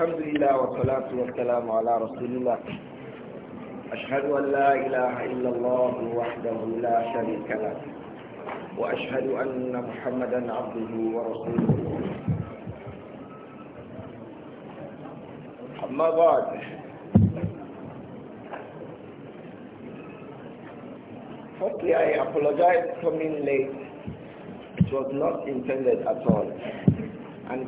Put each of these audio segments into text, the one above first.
الحمد لله والصلاة والسلام على رسول الله أشهد أن لا إله إلا الله وحده لا شريك له وأشهد أن محمدا عبده ورسوله أما بعد Firstly, I apologize for being late. It was not intended at all.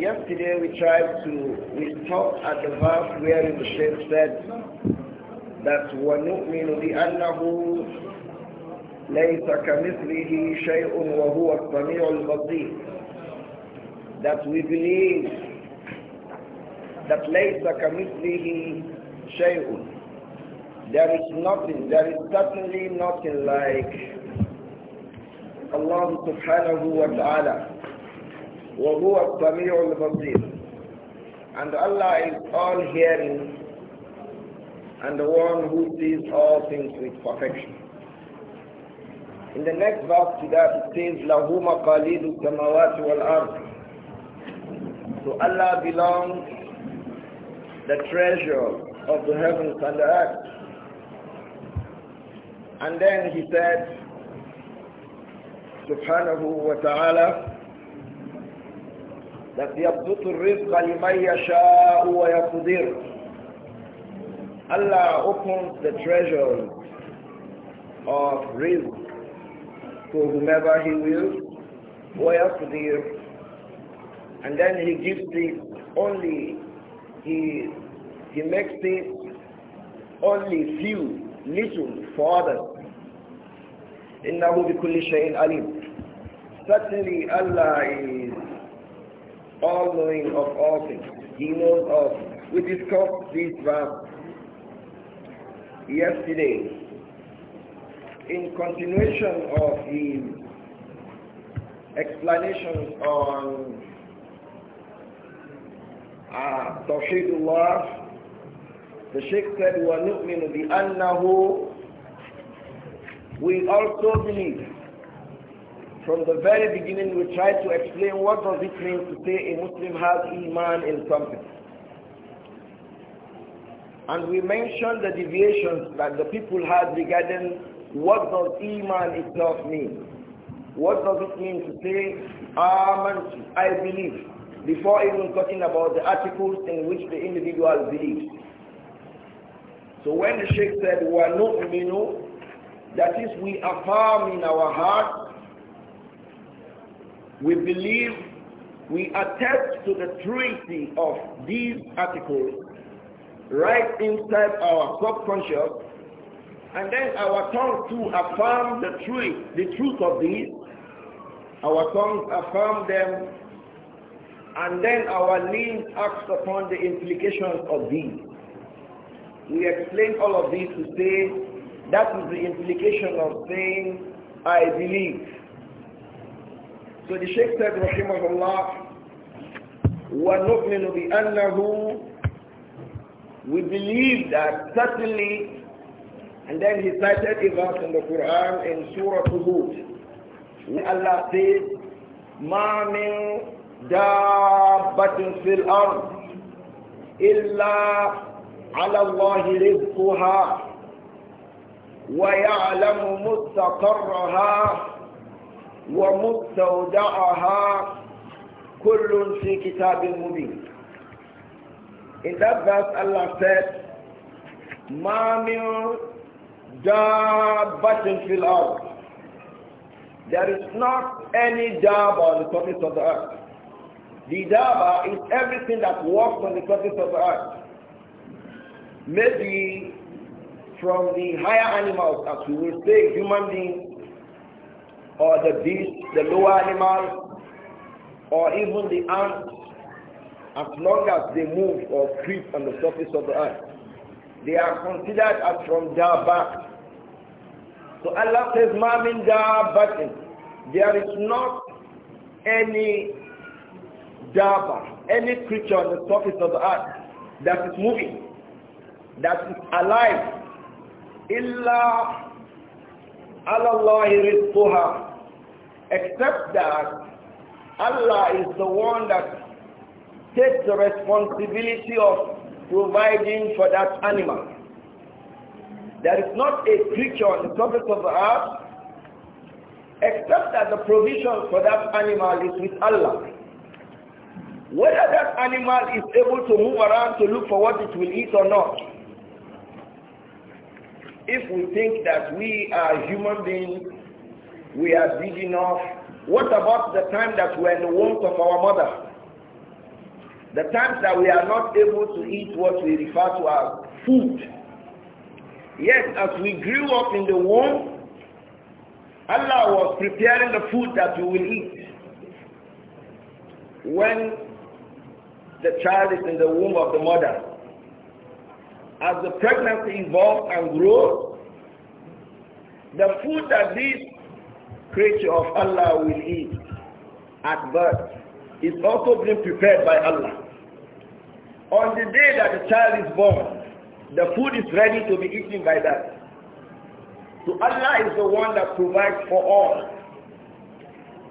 Yesterday we tried to, we stopped at the verse where the Shaykh said that وَنُؤْمِنُ بِأَنَّهُ ليس كمثله شيء وهو السميع البصير that we believe that ليس كمثله شيء there is nothing there is certainly nothing like Allah subhanahu wa ta'ala وَهُوَ السَّمِيعُ الْبَصِيرُ And Allah is all-hearing and the one who sees all things with perfection. In the next verse to that it says, لَهُ مَقَالِيدُ السَّمَوَاتِ وَالْأَرْضِ To Allah belongs the treasure of the heavens and the earth. And then he said, subhanahu wa ta'ala, that يَبْسُطُ الرِّزْقَ لِمَنْ يَشَاءُ وَيَقْدِرُ Allah opens the treasure of rizq to whomever He will, وَيَقْدِرُ And then He gives it only, He, he makes it only few, little for others. إِنَّهُ kulli shayin alim. Certainly Allah is all-knowing of all things. He knows all things. We discussed this verse yesterday in continuation of his explanations on uh, Tawheedullah, the Sheikh said, We also believe from the very beginning, we tried to explain what does it mean to say a Muslim has iman in something. And we mentioned the deviations that the people had regarding what does iman itself mean. What does it mean to say, I believe, before even talking about the articles in which the individual believes. So when the Sheikh said, وَنُؤْمِنُ That is, we affirm in our heart we believe we attest to the truity of these articles right inside our subconscious and then our tongue to affirm the truth, the truth of these. Our tongues affirm them and then our limbs act upon the implications of these. We explain all of this to say that is the implication of saying, I believe. So the Sheikh said, Rahimahullah, وَنُؤْمِنُ بِأَنَّهُ We believe that certainly, and then he cited a verse in the Quran in Surah where Allah says, مَا مِن دَابَّةٍ فِي الْأَرْضِ إِلَّا على الله رزقها ويعلم مستقرها ومستودعها كل في كتاب مبين In that verse Allah said ما من دابة في الأرض There is not any daba on the surface of the earth. The daba is everything that walks on the surface of the earth. Maybe from the higher animals, as we will say, human beings, or the beast, the lower animals, or even the ants, as long as they move or creep on the surface of the earth, they are considered as from Dabat. So Allah says, "Mamin min There is not any Daba, any creature on the surface of the earth that is moving, that is alive, illa alallahi rizquha Except that Allah is the one that takes the responsibility of providing for that animal. There is not a creature on the surface of the earth except that the provision for that animal is with Allah. Whether that animal is able to move around to look for what it will eat or not, if we think that we are human beings we are big enough. What about the time that we are in the womb of our mother? The times that we are not able to eat what we refer to as food. Yes, as we grew up in the womb, Allah was preparing the food that we will eat. When the child is in the womb of the mother, as the pregnancy evolves and grows, the food that these creature of Allah will eat at birth is also being prepared by Allah. On the day that the child is born, the food is ready to be eaten by that. So Allah is the one that provides for all.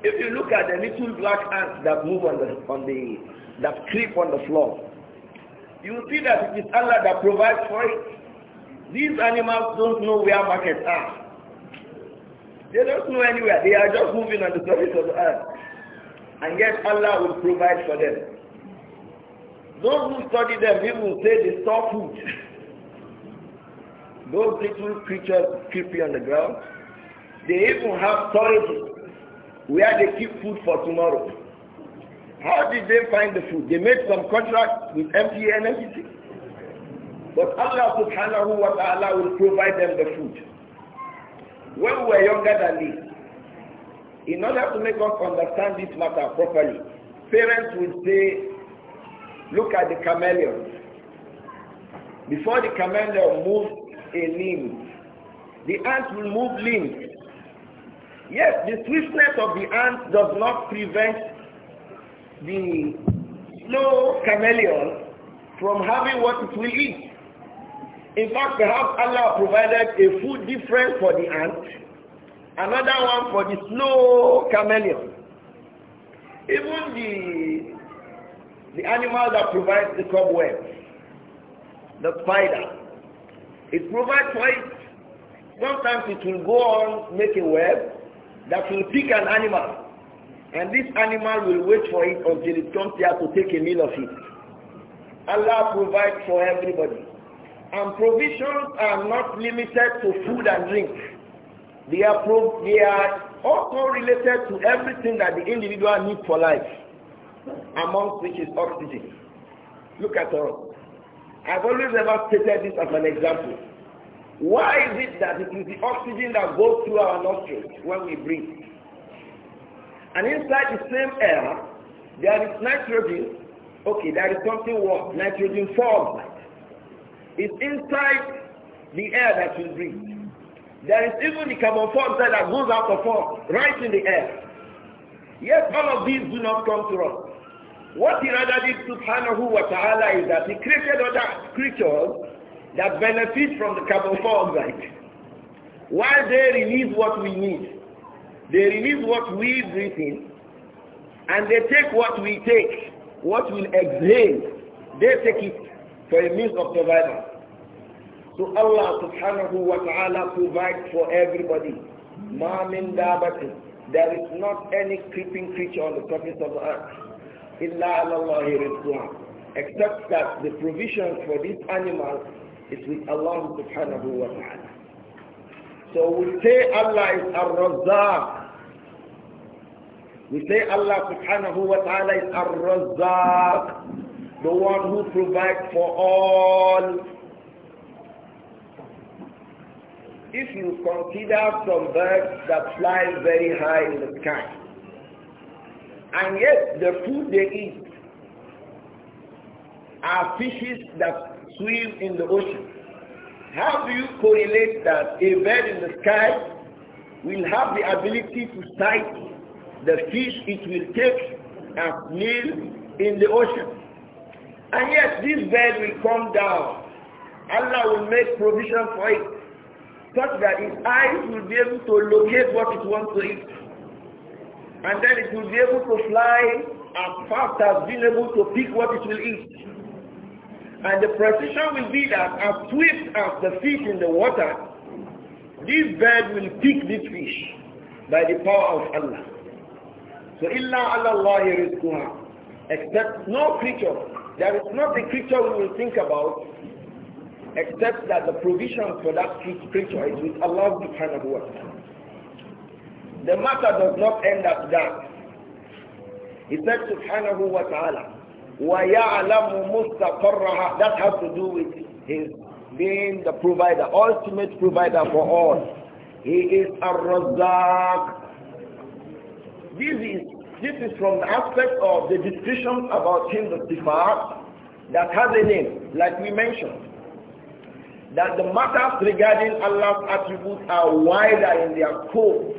If you look at the little black ants that move on the, on the, that creep on the floor, you will see that it is Allah that provides for it. These animals don't know where markets are. They don't know anywhere. They are just moving on the surface of the earth. And yet Allah will provide for them. Those who study them, people will say they saw food. Those little creatures creeping on the ground, they even have storage where they keep food for tomorrow. How did they find the food? They made some contract with MTA and MPT. But Allah subhanahu wa ta'ala will provide them the food when we were younger than this, in order to make us understand this matter properly, parents will say, look at the chameleon. Before the chameleon moves a limb, the ant will move limbs. Yes, the swiftness of the ant does not prevent the slow chameleon from having what it will eat. In fact, perhaps Allah provided a food different for the ant, another one for the snow chameleon. Even the the animal that provides the cobweb, the spider, it provides twice. Sometimes it will go on make a web that will pick an animal. And this animal will wait for it until it comes here to take a meal of it. Allah provides for everybody. And provisions are not limited to food and drink. They are, they are also related to everything that the individual needs for life, amongst which is oxygen. Look at all. I've always ever stated this as an example. Why is it that it is the oxygen that goes through our nostrils when we breathe? And inside the same air, there is nitrogen. Okay, there is something what nitrogen forms like. Is inside the air that we breathe. There is even the carbon dioxide that goes out of us, right in the air. Yet all of these do not come to us. What he rather did subhanahu wa ta'ala is that he created other creatures that benefit from the carbon dioxide. While they release what we need, they release what we breathe in, and they take what we take, what we exhale, they take it for a means of survival. So Allah subhanahu wa ta'ala provides for everybody. Ma'amin min dabatin. There is not any creeping creature on the surface of the earth. Illa alallahi one, Except that the provision for this animal is with Allah subhanahu wa ta'ala. So we say Allah is ar-razzaq. We say Allah subhanahu wa ta'ala is ar-razzaq the one who provides for all. If you consider some birds that fly very high in the sky, and yet the food they eat are fishes that swim in the ocean, how do you correlate that a bird in the sky will have the ability to sight the fish it will take as meal in the ocean? And yet this bed will come down. Allah will make provision for it such that its eyes will be able to locate what it wants to eat. And then it will be able to fly as fast as being able to pick what it will eat. And the precision will be that as swift as the fish in the water, this bird will pick this fish by the power of Allah. So illa Allah rizquha. Except no creature there is not a creature we will think about except that the provision for that creature is with Allah subhanahu wa ta'ala. The matter does not end at that. He said subhanahu wa ta'ala, وَيَعْلَمُ مُسْتَقَرَّهَا That has to do with his being the provider, ultimate provider for all. He is a razzaq. This is this is from the aspect of the discussion about him, the Sifat, that has a name, like we mentioned. That the matters regarding Allah's attributes are wider in their scope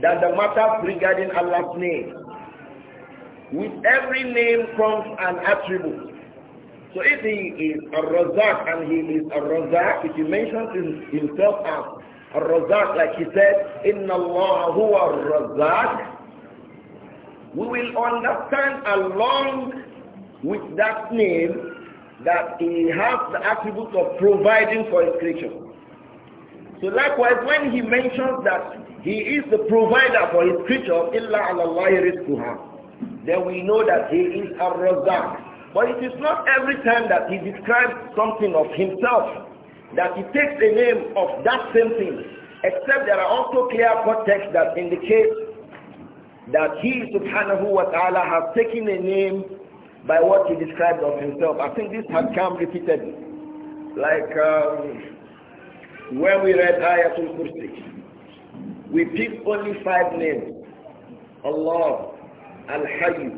than the matters regarding Allah's name. With every name comes an attribute. So if he is a razak and he is a razak if he mentions himself as a razak like he said, إِنَّ اللَّهَ هُوَ الرَّزَّاقُ we will understand along with that name that he has the attribute of providing for his creation. So likewise, when he mentions that he is the provider for his creature, إِلَّا عَلَى اللَّهِ رِزْقُهَا Then we know that he is a razak. But it is not every time that he describes something of himself that he takes the name of that same thing. Except there are also clear contexts texts that indicate that he subhanahu wa ta'ala has taken a name by what he described of himself. I think this had come repeatedly. Like um, when we read Ayatul Kursi, we picked only five names. Allah, Al-Hayy,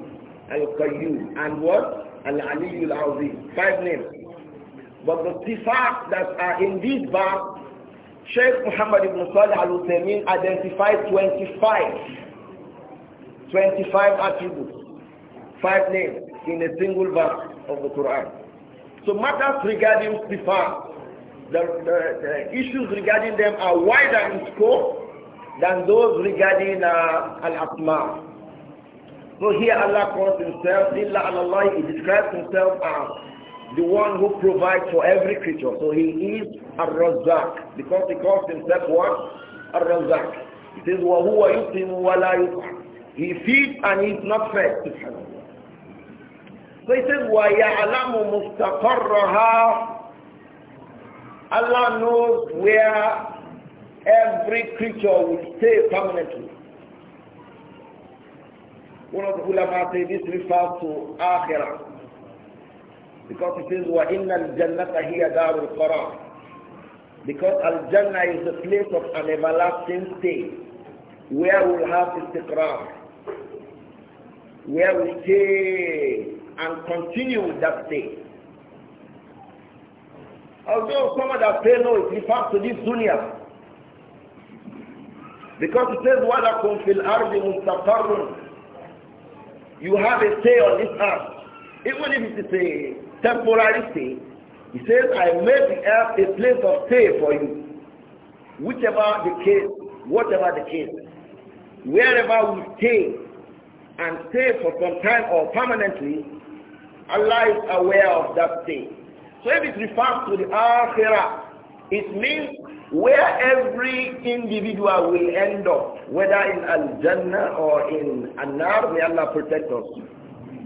Al-Qayyum, and what? Al-Ali Al-Azim. Five names. But the sifat that are in this verse, Sheikh Muhammad ibn Salih al-Uthaymeen identified 25 25 attributes, five names in a single verse of the Quran. So matters regarding Sifa, the, the, the, issues regarding them are wider in scope than those regarding uh, Al-Asma. So here Allah calls himself, Allah, he describes himself as the one who provides for every creature. So he is ar razak because he calls himself what? Ar-Razzaq. He says, وَهُوَ يُسْلِمُ وَلَا يُسْعَى he feeds and he's not fed. So he says, وَيَعْلَمُ مُسْتَقَرَّهَا Allah knows where every creature will stay permanently. One of the ulama say this refers to akhirah. Because it says, وَإِنَّ الْجَنَّةَ هِيَ دَارُ الْقَرَارِ Because Al-Jannah is the place of an everlasting stay, where we'll have istiqrar where we stay and continue with that stay. Although some of that say no, it refers to this dunya. Because it says, وَلَكُمْ فِي الْأَرْضِ مُسْتَقَرٌ You have a stay on this earth. Even if it is a temporary stay, he says, I made the earth a place of stay for you. Whichever the case, whatever the case, wherever we stay, and stay for some time or permanently, Allah is aware of that day. So if it refers to the Akhirah, it means where every individual will end up, whether in Al-Jannah or in An-Nar, may Allah protect us.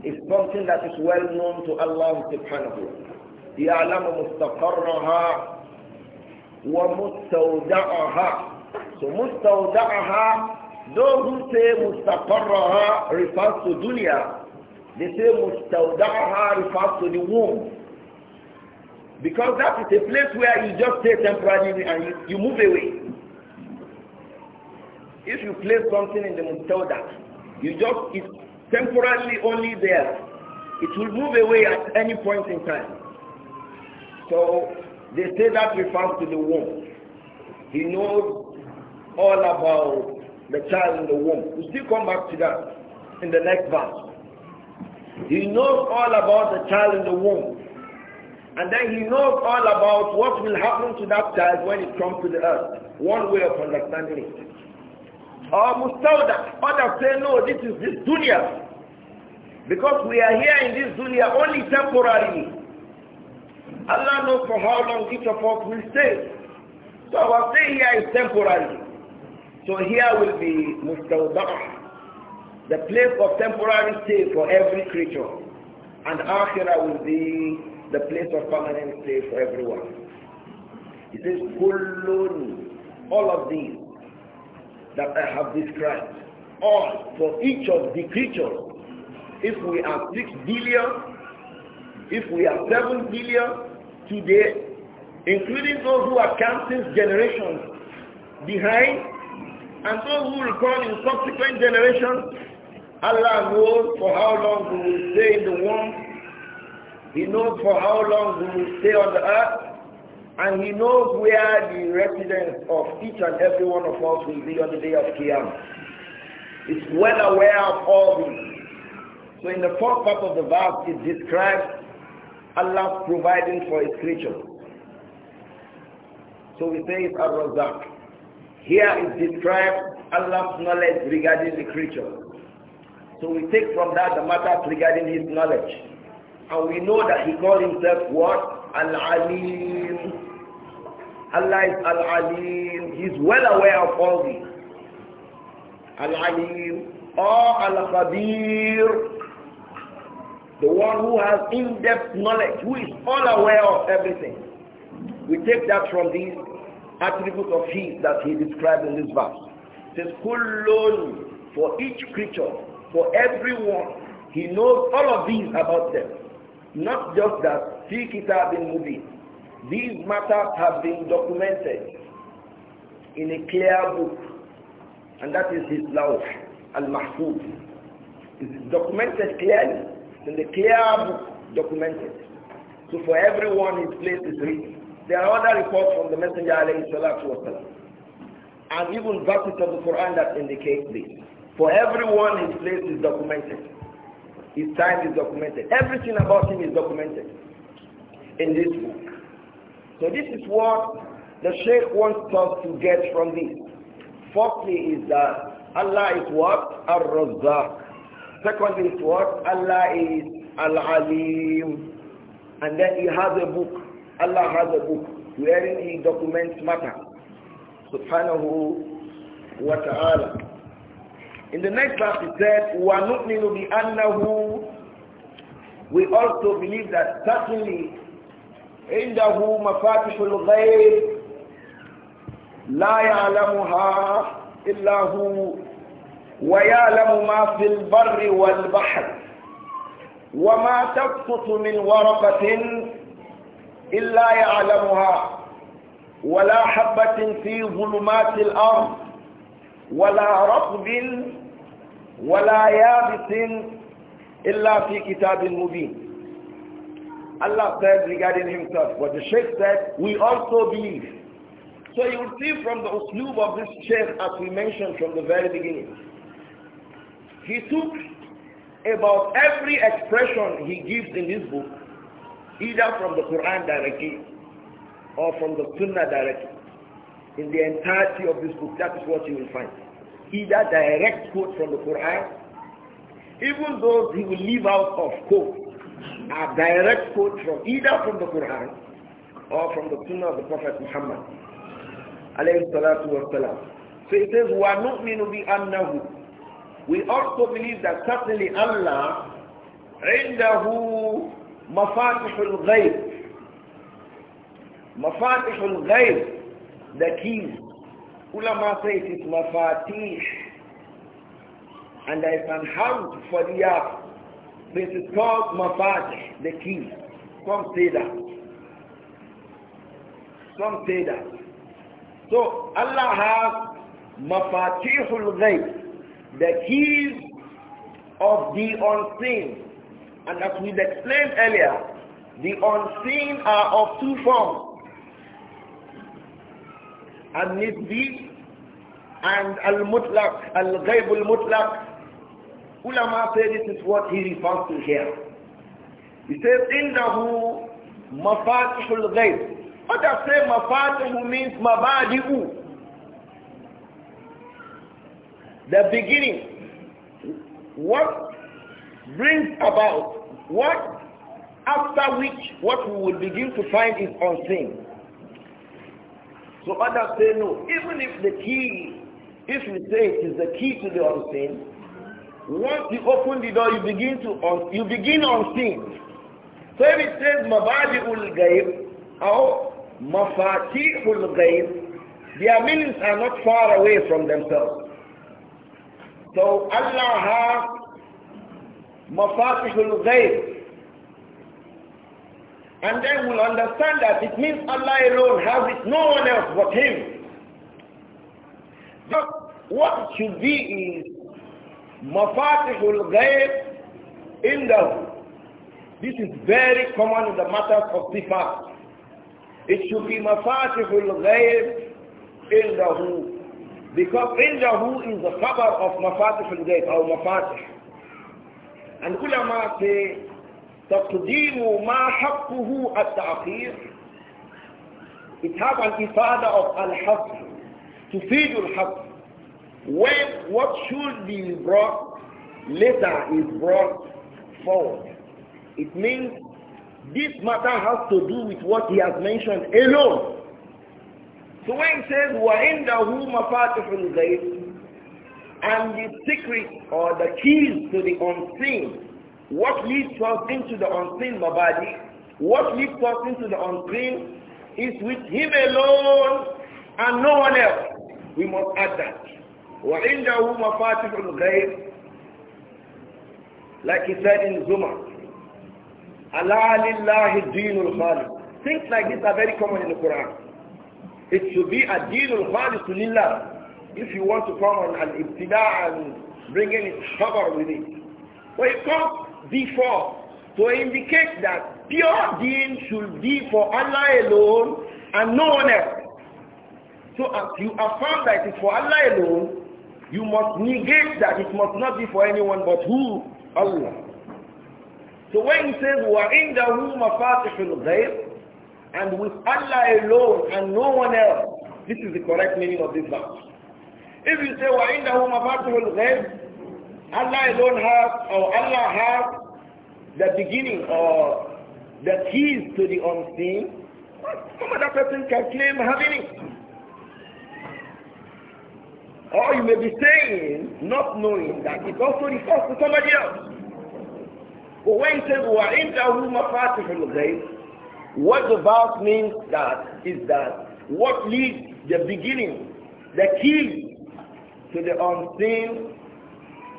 It's something that is well known to Allah subhanahu wa ta'ala. يعلم wa ومستودعها. So مستودعها those who say mustaqarraha refers to dunya, they say mustawda'aha refers to the womb. Because that is a place where you just stay temporarily and you, you move away. If you place something in the mustawda, you just, it's temporarily only there. It will move away at any point in time. So they say that refers to the womb. He knows all about the child in the womb. We still come back to that in the next verse. He knows all about the child in the womb. And then he knows all about what will happen to that child when it comes to the earth. One way of understanding it. Our Mustawda, others say no, this is this dunya. Because we are here in this dunya only temporarily. Allah knows for how long each of us will stay. So our stay here is temporary. So here will be mustawda'ah, the place of temporary stay for every creature. And akhirah will be the place of permanent stay for everyone. It is says, kullun, all of these that I have described, all for each of the creatures. If we are 6 billion, if we are 7 billion today, including those who are counting generations behind, and those who will come in subsequent generations, Allah knows for how long we will stay in the womb. He knows for how long we will stay on the earth. And He knows where the residence of each and every one of us will be on the day of Qiyamah. He's well aware of all this. So in the fourth part of the verse, it describes Allah providing for His creatures. So we say it's ar here is described Allah's knowledge regarding the creature. So we take from that the matter regarding his knowledge. And we know that he called himself what? Al-Alim. Allah is Al-Alim. He's well aware of all this. Al-Alim or Al-Khabir. The one who has in-depth knowledge, who is all aware of everything. We take that from these attribute of his that he described in this verse. It says, Kullun, for each creature, for everyone, he knows all of these about them. Not just that, fi kitabin mubin. These matters have been documented in a clear book, and that is his law, al-mahfuz. It's documented clearly, in the clear book documented. So for everyone his place is written. There are other reports from the Messenger of Allah And even verses of the Quran that indicate this. For everyone his place is documented. His time is documented. Everything about him is documented in this book. So this is what the Sheikh wants us to get from this. Firstly is that Allah is what? Ar-Razzaq. Secondly is what? Allah is Al-Alim. And then he has a book Allah has a book wherein He documents matter. Subhanahu wa ta'ala. In the next verse it said, وَنُؤْمِنُ بِأَنَّهُ We also believe that certainly عنده مفاتح الغيب لا يعلمها إلا هو ويعلم ما في البر والبحر وما تبسط من ورقة إلا يعلمها ولا حبة في ظلمات الأرض ولا رطب ولا يابس إلا في كتاب مبين Allah said regarding himself, but the Shaykh said, we also believe. So you will see from the uslub of this Shaykh, as we mentioned from the very beginning, he took about every expression he gives in his book either from the Quran directly or from the Sunnah directly. In the entirety of this book, that is what you will find. Either direct quote from the Quran, even those he will leave out of quote, are direct quote from either from the Quran or from the Sunnah of the Prophet Muhammad. So it says, وَنُؤْمِنُ بِأَنَّهُ We also believe that certainly Allah, عِنْدَهُ مفاتح الغيب مفاتح الغيب the keys ulama say it is mafatih and I can hunt for the earth this is called mafatih the keys some say that some say that so Allah has mafatihul ghayb the keys of the unseen and as we have explained earlier, the unseen are of two forms. al this and Al-Mutlaq, Al-Ghaib Al-Mutlaq. Ulama say this is what he refers to here. He says, إِنَّهُ مَفَاتِحُ الْغَيْبِ Others say mafatihu means mabadi'u. The beginning. What brings about what after which what we will begin to find is unseen. So others say no. Even if the key, if we say it is the key to the unseen, once you open the door, you begin to un, you begin unseen. So if it says mabadi ul ghaib or ul ghaib, their meanings are not far away from themselves. So Allah has mafatihul ghaib. And then we'll understand that it means Allah alone has it, no one else but Him. But what should be is mafatihul in the This is very common in the matters of sifat. It should be mafatihul in indahu. Because in indahu is the cover of mafatihul ghaib or mafatih. And ulama say, تَقْدِيمُ مَا حَقُّهُ التَّأْخِيرُ It has an ifada of al-hasr, to feed al-hasr. When what should be brought later is brought forward. It means this matter has to do with what he has mentioned alone. So when he says, وَعِنْدَهُ مَفَاتِحُ الْغَيْبِ and the secret or the keys to the unseen, what leads us into the unseen, body? what leads us into the unseen is with him alone and no one else. We must add that. وعنده مفاتح الغيب like he said in Zuma Allah lillahi things like this are very common in the Quran it should be a dinul to lillah if you want to come on an ibtida and bring any trouble with it. but it comes before, to indicate that pure deen should be for Allah alone and no one else. So as you affirm that it is for Allah alone, you must negate that it must not be for anyone but who? Allah. So when he says, وَعِنْدَهُ مَفَاتِحُ الْغَيْبِ and with Allah alone and no one else, this is the correct meaning of this verse. If you say, وَعِنْدَهُ مَفَاتِحُ الْغَيْبِ Allah alone has, or Allah has the beginning or the keys to the unseen, some other person can claim having it. Or you may be saying, not knowing that it also refers to somebody else. But when it says, وَعِنْدَهُ مَفَاتِحُ الْغَيْبِ What the verse means that is that what leads the beginning, the keys to the unseen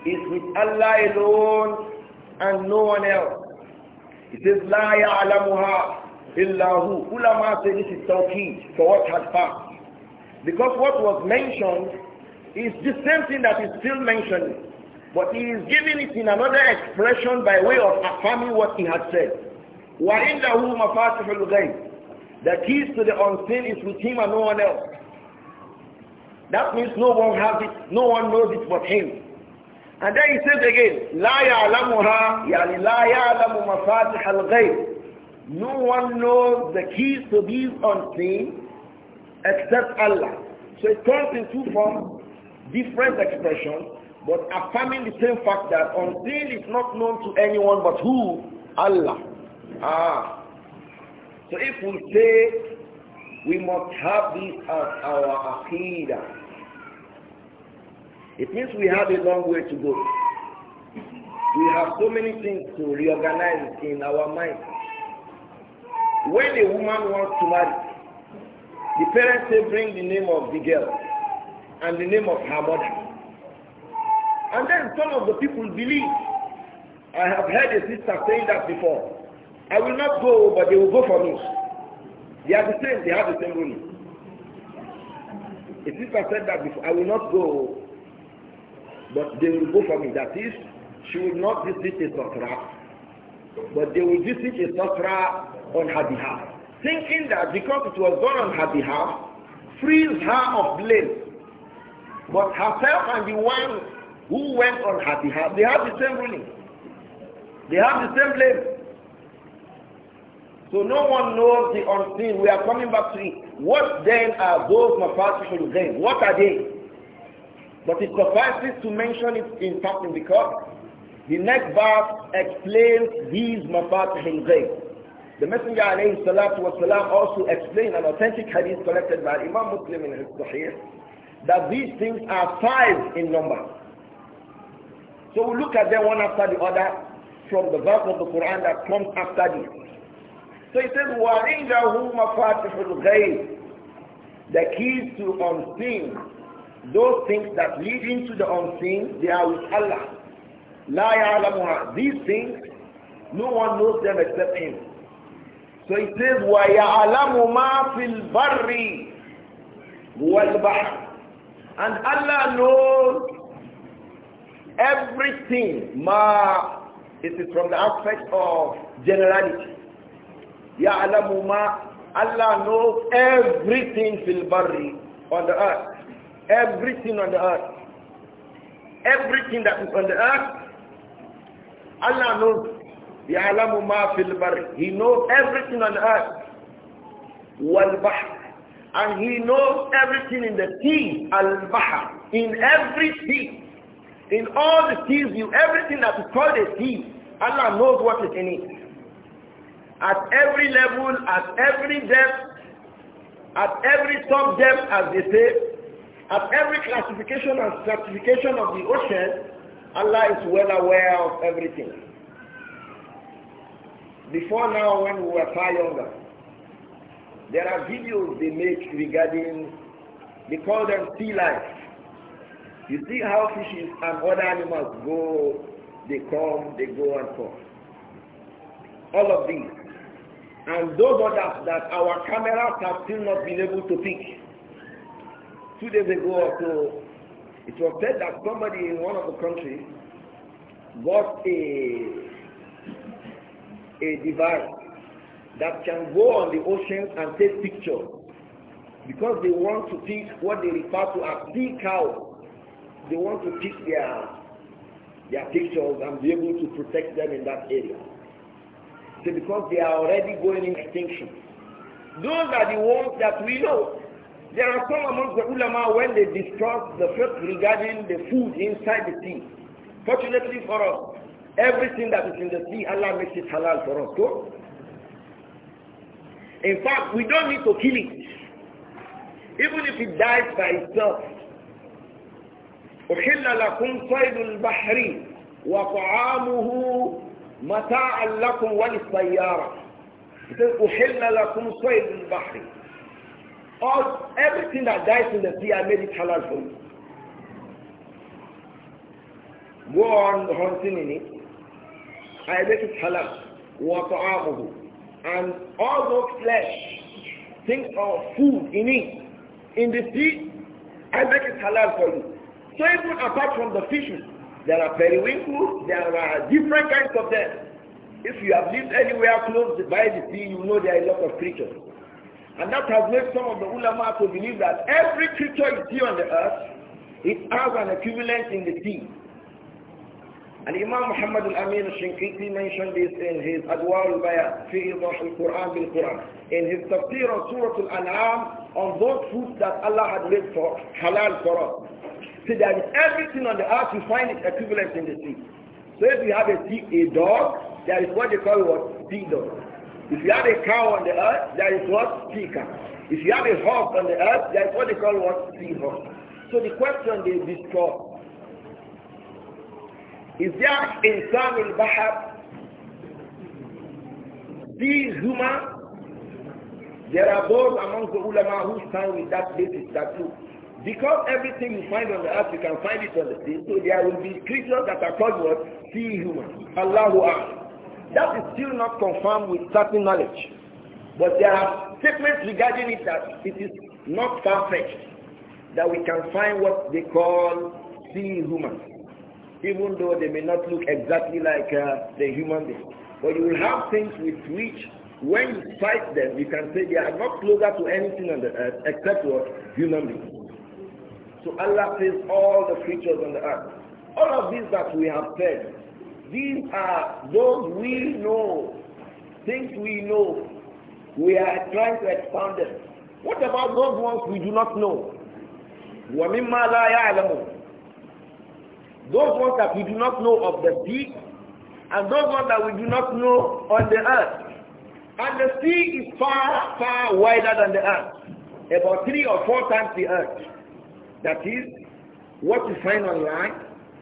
is with Allah alone and no one else. It says, La ya'alamuha illahu. Ulama say this is tawqeed for what has passed. Because what was mentioned is the same thing that is still mentioned. But he is giving it in another expression by way of affirming what he had said. وَعِنْدَهُ مَفَاتِحُ الْغَيْبِ The keys to the unseen is with him and no one else. That means no one has it, no one knows it but him. And then he says again, لا يعلمها يعني لا يعلم مفاتح الغيب. No one knows the keys to these unseen except Allah. So it comes in two forms, different expressions, but affirming the same fact that unseen is not known to anyone but who? Allah. Ah. So if we say we must have this as our aqidah, It means we have a long way to go. We have so many things to reorganize in our mind. When a woman wants to marry, the parents say bring the name of the girl and the name of her mother. And then some of the people believe. I have heard a sister saying that before. I will not go, but they will go for me. They are the same. They have the same room. A sister said that before. I will not go, But they will go for me. That is, she will not visit a sutra, but they will visit a sutra on her behalf. Thinking that because it was done on her behalf, frees her of blame. But herself and the one who went on her behalf, they have the same ruling. They have the same blame. So no one knows the unseen. We are coming back to it. What then are those mafatihul ghaib? What are they? But it suffices to mention it in passing because the next verse explains these mafatihil ghayb. The Messenger alayhi salatu wasalam also explained an authentic hadith collected by Imam Muslim in his Sahih that these things are five in number. So we look at them one after the other from the verse of the Quran that comes after this. So he says, وَعِنْدَهُ مَفَاتِحُ الْغَيْبِ The keys to unseen those things that lead into the unseen, they are with Allah. La ya'lamuha. These things, no one knows them except Him. So it says, wa ya'lamu ma fil barri wal bahr. And Allah knows everything. Ma, it is from the aspect of generality. Ya'lamu ma, Allah knows everything fil barri on the earth. Everything on the earth. Everything that is on the earth, Allah knows. يَعْلَمُ مَا فِي الْبَرِّ He knows everything on the earth. وَالْبَحْرِ And He knows everything in the sea. Al-Bahr. In every sea. In all the seas, you everything that is called a sea, Allah knows what is in it. At every level, at every depth, at every sub-depth, as they say, at every classification and stratification of the ocean, Allah is well aware of everything. Before now, when we were far younger, there are videos they make regarding, they call them sea life. You see how fishes and other animals go, they come, they go and come. All of these. And those others that our cameras have still not been able to pick two days ago or so, it was said that somebody in one of the countries got a a device that can go on the ocean and take pictures because they want to pick what they refer to as sea cow. They want to pick their their pictures and be able to protect them in that area. So because they are already going in extinction. Those are the ones that we know. There are some amongst the ulama when they discuss the fiqh regarding the food inside the sea. Fortunately for us, everything that is in the sea, Allah makes it halal for us. Go. In fact, we don't need to kill it. Even if it dies by itself. أحل لكم صيد البحر وطعامه متاعا لكم وللسيارة. أحل لكم صيد البحر all, everything that dies in the sea, I made it halal for you. Go on hunting in it. I make it halal. Water And all those flesh, things of food in it, in the sea, I make it halal for you. So even apart from the fishes, there are periwinkles, there are different kinds of them. If you have lived anywhere close by the sea, you know there are a lot of creatures. And that has made some of the ulama to believe that every creature you see on the earth, it has an equivalent in the sea. And Imam Muhammad al-Amin al-Shinkiti mentioned this in his Adwar al-Bayan, fi al-Quran bil-Quran, in his tafsir of Surah al-An'am on those foods that Allah had made for halal for us. See, that everything on the earth you find its equivalent in the sea. So if you have a, sea, a dog, there is what they call what? Sea dog. If you have a cow on the earth, there is what? Speaker. If you have a hawk on the earth, there is what they call what? Seahawk. So the question they discuss is there some in Bahab these human there are those among the ulama who stand with that basis that too, because everything you find on the earth you can find it on the sea so there will be creatures that are called what sea human allahu akbar that is still not confirmed with certain knowledge. But there are statements regarding it that it is not far-fetched that we can find what they call seeing humans, even though they may not look exactly like uh, the human being. But you will have things with which, when you fight them, you can say they are not closer to anything on the earth except what human beings. So Allah says all the creatures on the earth. All of these that we have said these are those we know, things we know. We are trying to expand them. What about those ones we do not know? Those ones that we do not know of the sea, and those ones that we do not know on the earth. And the sea is far, far wider than the earth. About three or four times the earth. That is, what you find on land,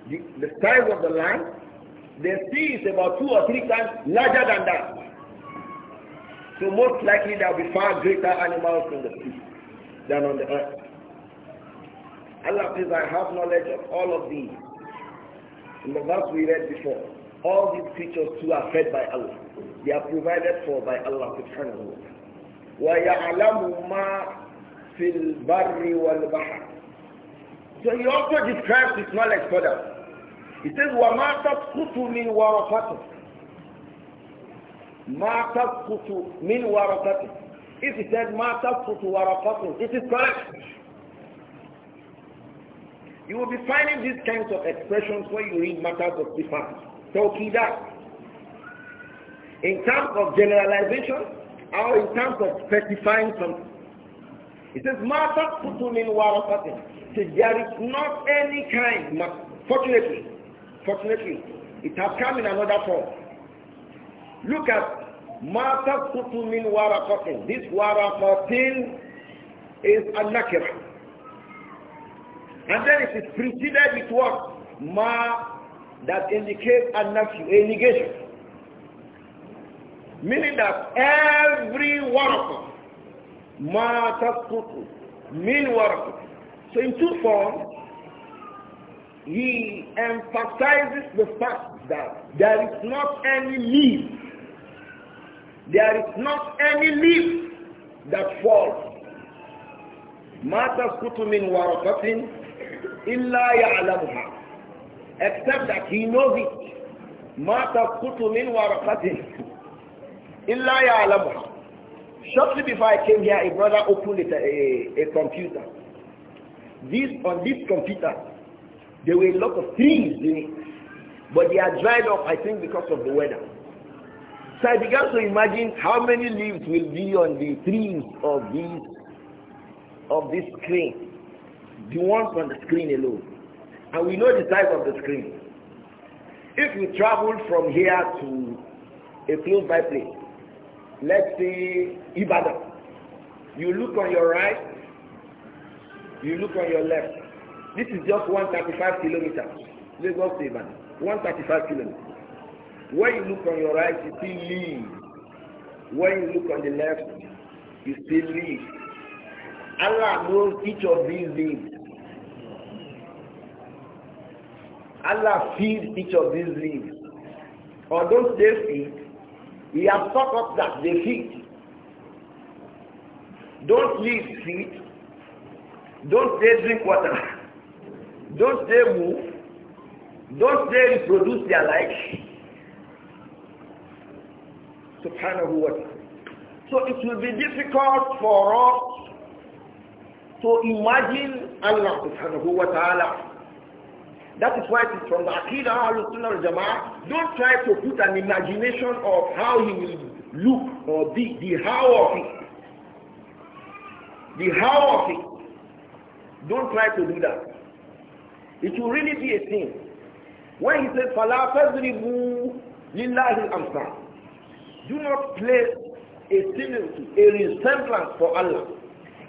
the, the size of the land, the sea is about two or three times larger than that. So most likely there will be far greater animals in the sea than on the earth. Allah says, I have knowledge of all of these. In the verse we read before, all these creatures too are fed by Allah. They are provided for by Allah subhanahu wa ta'ala. So he also describes his knowledge further. He says, وَمَا تَسْقُطُ مِنْ وَرَقَةٍ مَا تَسْقُطُ مِنْ وَرَقَةٍ If he said, مَا تَسْقُطُ وَرَقَةٍ It is correct. You will be finding these kinds of expressions when you read matters of difference. that. In terms of generalization, or in terms of specifying something. It says, Mata putu min warafatin. There is not any kind, fortunately, Fortunately, it has come in another form. Look at Mata Kutumin Warakatin. This Warakatin is a nakira. And then it is preceded with what? Ma that indicates a, a negation. Meaning that every waraka, ma taskutu, min waraka. So in two forms, he emphasizes the fact that there is not any leaf, there is not any leaf that falls. ما تسقط من illa ya يعلمها except that he knows it ما تسقط من illa ya يعلمها shortly before I came here a brother opened it, a, a, a computer this on this computer there were a lot of trees in it, but they are dried up, I think, because of the weather. So I began to imagine how many leaves will be on the trees of these of this screen, the ones on the screen alone. And we know the size of the screen. If we travel from here to a close by place, let's say Ibadan, you look on your right, you look on your left, this is just 135 kilometers. Lagos to Ibadan. 135 kilometers. When you look on your right, you see leaves. When you look on the left, you see leaves. Allah knows each of these leaves. Allah feeds each of these leaves. Or don't they feed? He has thought up that they feed. Don't leaves feed? Don't they drink water? Don't they move? Don't they reproduce their life? Subhanahu wa ta'ala. So it will be difficult for us to imagine Allah subhanahu wa ta'ala. That is why it is from the Aqidah al-Sunnah al-Jama'ah. Don't try to put an imagination of how he will look or the the how of it. The how of it. Don't try to do that. It will really be a thing. When he says, فَلَا تَذْرِبُوا لِلَّهِ الْأَمْثَالِ Do not place a similitude, a resemblance for Allah.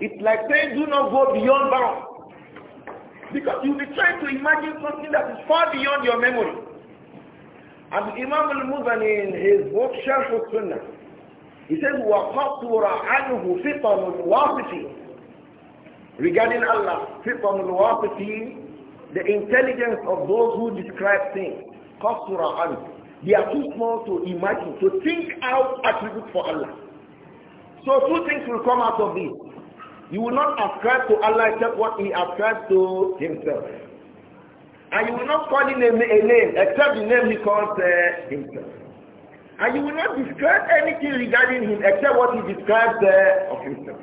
It's like saying, do not go beyond bounds. Because you'll be trying to imagine something that is far beyond your memory. And Imam al-Muzani in his book, Sharh al-Sunnah, he says, وَقَطُرَ عَنْهُ فِطَنُ الْوَاقِفِ Regarding Allah, فِطَنُ الْوَاقِفِ the intelligence of those who describe things, our hands. they are too small to imagine, to think out attributes for Allah. So two things will come out of this. You will not ascribe to Allah except what He ascribes to Himself. And you will not call Him a, name except the name He calls uh, Himself. And you will not describe anything regarding Him except what He describes uh, of Himself.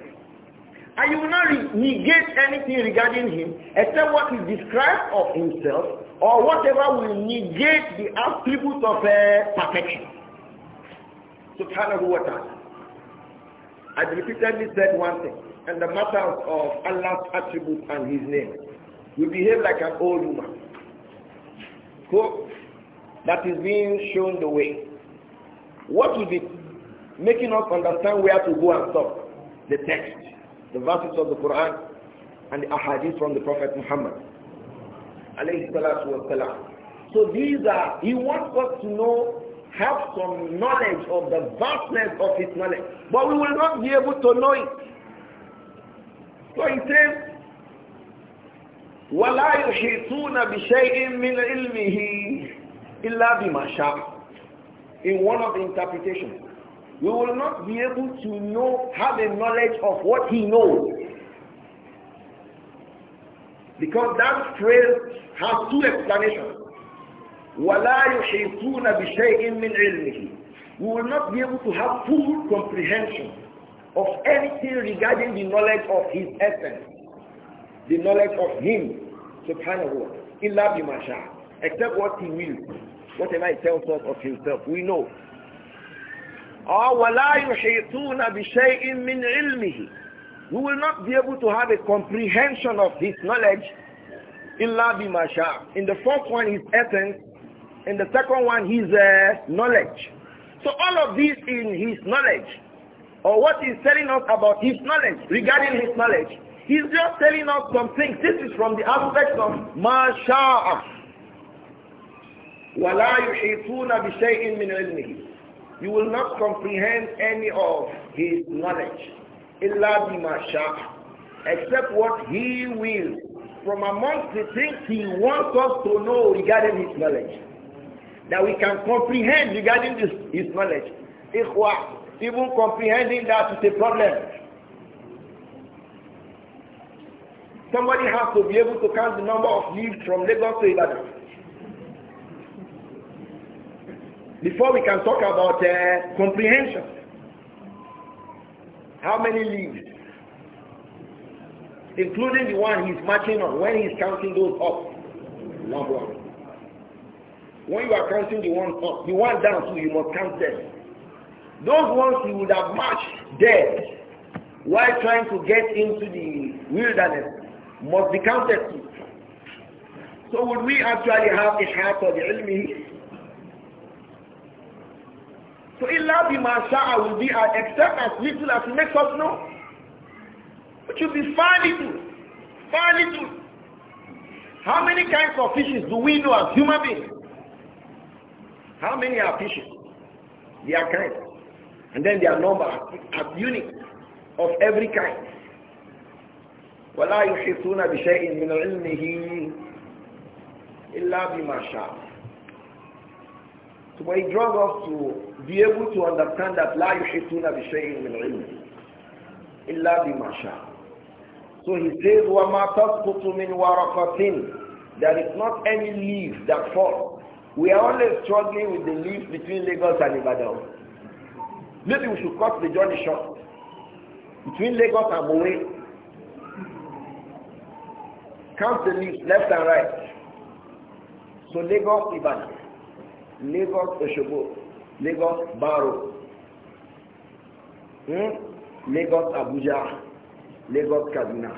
And you will not negate anything regarding him except what he describes of himself or whatever will negate the attributes of uh, perfection. Subhanahu wa what I repeatedly said one thing, and the matter of Allah's attributes and his name. We behave like an old woman. Hope that is being shown the way. What will be making us understand where to go and stop? The text the verses of the Quran and the ahadith from the Prophet Muhammad. So these are, he wants us to know, have some knowledge of the vastness of his knowledge. But we will not be able to know it. So he says, ولا يحيطون بشيء من علمه إلا بما شاء in one of the interpretations you will not be able to know, have a knowledge of what he knows. Because that phrase has two explanations. وَلَا يُحِيطُونَ بِشَيْءٍ مِّنْ عِلْمِهِ We will not be able to have full comprehension of anything regarding the knowledge of his essence, the knowledge of him, subhanahu wa ta'ala, إِلَّا بِمَا Except what he will, whatever he tells us of himself, we know or You will not be able to have a comprehension of his knowledge illa بِمَا شَاءَ In the first one, is essence. In the second one, his uh, knowledge. So all of this in his knowledge, or what he's telling us about his knowledge, regarding his knowledge, he's just telling us some things. This is from the aspect of مَا شَاءَ وَلَا bi-shay'in min ilmihi you will not comprehend any of his knowledge. Illa bima Except what he will. From amongst the things he wants us to know regarding his knowledge. That we can comprehend regarding this, his knowledge. Ikhwa, even comprehending that is a problem. Somebody has to be able to count the number of leaves from Lagos to Ibadan. before we can talk about uh, comprehension. How many leaves? Including the one he's marching on, when he's counting those up. Number one. When you are counting the one up, the one down too, you must count them. Those ones he would have marched dead while trying to get into the wilderness must be counted too. So would we actually have a heart of the enemy so illa bima sha'a will be except as little as he makes us know. Which will be far little. Far little. How many kinds of fishes do we know as human beings? How many are fishes? They are kinds. And then their number as units of every kind. وَلَا يُحِيطُونَ بِشَيْءٍ مِنْ عِلْمِهِ إِلَّا بِمَا شَاءَ so but drove us to be able to understand that لا يحيطون بشيء من علم إلا بما شاء. So he says وما تسقط من ورقة there is not any leaf that falls. We are always struggling with the leaf between Lagos and Ibadan. Maybe we should cut the journey short. Between Lagos and Moe, count the leaves left and right. So Lagos, Ibadan. Lagos Oshobo, Lagos Baro, hmm? Lagos Abuja, Lagos Kaduna.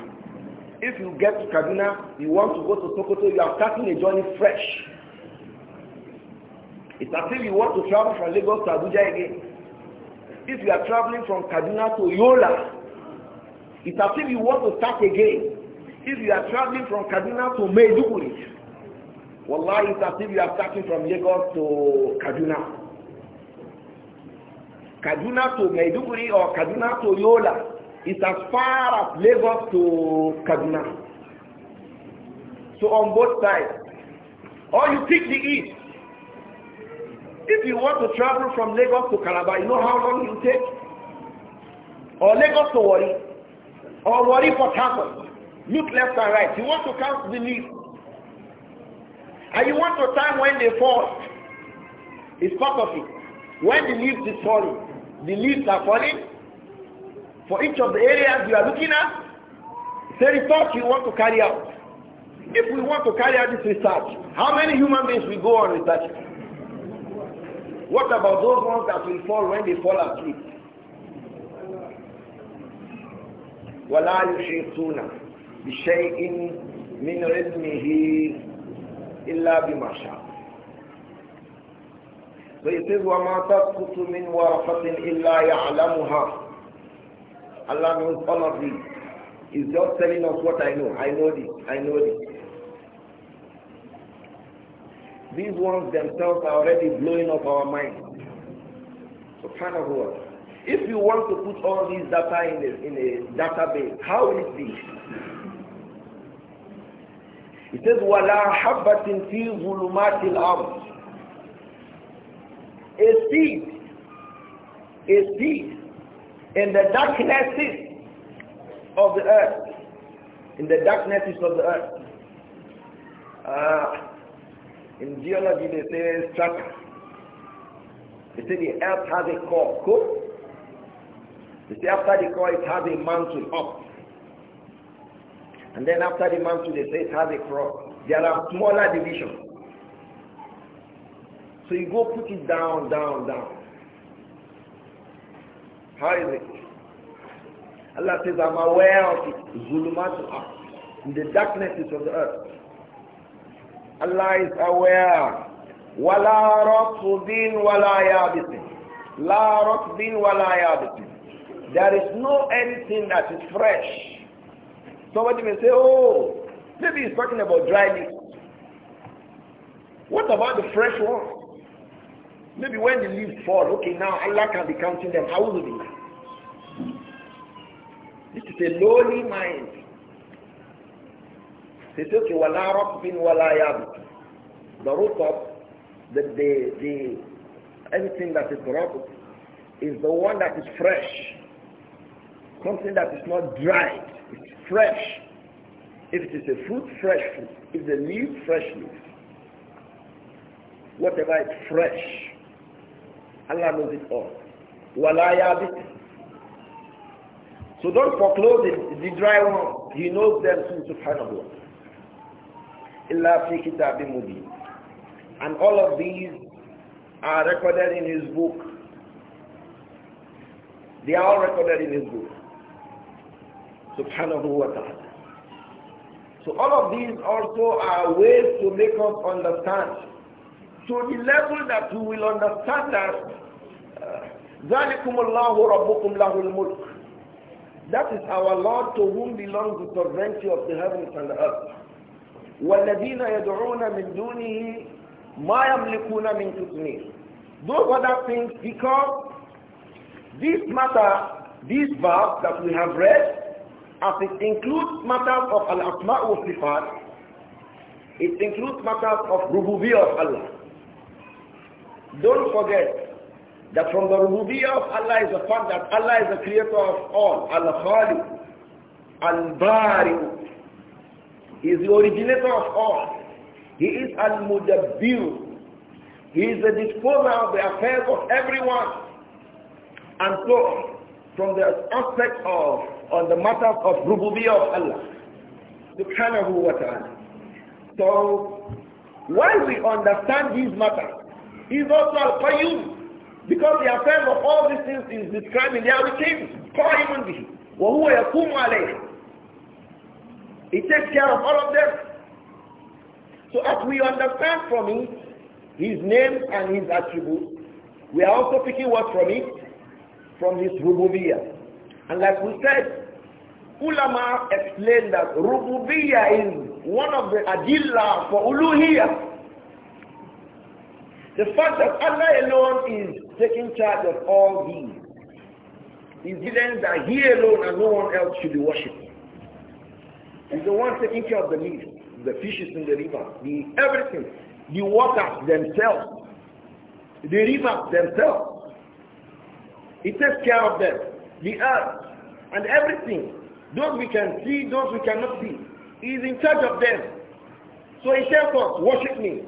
If you get to Kaduna, you want to go to Sokoto, you are starting a journey fresh. It's as if you want to travel from Lagos to Abuja again. If you are traveling from Kaduna to Yola, it's as if you want to start again. If you are traveling from Kaduna to Maiduguri, Wallahi, it's as if you are starting from Lagos to Kaduna. Kaduna to Maiduguri or Kaduna to Yola. It's as far as Lagos to Kaduna. So on both sides. Or you pick the east. If you want to travel from Lagos to Calabar, you know how long you take? Or Lagos to Wari. Or Wari for Harcourt. Look left and right. You want to count the leaves. And you want to time when they fall. It's part of it. When the leaves is falling, the leaves are falling. For each of the areas you are looking at, the research you want to carry out. If we want to carry out this research, how many human beings will go on research? What about those ones that will fall when they fall asleep? ولا بشيء من إلا بما شاء So وَمَا تَسْقُطُ مِنْ وَرَقَةٍ إِلَّا يَعْلَمُهَا Allah knows all of this He's just telling us what I know. I know this. I know this. These ones themselves are already blowing up our minds. kind of ta'ala. If you want to put all these data in a, in a database, how will it be? It is, says, وَلَا حَبَّةٍ فِي ظُلُمَاتِ الْأَرْضِ A seed, a seed in the darknesses of the earth, in the darknesses of the earth. Uh, in geology they say strata. They say the earth has a core. Cool? They say after the core it has a mantle up. And then after the month, they say it has a crop. There are smaller divisions. So you go put it down, down, down. How is it? Allah says, I'm aware of it. Zulumat in the darknesses of the earth. Allah is aware. Wala raqbin wala yabisin. La raqbin wala yabisin. There is no anything that is fresh Somebody may say, oh, maybe he's talking about dry leaves. What about the fresh ones? Maybe when the leaves fall, okay, now Allah can be counting them. How will it This is a lowly mind. He says, okay, wala rabbin wala yabit. The root of the, the, the, everything that is corrupt is the one that is fresh. Something that is not dried fresh. If it is a fruit, fresh fruit. If the leaf, fresh leaf. Whatever is fresh, Allah knows it all. Walayabit. So don't foreclose it, the dry one. He knows them too, subhanahu wa Illa fi kitabim And all of these are recorded in his book. They are all recorded in his book subhanahu wa ta'ala. So all of these also are ways to make us understand. To the level that we will understand that uh, ذَلِكُمُ اللَّهُ رَبُّكُمْ لَهُ الْمُلْكُ That is our Lord to whom belongs the sovereignty of the heavens and the earth. وَالَّذِينَ يَدْعُونَ مِن دُونِهِ مَا يَمْلِكُونَ مِن قِسْمِهِ Those other things because this matter, this verse that we have read, as it includes matters of al-asma' wa sifat, it includes matters of rububiyyah of Allah. Don't forget that from the rububiyyah of Allah is the fact that Allah is the creator of all, al-khaliq, al bari He is the originator of all. He is al-mudabbir. He is the disposer of the affairs of everyone. And so, from the aspect of on the matters of rububiyyah of Allah subhanahu wa ta'ala. So while we understand these matters, is also al-qayyum because the affair of all these things is described in the Al-Qayyim, qa'imun bihi, wa huwa He takes care of all of them. So as we understand from it, his name and his attributes, we are also picking what from it? From his rububiyyah. And like we said, ulama explained that Rububiya is one of the adilla for uluhiya. The fact that Allah alone is taking charge of all these is evidence that He alone and no one else should be worshipped. He's the one taking care of the leaves, the fishes in the river, the everything, the waters themselves, the rivers themselves. He takes care of them the earth, and everything, those we can see, those we cannot see. He is in charge of them. So he tells us, worship me.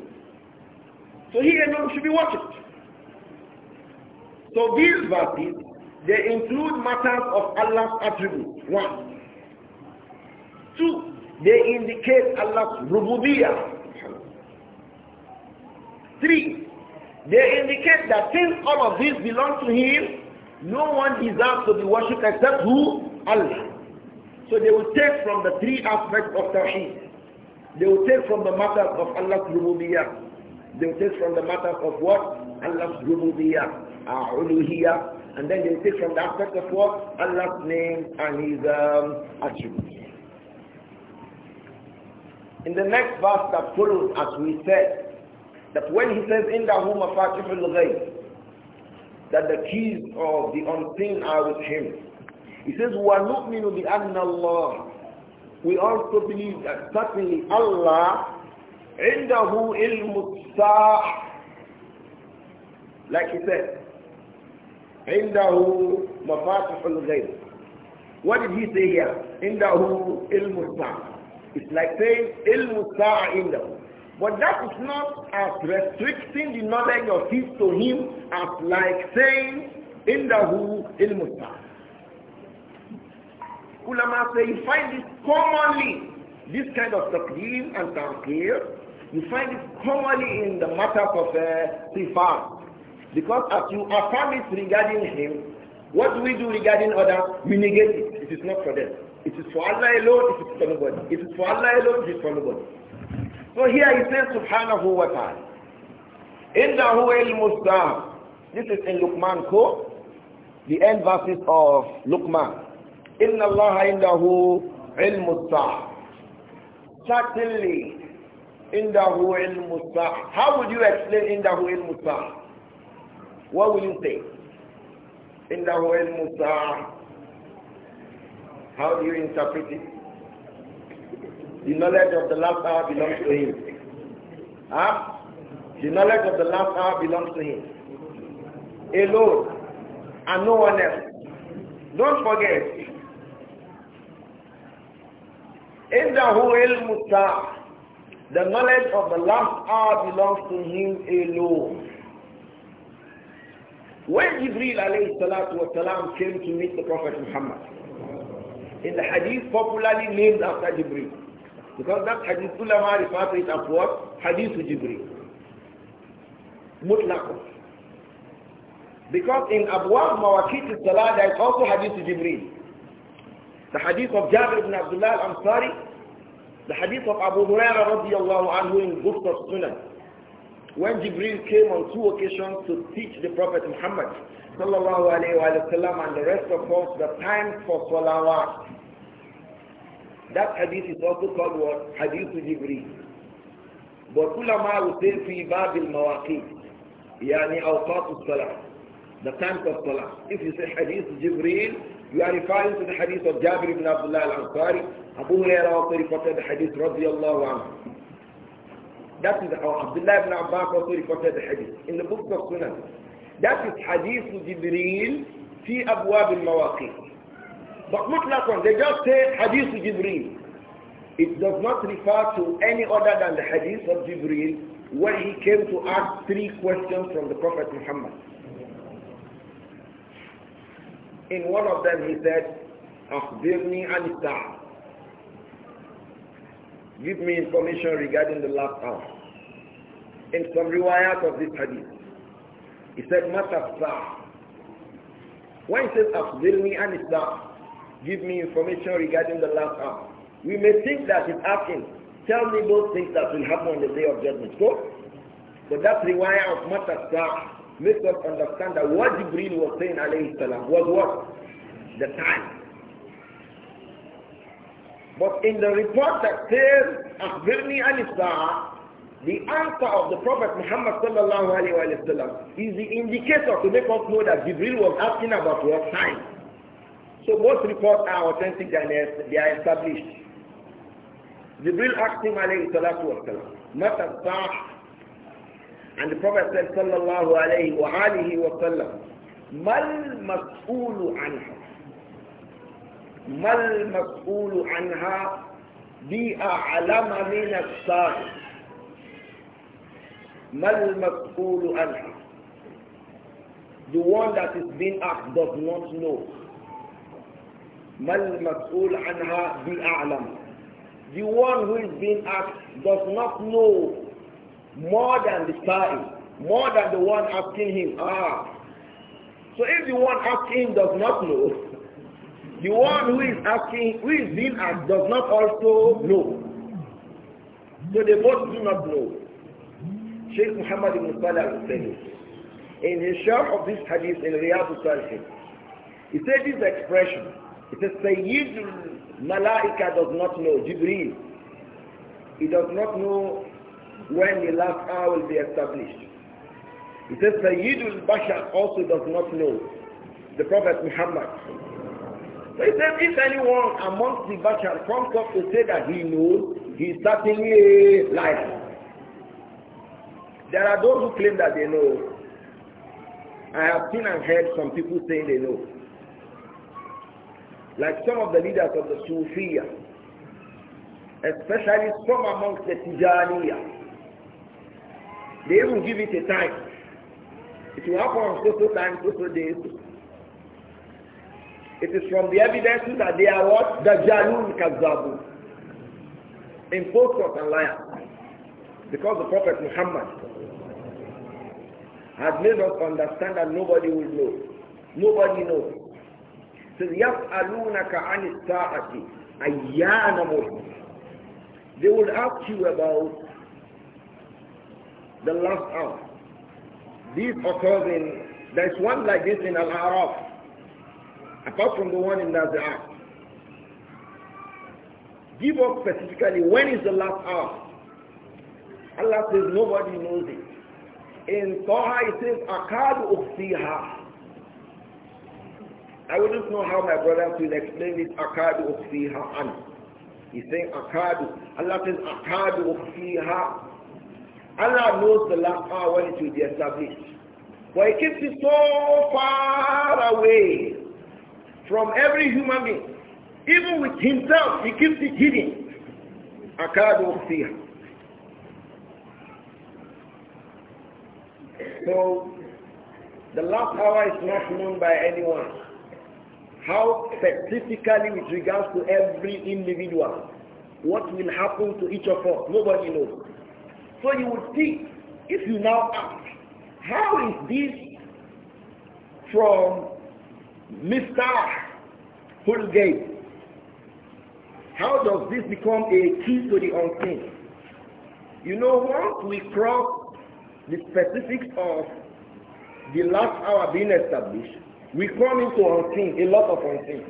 So he alone should be worshipped. So these verses, they include matters of Allah's attributes. One. Two, they indicate Allah's rububiyyah. Three, they indicate that since all of these belong to him, no one deserves to be worshipped except who? Allah. So they will take from the three aspects of Tawheed. They will take from the matter of Allah's rububiyyah. They will take from the matter of what? Allah's rububiyyah, uluhiyyah. And then they will take from the aspect of what? Allah's name and His um, attributes. In the next verse that follows, as we said, that when he says, إِنَّهُ مَفَاتِحُ الْغَيْبِ that the keys of the unseen are with him. He says, وَنُؤْمِنُ بِأَنَّ اللَّهِ We also believe that certainly Allah عِنْدَهُ إِلْمُ السَّاعِ Like he said, عِنْدَهُ مَفَاتِحُ الْغَيْبِ What did he say here? عِنْدَهُ إِلْمُ السَّاعِ It's like saying إِلْمُ السَّاعِ عِنْدَهُ but that is not as restricting the knowledge of his to him as like saying, Indahu ilmuta. Ulama say you find this commonly, this kind of taqdeem and taqir, you find it commonly in the matter of uh, sifat. Because as you affirm it regarding him, what do we do regarding others? We negate it. It is not for them. It is for Allah alone, it is for nobody. It is for Allah alone, it is for nobody. So here he says subhanahu wa ta'ala. Innahu al This is in Luqman Ko, the end verses of Luqman. Inna Allah indahu ilmu sa'ah. Certainly, indahu ilmu sa'ah. How would you explain indahu ilmu sa'ah? What would you say? Indahu ilmu sa'ah. How do you interpret it? the knowledge of the last hour belongs to him. Huh? The knowledge of the last hour belongs to him. Alone. And no one else. Don't forget. In the Huil the knowledge of the last hour belongs to him alone. When Jibril alayhi salatu wasalam came to meet the Prophet Muhammad, in the hadith popularly named after Jibril, because that hadith, ulama refer to it as what? Hadith Jibreel. Mutlaq. Because in Abwab Mawakit Salah, there is also hadith Jibril. The hadith of Jabir ibn Abdullah al-Ansari, the hadith of Abu Hurairah radiallahu anhu in Book of Sunan. When Jibril came on two occasions to teach the Prophet Muhammad sallallahu alayhi wa sallam and the rest of us the time for salawat That hadith is also called what? Hadith Jibreel. But ulama will say fi bab al-mawaqit, yani awqat al-salah, the times of salah. If you say hadith Jibreel, you are referring to the hadith of Jabir ibn Abdullah al-Ansari. Abu Hurairah also reported the hadith radiyallahu anhu. That is how Abdullah ibn Abbas also reported the hadith in the book of Sunan. That is hadith Jibreel fi abwab al-mawaqit. But one. they just say hadith of Jibreel. It does not refer to any other than the hadith of Jibreel where he came to ask three questions from the Prophet Muhammad. In one of them he said, أخبرني عن الساعة. Give me information regarding the last hour. In some riwayat of this hadith, he said, متى الساعة? When he says أخبرني عن الساعة, give me information regarding the last hour. We may think that it's asking, tell me those things that will happen on the day of judgment. But, But that rewire of Matasah makes us understand that what Jibril was saying alayhi salam was what? The time. But in the report that says Akhbirni Alisa, the answer of the Prophet Muhammad sallallahu alayhi wa sallam is the indicator to make us know that Jibril was asking about what time. So both reports are authentic and they are established. Jibril asked him alayhi salatu wasalam, Mata sah? And the Prophet said sallallahu alayhi wa alihi wa sallam, Mal mas'ulu anha. Mal mas'ulu anha bi'a'lama min as-sahih. Mal mas'ulu anha. The one that is being asked does not know the one who is being asked does not know more than the sa'il more than the one asking him ah so if the one asking does not know the one who is asking who is being asked does not also know so they both do not know Sheikh Muhammad ibn Salah said in his share of this hadith in Riyadh al-Salihin he said this expression it says Sayyid Malaika does not know, Jibreel. He does not know when the last hour will be established. He says Sayyidul Bashar also does not know, the Prophet Muhammad. So he says if anyone amongst the Bashar comes up to say that he knows, he is certainly lying. There are those who claim that they know. I have seen and heard some people saying they know. Like some of the leaders of the Sufiya, especially some amongst the Tijaniya, they will give it a time. It will happen on social time, social days. It is from the evidences that they are what? Dajalun Kazabu. Impostors and liars. Because the Prophet Muhammad has made us understand that nobody will know. Nobody knows says, يَسْأَلُونَكَ عَنِ السَّاعَةِ أَيَّانَ مُرْهِ They will ask you about the last hour. This occurs in, there's one like this in Al-Araf, apart from the one in Nazareth. Give up specifically when is the last hour. Allah says nobody knows it. In Taha it says, أَكَادُ أُخْفِيهَا I wouldn't know how my brothers will explain this akadu ukhfiha an. He's saying akadu. Allah says akadu ukhfiha. Allah knows the last hour when it will be established. But he keeps it so far away from every human being. Even with himself, he keeps it hidden. Akadu ukhfiha. So, the last hour is not known by anyone. How specifically with regards to every individual? What will happen to each of us? Nobody knows. So you would think, if you now ask, how is this from Mr. Hulgate? How does this become a key to the unseen? You know, once we cross the specifics of the last hour being established, we come into unclean, a lot of unclean.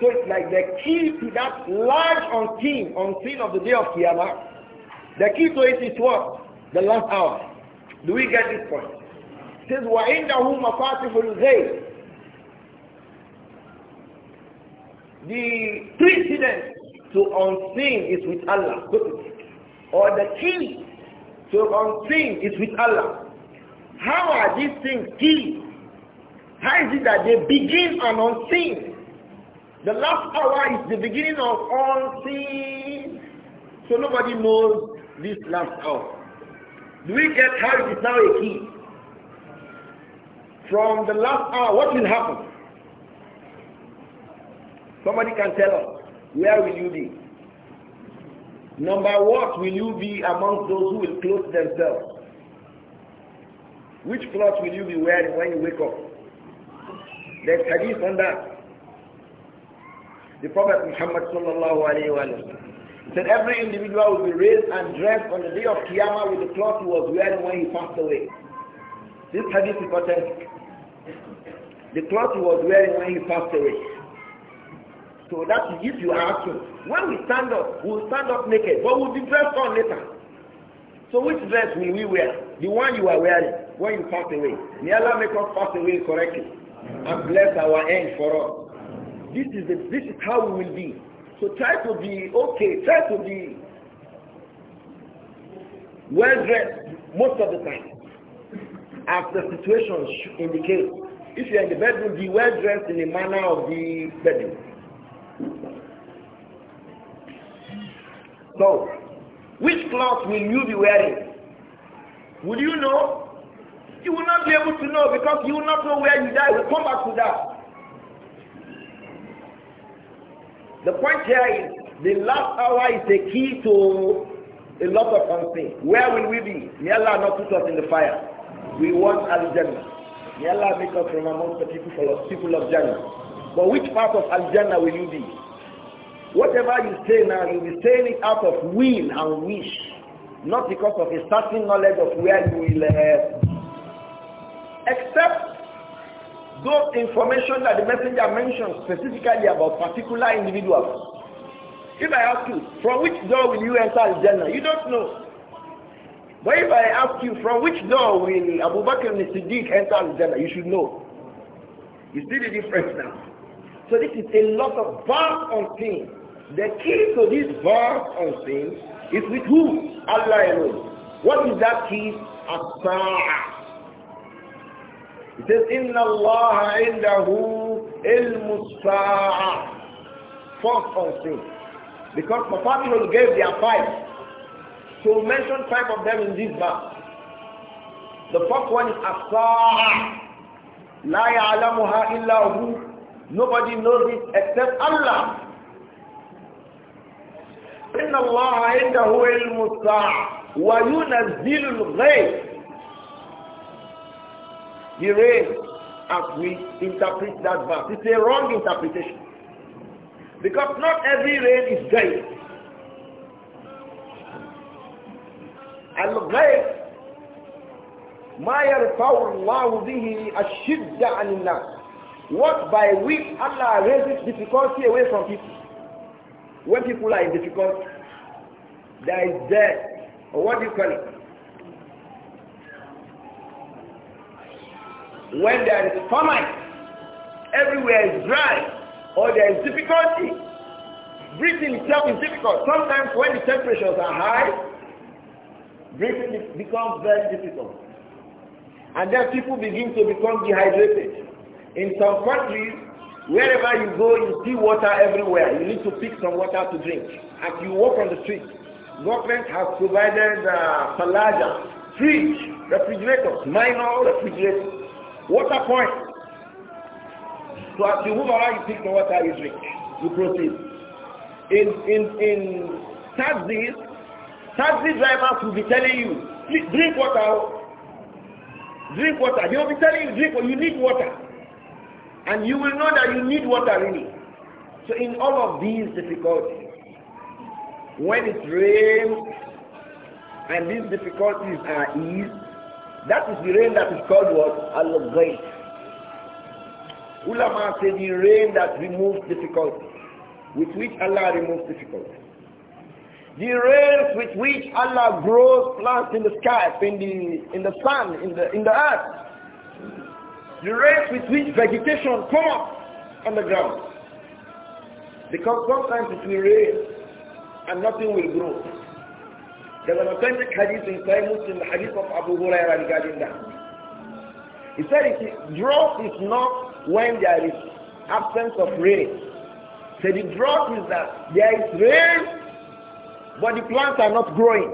So it's like the key to that large unclean, unclean of the day of Qiyamah. The key to it is what? The last hour. Do we get this point? It says, وَعِنْدَهُ مَفَاتِحُ الْغَيْبِ The precedence to unseen is with Allah. Or the key to unseen is with Allah. How are these things key? How is it that they begin and unseen? The last hour is the beginning of all things. So nobody knows this last hour. Do we get how it is now a key? From the last hour, what will happen? Somebody can tell us, where will you be? Number what will you be amongst those who will clothe themselves? Which cloth will you be wearing when you wake up? There's hadith on that. The Prophet Muhammad sallallahu alayhi wa said every individual will be raised and dressed on the day of Qiyamah with the cloth he was wearing when he passed away. This hadith is authentic. The cloth he was wearing when he passed away. So that is if you are asking. When we stand up, we'll stand up naked, but we'll be dressed on later. So which dress will we wear? The one you are wearing when you passed away. May Allah make us pass away correctly and bless our end for us. This is, the, this is how we will be. So try to be okay, try to be well dressed most of the time as the situation indicates. If you are in the bedroom, be well dressed in the manner of the bedroom. So, which cloth will you be wearing? Would you know? You will not be able to know because you will not know where you die. We'll come back to that. The point here is the last hour is the key to a lot of things. Where will we be? May Allah not put us in the fire. We want Al Jannah. May Allah make us from amongst the people of people of Jannah. But which part of Al Jannah will you be? Whatever you say now, you'll be saying it out of will and wish, not because of a certain knowledge of where you will uh, except those information that the messenger mentioned specifically about particular individuals. If I ask you, from which door will you enter Jannah? You don't know. But if I ask you, from which door will Abu Bakr and Siddiq enter Jannah? You should know. You see the difference now. So this is a lot of verse on things. The key to this verse on things is with who? Allah alone. What is that key? As-sa'ah. He says, Inna Allah indahu ilmu sa'a. First because sin. father Mufafilul gave their five. So we mentioned five of them in this verse. The first one is الساعة لا يعلمها إلا هو Nobody knows it except Allah. إن الله عنده علم الساعة وينزل الغيث He reigns as we interpret that verse. It's a wrong interpretation. Because not every rain is gay. الغيب ما يرفع الله به الشدة عن الناس what by which Allah raises difficulty away from people when people are in difficulty there is death or what do you call it when there is famine, everywhere is dry, or there is difficulty, breathing itself is difficult. Sometimes when the temperatures are high, breathing becomes very difficult. And then people begin to become dehydrated. In some countries, wherever you go, you see water everywhere. You need to pick some water to drink. As you walk on the street, government has provided uh, fridge, refrigerators, minor refrigerators Water point. So as you move around, you pick the water you drink. You proceed. In in in taxis, taxi drivers will be telling you, drink water. Oh. Drink water. They will be telling you drink. Oh, you need water, and you will know that you need water really. So in all of these difficulties, when it rains and these difficulties are eased, that is the rain that is called what? Al-Ghayt. Ulama say the rain that removes difficulty, with which Allah removes difficulty. The rain with which Allah grows plants in the sky, in the, in the sun, in the, in the earth. The rain with which vegetation come up on the ground. Because sometimes it will rain and nothing will grow. There's authentic hadith in Muslim, the hadith of Abu Hurairah regarding that. He said it, drought is not when there is absence of rain. So the drought is that there is rain, but the plants are not growing.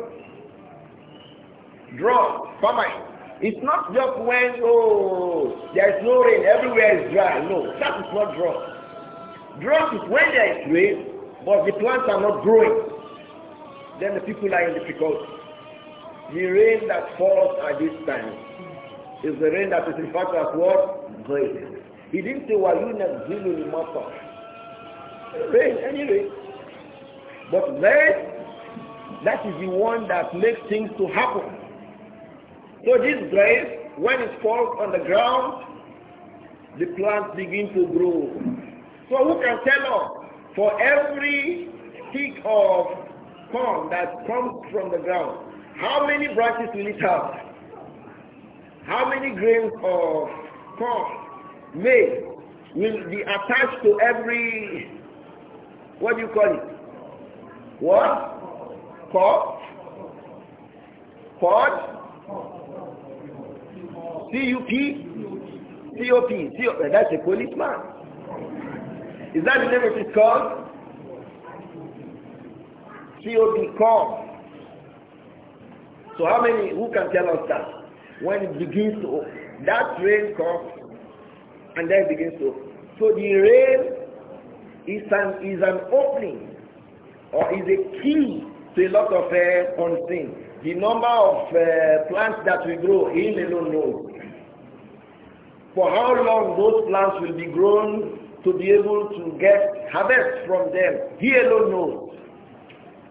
Drought, famine. It's not just when, oh, there is no rain, everywhere is dry. No, that is not drought. Drought is when there is rain, but the plants are not growing. Then the people are in difficulty. The rain that falls at this time is the rain that is referred to as what? Great. He didn't say, why you وَيُنَزِّلُ الْمَطَرِ Rain, anyway. But rain, that is the one that makes things to happen. So this grace, when it falls on the ground, the plants begin to grow. So who can tell us? For every stick of corn that comes from the ground, how many branches will it have? How many grains of corn, may will be attached to every, what do you call it? What? Corn. Pod? C-U-P? C-O-P. C-O-P. That's a policeman. Is that the name of his called? COD So how many, who can tell us that? When it begins to, that rain comes and then begins to. So the rain is an, is an opening or is a key to a lot of uh, unseen. The number of uh, plants that we grow, he alone knows. For how long those plants will be grown to be able to get harvest from them, he alone knows.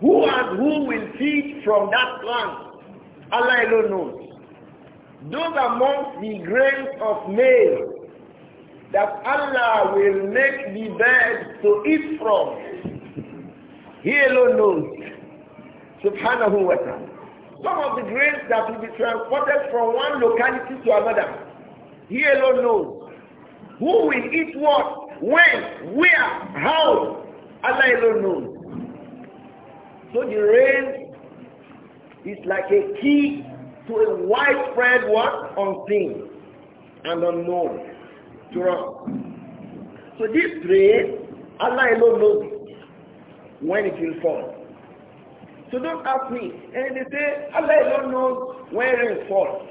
Who and who will feed from that plant? Allah alone knows. Those among the grains of maize that Allah will make the birds to eat from, He alone knows. Subhanahu wa ta'ala. Some of the grains that will be transported from one locality to another, He alone knows. Who will eat what, when, where, how, Allah alone knows. So the rain is like a key to a widespread what? Unseen and unknown to So this rain, Allah alone knows it, when it will fall. So don't ask me. And they say, Allah alone knows when rain falls.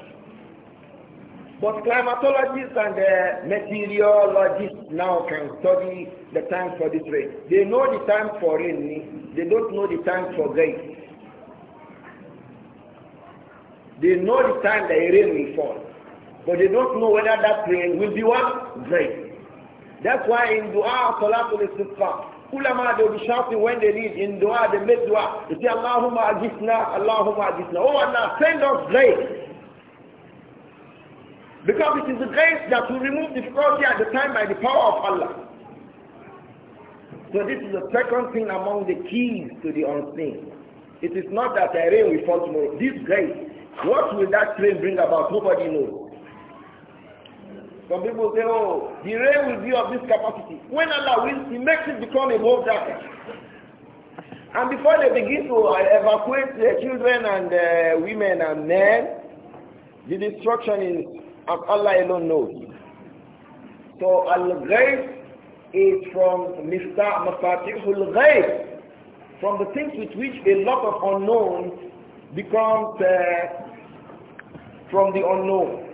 But climatologists and uh, meteorologists now can study the time for this rain. They know the time for rain, they don't know the time for grace. They know the time that rain will fall, but they don't know whether that rain will be what? Grace. That's why in dua, salatul istighfar, ulama they will be shouting when they need in dua, they make dua. They say, Allahumma ajisna, Allahumma ajisna. Oh Allah, send us grace. Because it is the grace that will remove difficulty at the time by the power of Allah. So this is the second thing among the keys to the unseen. It is not that the rain will fall tomorrow. This grace, what will that rain bring about? Nobody knows. Some people say, oh, the rain will be of this capacity. When Allah wills, He makes it become a whole jacket. And before they begin to uh, evacuate their children and uh, women and men, the destruction is and Allah alone knows. So Al-Ghaib is from Mifta Mafatihul Ghayb, from the things with which a lot of unknowns becomes uh, from the unknown.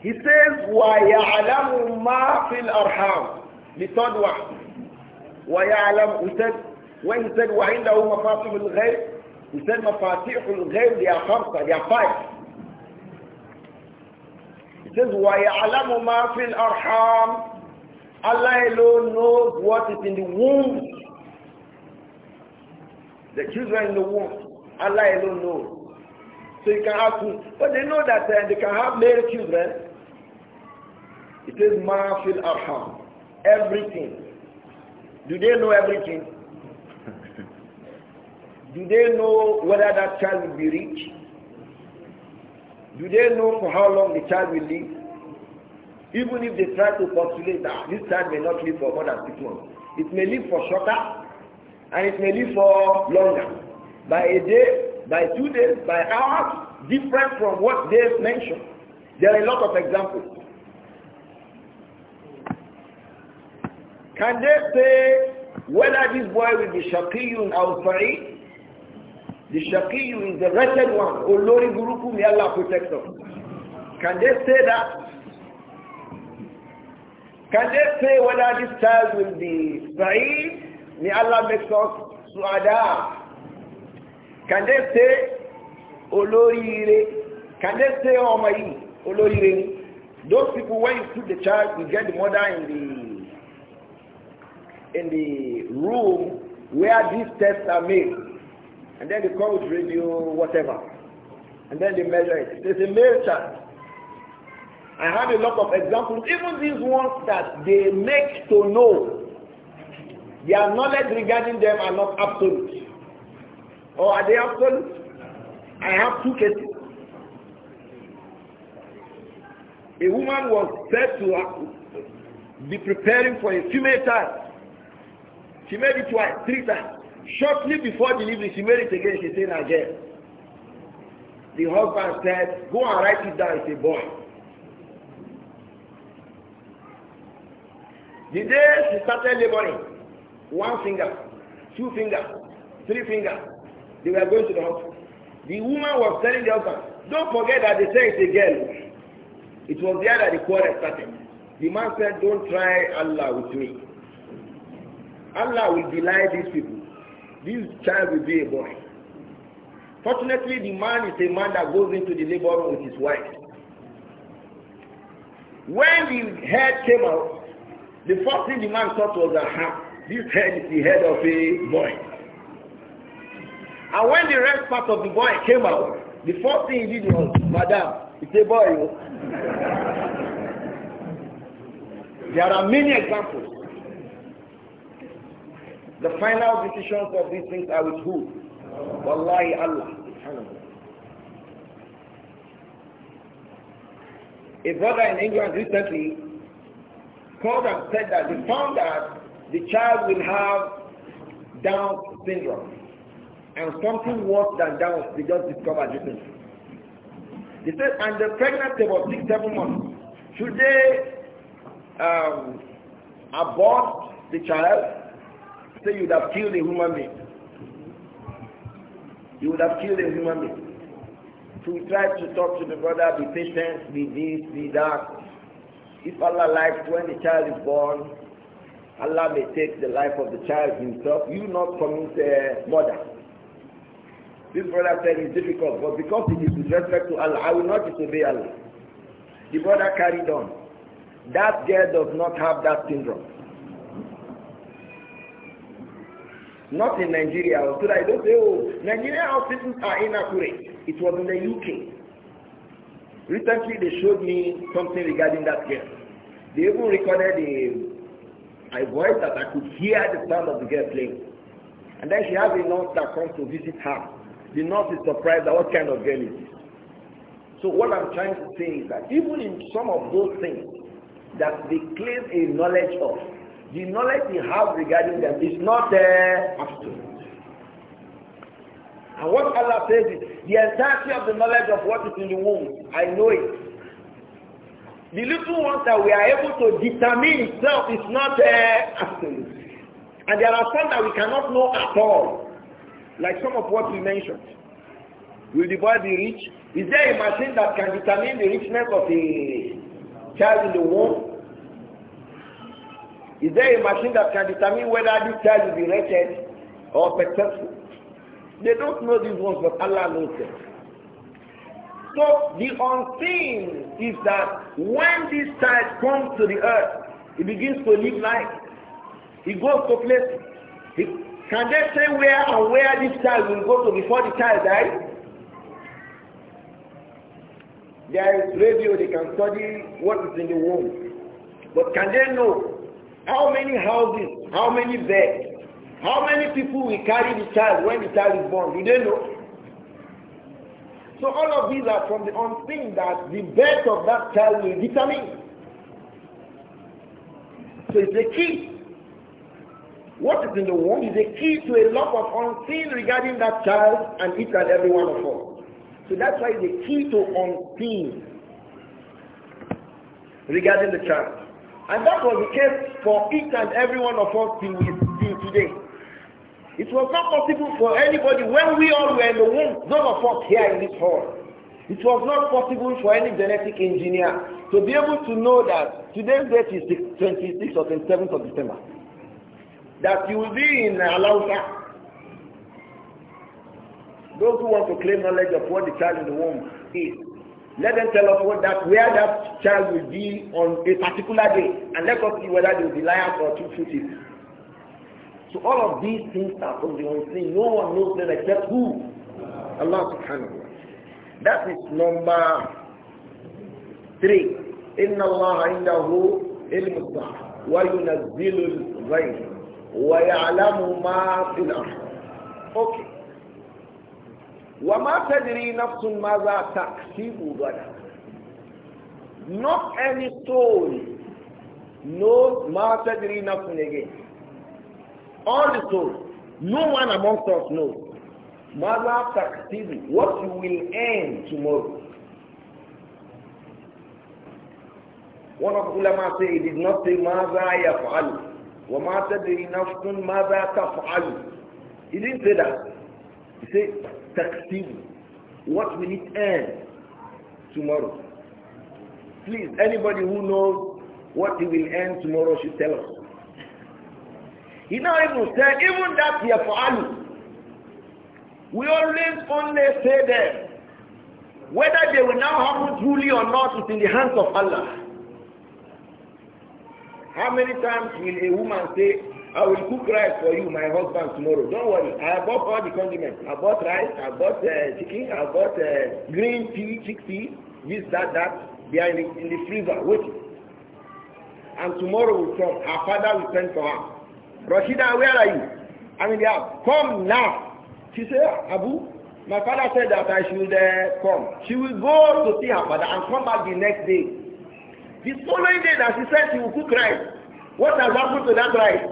He says, وَيَعْلَمُ مَا فِي الْأَرْحَامِ The third one. وَيَعْلَمُ We said, when he said, وَعِنْدَهُ مَفَاتِحُ الْغَيْبِ He said, مَفَاتِحُ الْغَيْبِ They are five. They are five says, وَيَعْلَمُ مَا فِي الْأَرْحَامِ Allah alone knows what is in the womb. The children in the womb, Allah alone knows. So you can ask them, but they know that uh, they can have male children. It says, مَا فِي الْأَرْحَامِ Everything. Do they know everything? Do they know whether that child will be rich? Do they know for how long the child will live? Even if they try to postulate that this child may not live for more than six months, it may live for shorter and it may live for longer. By a day, by two days, by hours, different from what they mentioned. There are a lot of examples. Can they say whether this boy will be Shaqiyun or Sa'id? The shaqi is the wretched one. Olori Guruku, may Allah protect us. Can they say that? Can they say whether this child will be Sa'id? May Allah make us Su'ada. Can they say Olori Can they say Omayi? Oh, olori Those people, when you put the child, you get the mother in the in the room where these tests are made. And then they come with review, whatever. And then they measure it. There's a male I have a lot of examples, even these ones that they make to know. Their knowledge regarding them are not absolute. Or are they absolute? I have two cases. A woman was said to be preparing for a female child. She made it twice, three times. Shortly before delivery, she married again. She said, "Again." The husband said, Go and write it down. It's a boy. The day she started laboring, one finger, two fingers, three fingers, they were going to the hospital. The woman was telling the husband, Don't forget that they say it's a girl. It was there that the quarrel started. The man said, Don't try Allah with me. Allah will delight these people this child will be a boy. Fortunately, the man is a man that goes into the labor room with his wife. When the head came out, the first thing the man thought was that ah, this head is the head of a boy. And when the rest part of the boy came out, the first thing he did was, Madam, it's a boy. Oh. there are many examples. The final decisions of these things are with who? Wallahi Allah. A brother in England recently called and said that he found that the child will have Down syndrome. And something worse than Down they just discovered recently. They said, and the pregnant about six, seven months. Should they um, abort the child say you would have killed a human being. You would have killed a human being. To try to talk to the brother, be patient, be this, be that. If Allah likes when the child is born, Allah may take the life of the child himself. You not commit uh, murder. This brother said it's difficult, but because it is with respect to Allah, I will not disobey Allah. The brother carried on. That girl does not have that syndrome. Not in Nigeria. So that I don't say, oh, Nigerian hospitals are inaccurate. It was in the UK. Recently, they showed me something regarding that girl. They even recorded a, a voice that I could hear the sound of the girl playing. And then she has a nurse that comes to visit her. The nurse is surprised at what kind of girl is So what I'm trying to say is that even in some of those things that they claim a knowledge of, the knowledge he has regarding them is not uh, absolute. And what Allah says is, the entirety of the knowledge of what is in the womb, I know it. The little ones that we are able to determine itself is not uh, absolute. And there are some that we cannot know at all, like some of what we mentioned. Will the boy be rich? Is there a machine that can determine the richness of a child in the womb? Is there a machine that can determine whether this child will be wretched or successful? They don't know these ones, but Allah knows them. So the unseen is that when this child comes to the earth, he begins to live life. He goes to places. He, can they say where and where this child will go to before the child dies? There is radio, they can study what is in the womb. But can they know how many houses? How many beds? How many people will carry the child when the child is born? Do not know? So all of these are from the unseen that the birth of that child will determine. So it's a key. What is in the womb is a key to a lot of unseen regarding that child and each and every one of us. So that's why it's a key to unseen regarding the child. And that was the case for each and every one of us till, till today. It was not possible for anybody when we all were in the womb, none of us here in this hall. It was not possible for any genetic engineer to be able to know that today's date is 26th or 27th of December. That you will be in Alauta. Those who want to claim knowledge of what the child in the womb is, let them tell us what that where that child will be on a particular day, and let us see whether they will be liars or two footed. So all of these things are from the unseen. No one knows them except who? Allah subhanahu wa ta'ala. That is number three. إن الله عنده علم الساعة وينزل الغيب ويعلم ما في الأرض. Okay. وَمَا تَدْرِي نَفْسٌ مَاذَا تَكْسِبُ غَدًا Not any soul knows مَا تَدْرِي نَفْسٌ again. All the souls, no one amongst us knows. مَاذَا تَكْسِبُ What you will earn tomorrow. One of the ulama say he did not say مَاذَا يَفْعَلُ وَمَا تَدْرِي نَفْسٌ مَاذَا تَفْعَلُ He didn't say that. He said what will it end tomorrow please anybody who knows what it will end tomorrow should tell us he now even said even that يفعل we always only say that whether they will now happen truly or not is in the hands of Allah how many times will a woman say I will cook rice for you, my husband, tomorrow. Don't worry. I bought all the condiments. I bought rice, I bought uh, chicken, I bought uh, green tea, chickpea, this, that, that. They are in the, in the freezer waiting. And tomorrow will come. Our father will send for her. Rashida, where are you? I mean, they have come now. She said, Abu, my father said that I should uh, come. She will go to see her father and come back the next day. The following day that she said she will cook rice, what has happened to that rice?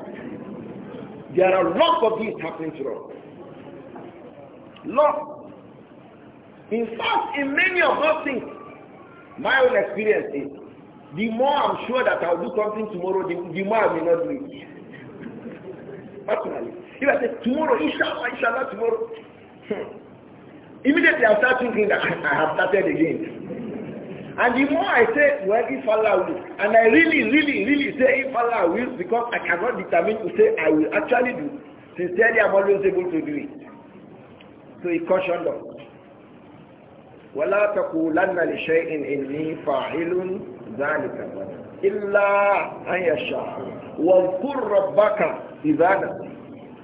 There are lots of these happening to us. Lots. In fact, in many of those things, my own experience is, the more I'm sure that I'll do something tomorrow, the, the more I may not do it. Personally. If I say, tomorrow, inshallah, inshallah, tomorrow, immediately i start thinking that I have started again. And the more I say, well, if Allah will, and I really, really, really say, if Allah will, because I cannot determine to say I will actually do, sincerely I'm always able to do it. So he cautioned us. وَلَا تَقُولَنَّ لِشَيْءٍ إِنِّي فَاعِلٌ ذَلِكَ غَدًا إِلَّا أَن يَشَاءَ وَاذْكُرْ رَبَّكَ إِذَا نَسِيتَ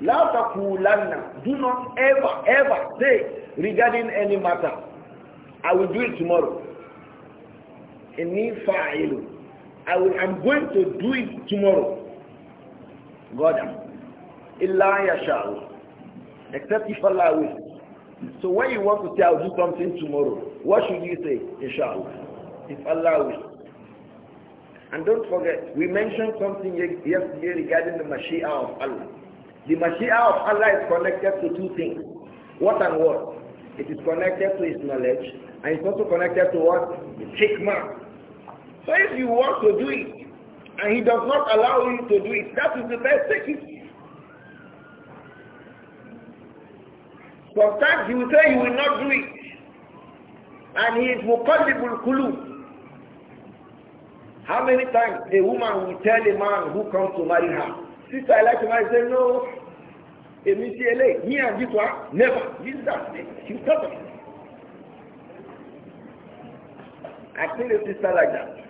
لَا تَقُولَنَّ Do not ever, ever say regarding any matter, I will do it tomorrow. Inni fa'ilu. I will, am going to do it tomorrow. God am. Illa yasha'u. Except if Allah will. So when you want to say, I'll do something tomorrow, what should you say? Inshallah. If Allah will. And don't forget, we mentioned something yesterday regarding the Mashiach of Allah. The Mashiach of Allah is connected to two things. What and what? It is connected to His knowledge, and it's also connected to what? the hikmah. So if you want to do it, and he does not allow you to do it, that is the best thing. Sometimes he will say he will not do it. And he is muqallibul kulub. How many times a woman will tell a man who comes to marry her, sister, I like to marry, say, no, A sí eléyìí me and this one, never, this that, she's stubborn. I think a sister like that.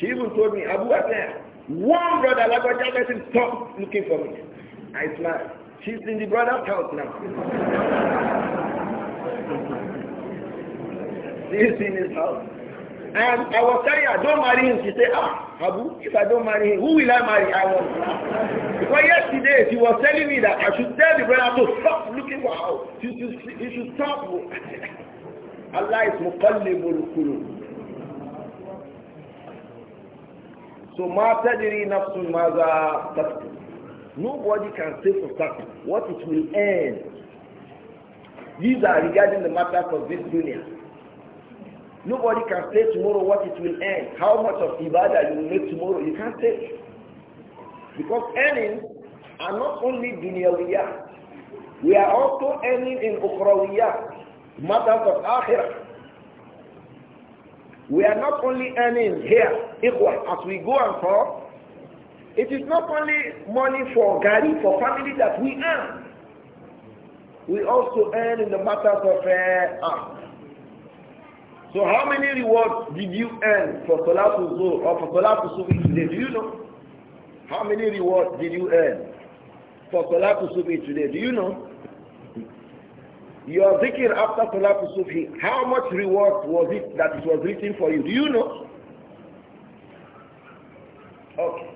She even told me, Abu Hassan, one brother what Jack not stop looking for me. I smiled. She's in the brother's house now. She's in his house. And I was telling her, don't marry him. She said, ah, Abu, if I don't marry him, who will I marry? I want. Because yesterday she was telling me that I should tell the brother to stop looking for her. You should, he should stop. Allah is muqallibul qulub. So ma tadri nafsun maza tasbih. Nobody can say for certain what it will end. These are regarding the matters of this dunya. Nobody can say tomorrow what it will end. How much of ibadah you will make tomorrow, you can't say. Because earnings are not only dunyawiyah. We are also earning in ukhrawiyah, matters of akhirah. We are not only earning here, equal, as we go and come. It is not only money for Gary, for family that we earn. We also earn in the matters of uh, art. So how many rewards did you earn for Salatul Zuhr or for Salatul today? Do you know? How many rewards did you earn for Salatul Sufi today? Do you know? Your zikr after Salat Sufi, how much reward was it that it was written for you? Do you know? Okay.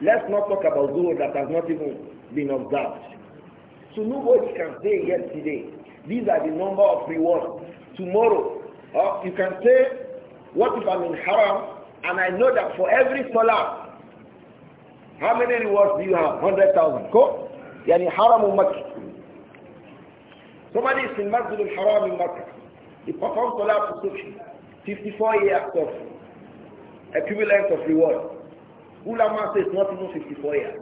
Let's not talk about those that has not even been observed. So nobody can say yesterday, these are the number of rewards. Tomorrow, uh, you can say, what if I'm in haram and I know that for every salah, how many rewards do you have? 100,000. Go. Yani haram Somebody is in Masjid al-Haram in Makkah. He performs Salah for 54 years of equivalent of reward. Ulama says not even 54 years.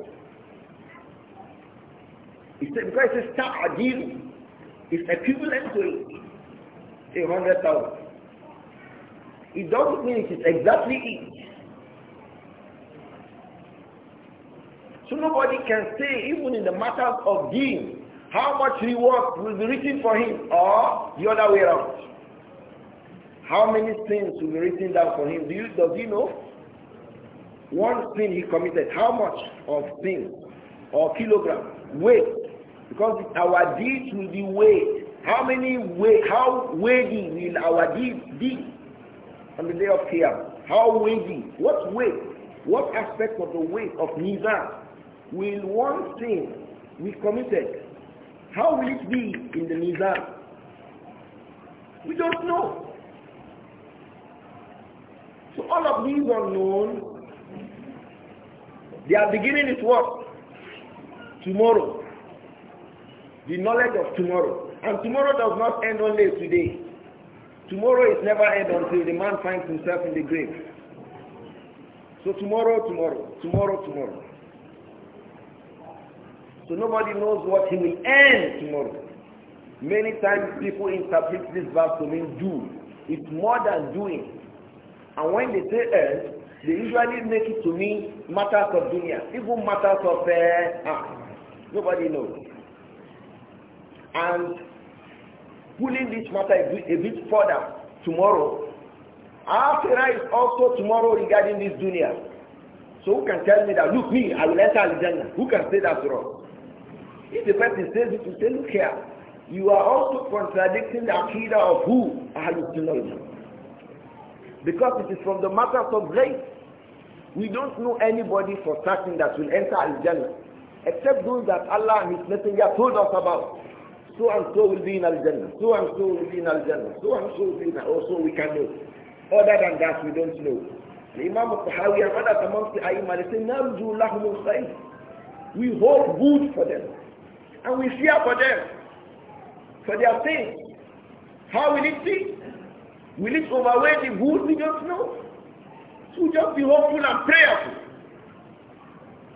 He said, because it says ta'adil is equivalent to a hundred thousand. It doesn't mean it is exactly it. So nobody can say, even in the matters of deen, how much reward will be written for him or the other way around. How many sins will be written down for him? Do you, does he know? One sin he committed, how much of sin or kilogram? Weight. Because our deeds will be weighed. How many weight, how weighty will our deeds be on the day of Qiyam? How weighty? What weight? What aspect of the weight of Mizan will one sin we committed how will it be in the Mizan? We don't know. So all of these unknown, their beginning is what? Tomorrow. The knowledge of tomorrow. And tomorrow does not end only today. Tomorrow is never end until the man finds himself in the grave. So tomorrow, tomorrow, tomorrow, tomorrow. So nobody knows what he will earn tomorrow. Many times people interpret this verse to mean do. It's more than doing. And when they say earn, they usually make it to mean matters of dunya, even matters of uh, ah, nobody knows. And pulling this matter a bit further tomorrow, after is also tomorrow regarding this dunya. So who can tell me that, look me, I will enter Al-Jannah. Who can say that wrong? us? If the person says it, you say, look here, you are also contradicting the Akira of who? Ahlul Because it is from the matters of grace. We don't know anybody for certain that will enter Al-Jannah except those that Allah and His Messenger told us about. So and so will be in Al-Jannah, so and so will be in Al-Jannah, so and so will be in Al-Jannah, oh, we can know. Other than that, we don't know. The Imam of Tahawi and others amongst the Ayyimah, they say, نَرْجُوا We hope good for them. And we fear for them, for their sins. How will it be? Will it overwhelm the good? We don't know. So just be hopeful and prayerful.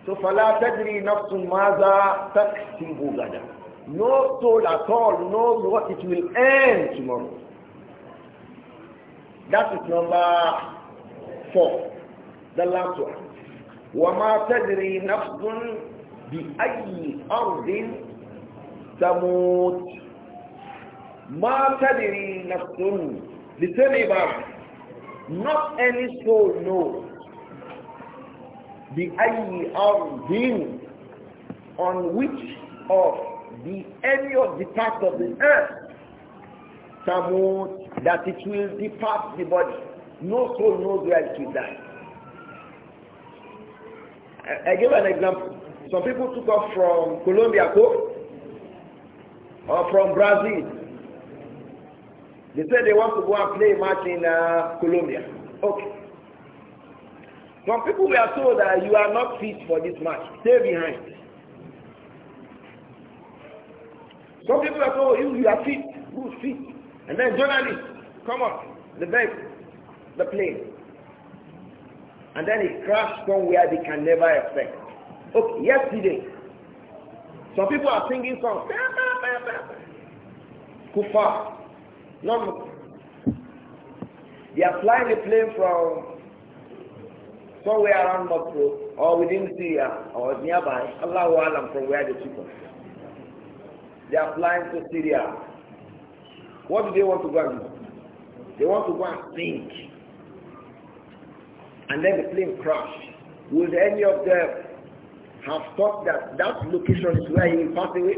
So فَلَا تَدْرِي نَفْسٌ مَاذَا تَكْسِبُ غَدًا No soul at all knows what it will end tomorrow. That is number four. The last one. وَمَا تَدْرِي نَفْسٌ بِأَيِّ أَرْضٍ تموت ما تدري نفس لتدري not any soul knows بأي أرض on which of the any of the parts of the earth تموت that it will depart the body no soul knows where it will die I, I give an example some people took off from Colombia Coast or from Brazil. They said they want to go and play a match in uh, Colombia. Okay. Some people were told that you are not fit for this match. Stay behind. Some people were told you, you are fit. Who's fit? And then journalists, come on, the vehicle, the plane. And then it crashed somewhere they can never expect. Okay, yesterday, some people are singing songs. Kufa. No. They are flying the plane from somewhere around Moscow or within Syria or nearby. Allahu Alam from where the people. They are flying to Syria. What do they want to go and do? They want to go and sing. And then the plane crashed. Will any of them have thought that that location is where he will pass away?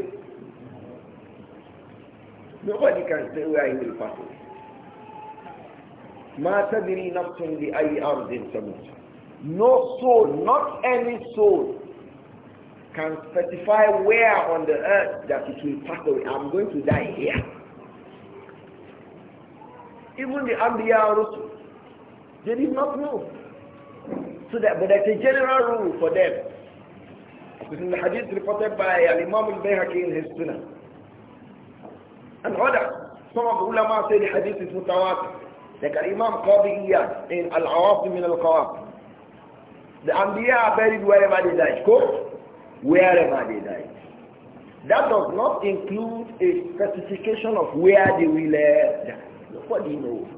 Nobody can say where he will pass away. ما تدري نفس بأي أرض تموت No soul, not any soul can specify where on the earth that it will pass away. I'm going to die here. Even the Ambiya Rusul, they did not know. So that, but that's a general rule for them. This is the hadith reported by Imam al-Bayhaqi in his Sunnah. And others, some of the ulama say the hadith is mutawatir. Like Imam Qadi Iyad in Al-Awasim min Al-Qawasim. The Anbiya are buried wherever they died. Go wherever they died. That does not include a specification of where they will uh, die. Nobody knows.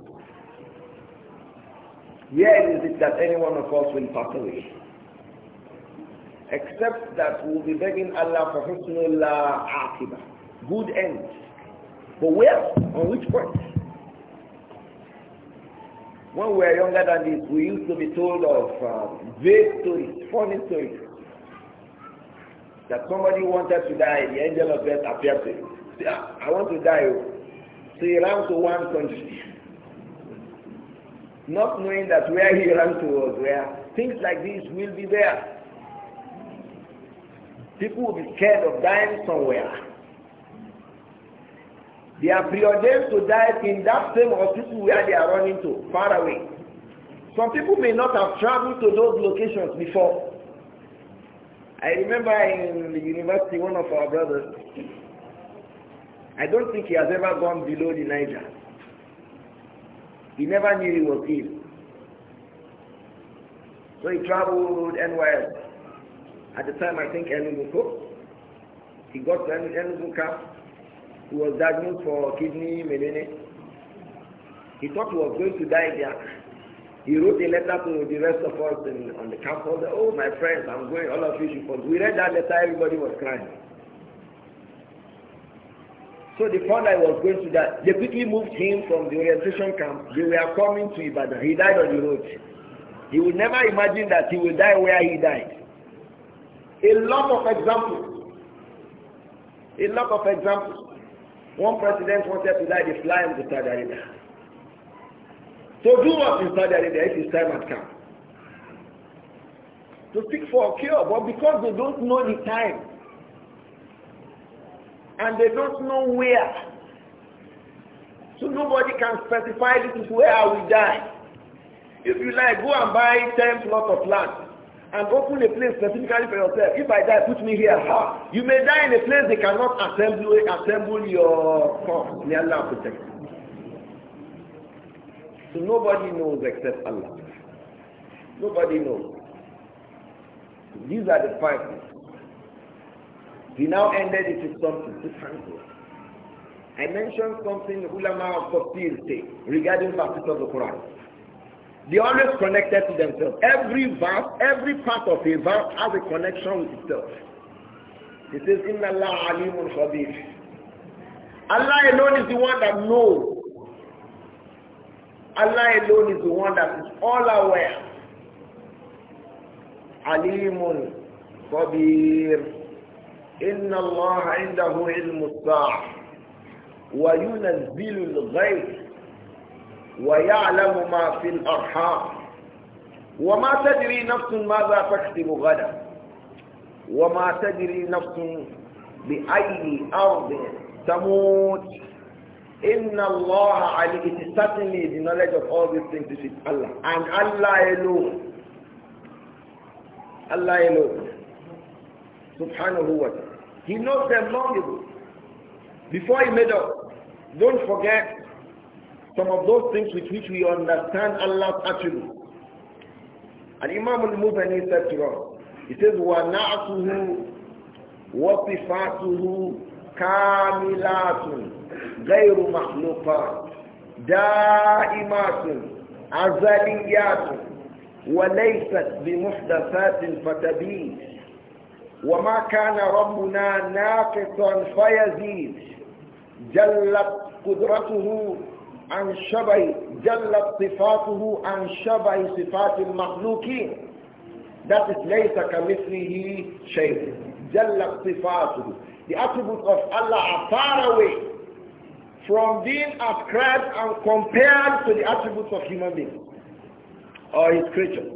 Where is it that any one of us will pass away? Except that we'll be begging Allah for husnullah aqibah. Good end. But where? On which point? When we were younger than this, we used to be told of um, vague stories, funny stories. That somebody wanted to die, the angel of death appeared to him. Ah, I want to die. Oh. So he ran to one country. Not knowing that where he ran to was where. Things like this will be there. People will be scared of dying somewhere. They are preordained to die in that same hospital where they are running to, far away. Some people may not have traveled to those locations before. I remember in the university, one of our brothers, I don't think he has ever gone below the Niger. He never knew he was ill. So he traveled and NYS at the time, I think Enugu He got to Enugu camp. He was diagnosed for kidney malady. He thought he was going to die there. He wrote a letter to the rest of us in, on the campus. Oh, my friends, I'm going. All of you should come. We read that letter. Everybody was crying. So the father was going to die. They quickly moved him from the orientation camp. They were coming to Ibadan. He died on the road. He would never imagine that he would die where he died. A lot of examples. A lot of examples. One president wanted to die, they fly him to Saudi Arabia. So do what in Saudi Arabia if his time has come. To seek for a cure, but because they don't know the time, and they don't know where. So nobody can specify this is where I will die. If you like, go and buy 10 plots of land and open a place specifically for yourself. If I die, put me here. Ha. You may die in a place they cannot assemble, assemble your form. Allah protect So nobody knows except Allah. Nobody knows. These are the five We now ended it with something different. I mentioned something the ulama of Tafsir say regarding verses of the Quran. They always connected to themselves. Every verse, every part of a verse has a connection with itself. It says, Inna Allah alimun khabir. Allah alone is the one that knows. Allah alone is the one that is all aware. Alimun khabir. Inna Allah indahu ilmu sa'ah. وينزل الغيث ويعلم ما في الأرحام وما تدري نفس ماذا تكتب غدا وما تدري نفس بأي أرض تموت إن الله علي it is certainly the knowledge of all these things is Allah and Allah alone Allah alone subhanahu wa ta'ala he knows them long ago before he made up don't forget some of those things with which we understand Allah's attributes. And Imam al mubani said to us, he says, وَنَعْتُهُ وَصِفَاتُهُ كَامِلَاتٌ غَيْرُ مَخْلُوقَاتٌ دَائِمَاتٌ أزليات وليست بمحدثات فتبيد وما كان ربنا ناقصا فيزيد جلت قدرته عن شبه جلت صفاته عن شبه صفات المخلوقين That is ليس كمثله شيء جلت صفاته The attributes of Allah are far away from being ascribed and compared to the attributes of human beings or his creatures.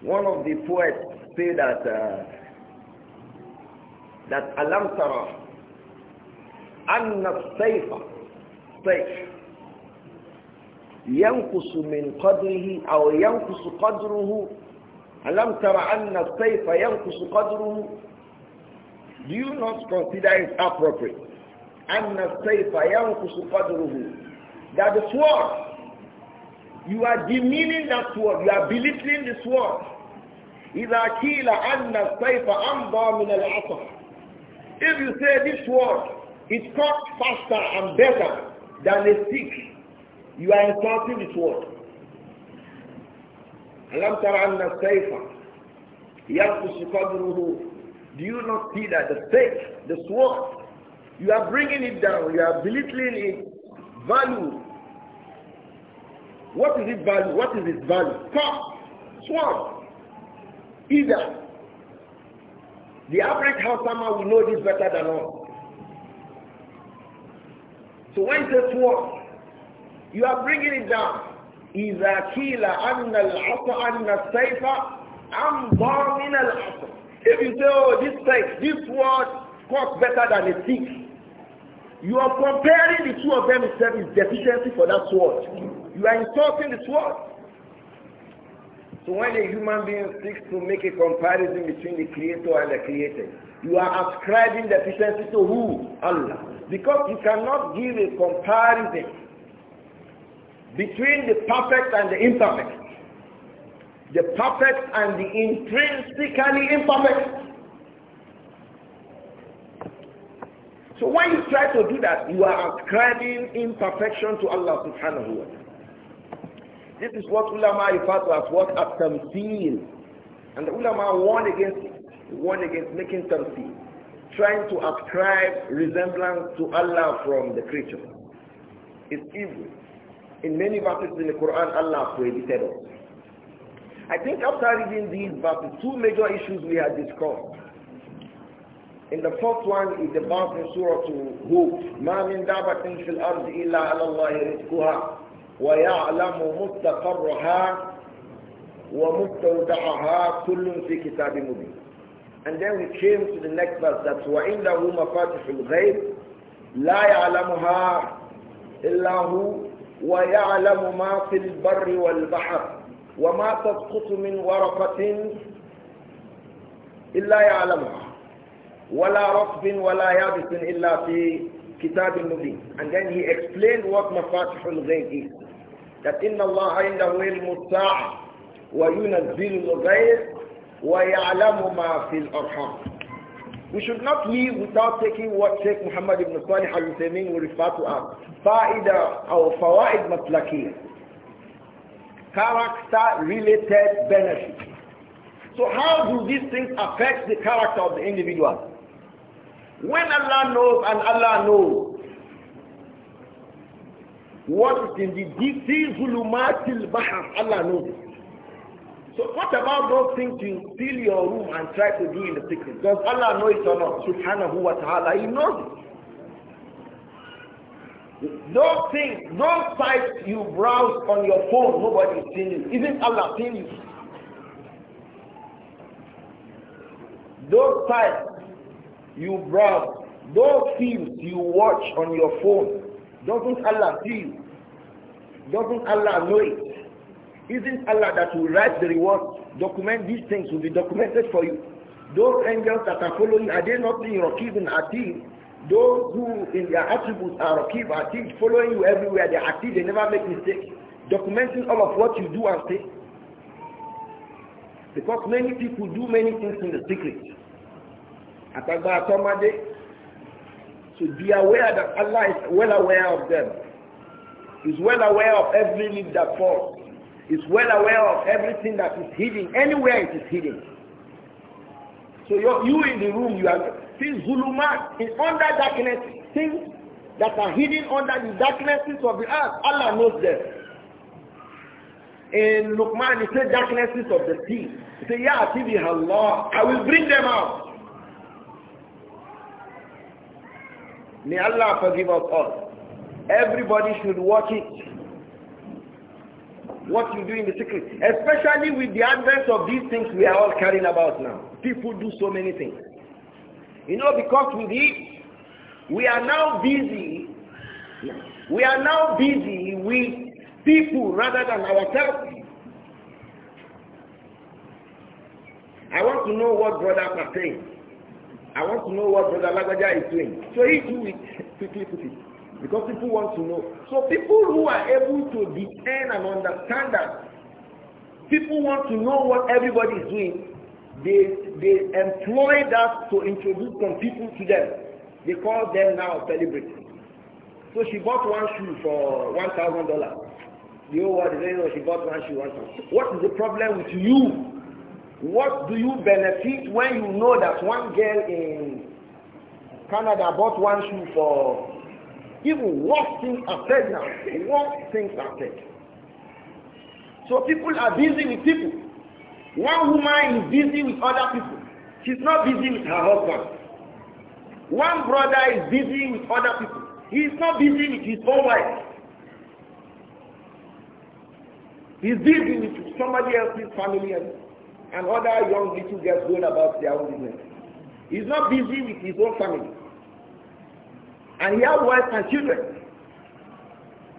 One of the poets said that uh, that alam tarah أن السيف سيف ينقص من قدره أو ينقص قدره ألم ترى أن السيف ينقص قدره Do you not consider it appropriate أن السيف ينقص قدره That the sword you are demeaning that sword you are belittling the sword إذا كيل أن السيف أمضى من العصا If you say this word. It cuts faster and better than a stick. You are insulting this word. أَلَمْ تَرَ أَنَّ Do you not see that the stake, the sword, you are bringing it down, you are belittling its value. What is its value? What is its value? Cup, sword, either. The average house farmer will know this better than us. So when it says what? You are bringing it down. إِذَا كِيلَ أَنَّ الْعَصَ أَنَّ السَّيْفَ أَمْضَى مِنَ الْعَصَ If you say, oh, this safe, this word cuts better than a stick, you are comparing the two of them itself is deficiency for that sword. You are insulting the sword. So when a human being seeks to make a comparison between the creator and the created, you are ascribing deficiency to who? Allah. Because you cannot give a comparison between the perfect and the imperfect. The perfect and the intrinsically imperfect. So when you try to do that, you are ascribing imperfection to Allah subhanahu wa ta'ala. This is what ulama refer to as what at-tamthil. And the ulama warn against warn against making tamsi, trying to ascribe resemblance to Allah from the creature. It's evil. In many verses in the Quran, Allah prohibited us. I think after reading these verses, two major issues we had discussed. In the first one is about the Surah to Hud. مَا مِن دَابَةٍ فِي الْأَرْضِ إِلَّا عَلَى اللَّهِ رِزْقُهَا وَيَعْلَمُ مُسْتَقَرَّهَا ومستودعها كل في كتاب مبين and then we came to the next verse that وَعِنْدَهُ مَفَاتِحُ الْغَيْبِ لَا يَعْلَمُهَا إِلَّا هُوَ وَيَعْلَمُ مَا فِي الْبَرِّ وَالْبَحْرِ وَمَا تَسْقُطُ مِنْ وَرَقَةٍ إِلَّا يَعْلَمُهَا وَلَا رَطْبٍ وَلَا يَابِسٍ إِلَّا فِي كِتَابٍ مُبِينٍ And then he explained what مَفَاتِحُ الْغَيْبِ is. That إِنَّ اللَّهَ عِنْدَهُ عِلْمُ وَيُنَزِّلُ الْغَيْبِ وَيَعْلَمُ مَا فِي الْأَرْحَامِ We should not leave without taking what Sheikh Muhammad ibn Salih al-Uthaymeen will refer to as فَائِدَ أو فَوَائِد مَطْلَقِيَةً Character-related benefits. So how do these things affect the character of the individual? When Allah knows and Allah knows, what is in the deep, Allah knows it. So what about those things you fill your room and try to do in the secret? Does Allah know it or not? Subhanahu wa ta'ala, He knows it. Those things, those sites you browse on your phone, nobody is seeing you. Isn't Allah seeing you? Those sites you browse, those films you watch on your phone, doesn't Allah see you? Doesn't Allah know it? Isn't Allah that will write the reward? Document these things will be documented for you. Those angels that are following, are they not in Rakib and Those who in their attributes are Rakib, Atid, following you everywhere, they are Atid, they never make mistakes. Documenting all of what you do and say. Because many people do many things in the secret. Atagba Atomade. So be aware that Allah is well aware of them. He's well aware of every leaf that falls is well aware of everything that is hidden, anywhere it is hidden. So you in the room, you are seeing Zulumat, in under darkness, things that are hidden under the darknesses of the earth. Allah knows them. In Luqman, he said darknesses of the sea. He said, Ya Atibi Allah, I will bring them out. May Allah forgive us all. Everybody should watch it what you do in the secret. Especially with the advent of these things we are all carrying about now. People do so many things. You know, because with it, we are now busy. We are now busy with people rather than ourselves. I want to know what Brother are saying. I want to know what brother Lagaja is doing. So he do it. quickly. Because people want to know. So people who are able to discern and understand that, people want to know what everybody is doing, they, they employ that to introduce some people to them. They call them now celebrities. So she bought one shoe for $1,000. The old word is saying, she bought one shoe, one thousand. What is the problem with you? What do you benefit when you know that one girl in Canada bought one shoe for even worse things are said now. Worse things are said. So people are busy with people. One woman is busy with other people. She's not busy with her husband. One brother is busy with other people. He is not busy with his own wife. He's busy with somebody else's family and, and other young people girls going about their own business. He's not busy with his own family. And he has wife and children.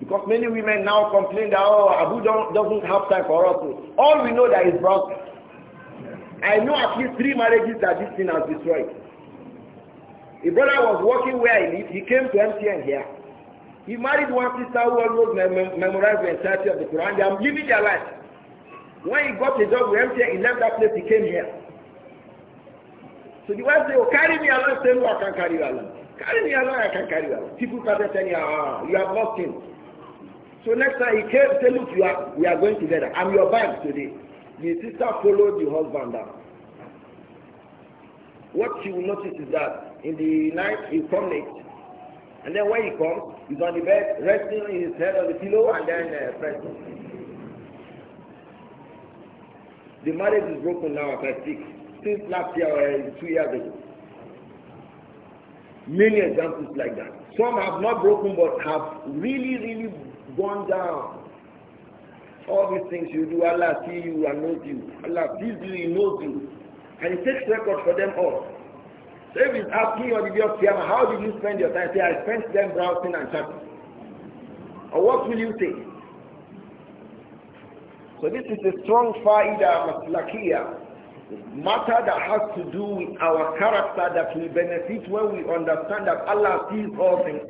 Because many women now complain that, oh, Abu doesn't have time for us. All we know that is broken. I know at least three marriages that this thing has destroyed. A brother was working where he lived. He came to MTN here. He married one sister who almost mem memorized the entirety of the Quran. They are living their life. When he got a job with MTN, he left that place. He came here. So the wife said, oh, carry me along. Say, no, I can carry you along. Carry me along, I can carry you along. People started tell you, ah, you have lost him. So next time he came, say, look, you are, we are going together. I'm your bank today. The sister followed the husband down. What she will notice is that in the night he comes late. And then when he comes, he's on the bed, resting his head on the pillow and then uh, pressing. The marriage is broken now as I speak, since last year or uh, two years ago. Many examples like that. Some have not broken but have really, really gone down. All these things you do, Allah sees you and knows you. Allah sees you, He knows you. And He takes record for them all. So if He's asking on the how did you spend your time? Say, I spent them browsing and chatting. Or what will you say? So this is a strong faida Lakia matter that has to do with our character that we benefit when we understand that Allah sees all things.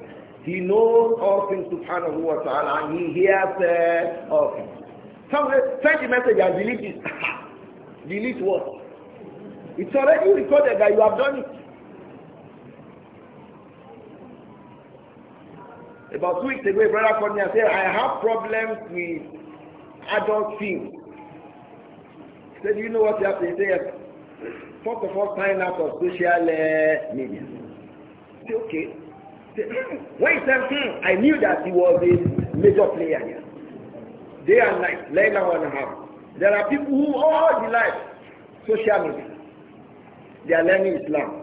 He knows all things subhanahu wa ta'ala and he hears uh, all things. Somebody uh, send the message and delete it. delete what? It's already recorded that you have done it. About two weeks ago, brother called me and said, I have problems with adult films. Say, you know what you have to say? Four First of all, sign out of social uh, media. Say, okay. Say, hmm, when he said, hmm, I knew that he was a major player here. Day and night, leg and one half. There are people who all the life, social media, they are learning Islam.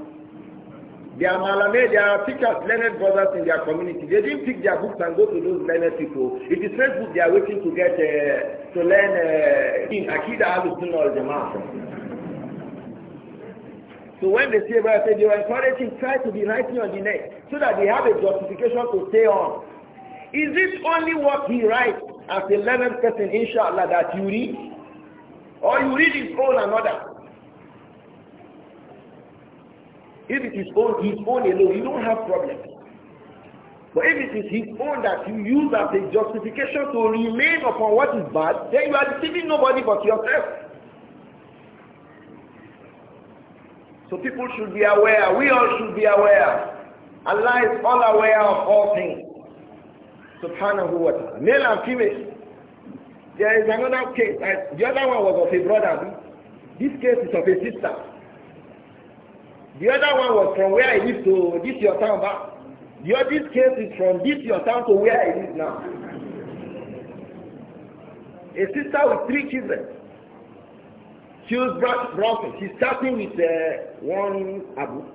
Their malame, their teachers, learned brothers in their community, they didn't pick their books and go to those learned people. It is Facebook they are waiting to get, uh, to learn uh, in Akida al know the matter. so when they say, well, I say they were encouraging, try to be writing on the neck so that they have a justification to stay on. Is it only what he writes as a learned person, inshallah, that you read? Or you read his own another? If it is own, his own alone, you don't have problems. But if it is his own that you use as a justification to remain upon what is bad, then you are deceiving nobody but yourself. So people should be aware. We all should be aware. Allah is all aware of all things. Subhanahu wa ta'ala. Male and female. There is another case. The other one was of a brother. This case is of a sister. The other one was from where I live to this your town back. The other case is from this your town to where I live now. A sister with three children. She was brought, She's starting with uh, one abu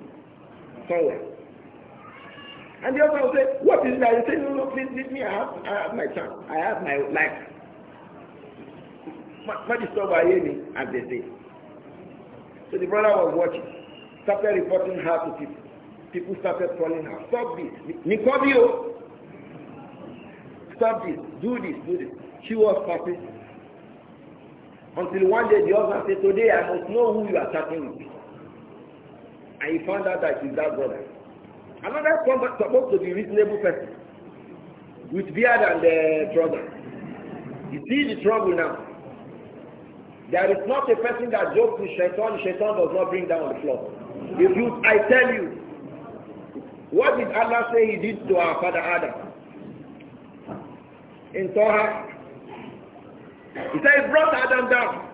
somewhere. And the other one said, what is that? He said, no, no, please leave me. I have, I have my child. I have my life. What is by here, as they say. So the brother was watching started reporting her to people. People started calling her, stop this, Nicobio, oh. stop this, do this, do this. She was persistent. Until one day the husband said, today I must know who you are chatting with. And he found out that he's that brother. Another supposed to be reasonable person with beard and the uh, trouser. You see the trouble now. There is not a person that jokes with Shaitan, Shaitan does not bring down the floor. If you, I tell you. What did Allah say he did to our father Adam? In Torah, he said he brought Adam down.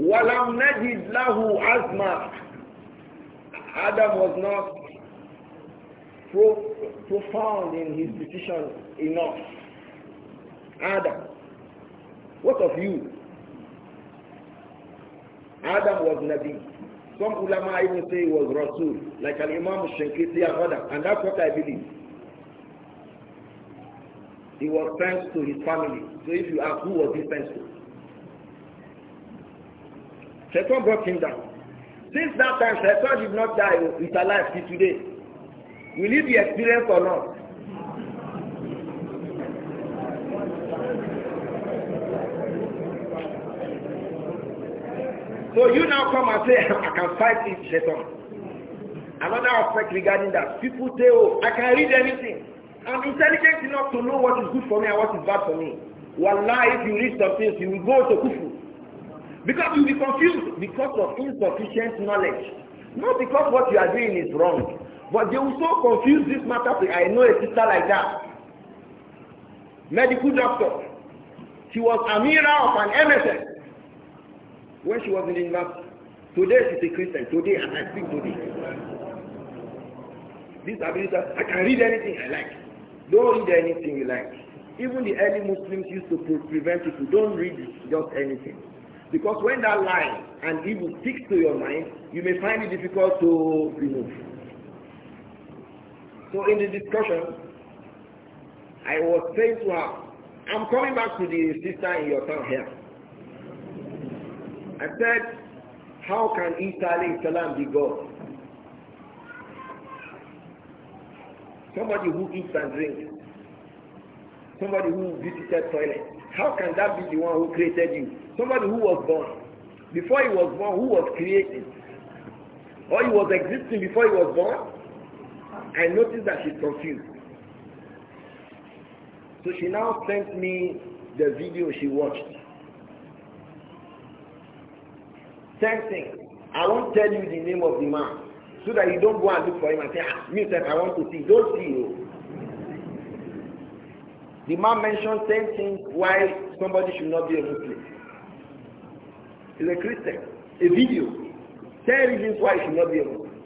وَلَمْ نَجِدْ لَهُ عَزْمًا Adam was not pro profound in his decision enough. Adam, what of you? Adam was Nabi. Some ulama even say he was Rasul, like an Imam Shankiti Abada, and that's what I believe. He was thanks to his family. So if you ask who was he thanks to? Shaitan brought him down. Since that time, Shaitan did not die, with oh, he's life till today. Will he be experienced or not? So you now come and say, I can fight this Shaitan. Another aspect regarding that, people say, oh, I can read anything. I'm intelligent enough to know what is good for me and what is bad for me. Wallah, if you read some things, you will go to kufu. Because you will be confused because of insufficient knowledge. Not because what you are doing is wrong. But they will so confuse this matter. I know a sister like that. Medical doctor. She was Amira of an MSS when she was in the mosque, Today she's a Christian. Today, and I speak today. This ability, I can read anything I like. Don't read anything you like. Even the early Muslims used to prevent people, don't read just anything. Because when that lie and evil sticks to your mind, you may find it difficult to remove. So in the discussion, I was saying to her, I'm coming back to the sister in your town here. I said, how can Isa be God? Somebody who eats and drinks. Somebody who visited toilet. How can that be the one who created you? Somebody who was born. Before he was born, who was created? Or he was existing before he was born? I noticed that she's confused. So she now sent me the video she watched. Same thing. I won't tell you the name of the man so that you don't go and look for him and say, ah, me I want to see. Don't see you. The man mentioned ten things why somebody should not be a Muslim. He's a Christian. A video. Ten reasons why he should not be a Muslim.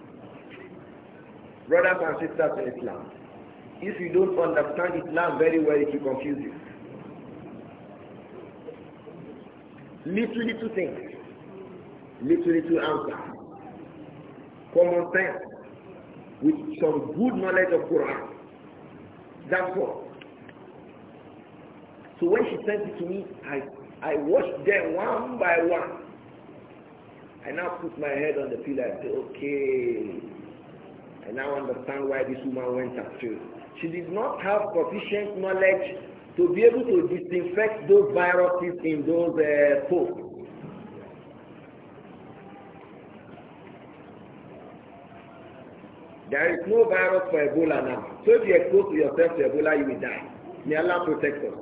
Brothers and sisters in Islam, if you don't understand Islam very well, it will confuse you. Little, little things. Literally to answer. Common sense with some good knowledge of Quran. That's all. So when she sent it to me, I, I watched them one by one. I now put my head on the pillow and say, okay, I now understand why this woman went astray. She did not have sufficient knowledge to be able to disinfect those viruses in those uh, folks. There is no virus for Ebola now. So if you expose yourself to Ebola, you will die. May Allah protect us.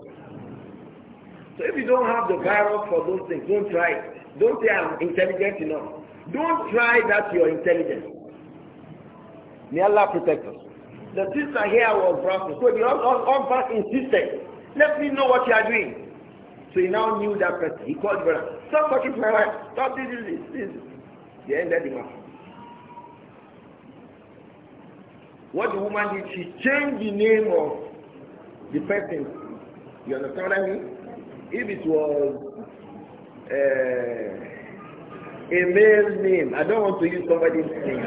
So if you don't have the virus for those things, don't try Don't say I'm intelligent enough. Don't try that you're intelligent. May Allah protect us. The sister here was Brazil. So the husband insisted, let me know what you are doing. So he now knew that person. He called brother. Stop talking to my wife. Stop this, this, this. They ended the matter. What the woman did, she changed the name of the person. You understand what I mean? If it was uh, a male name, I don't want to use somebody's name.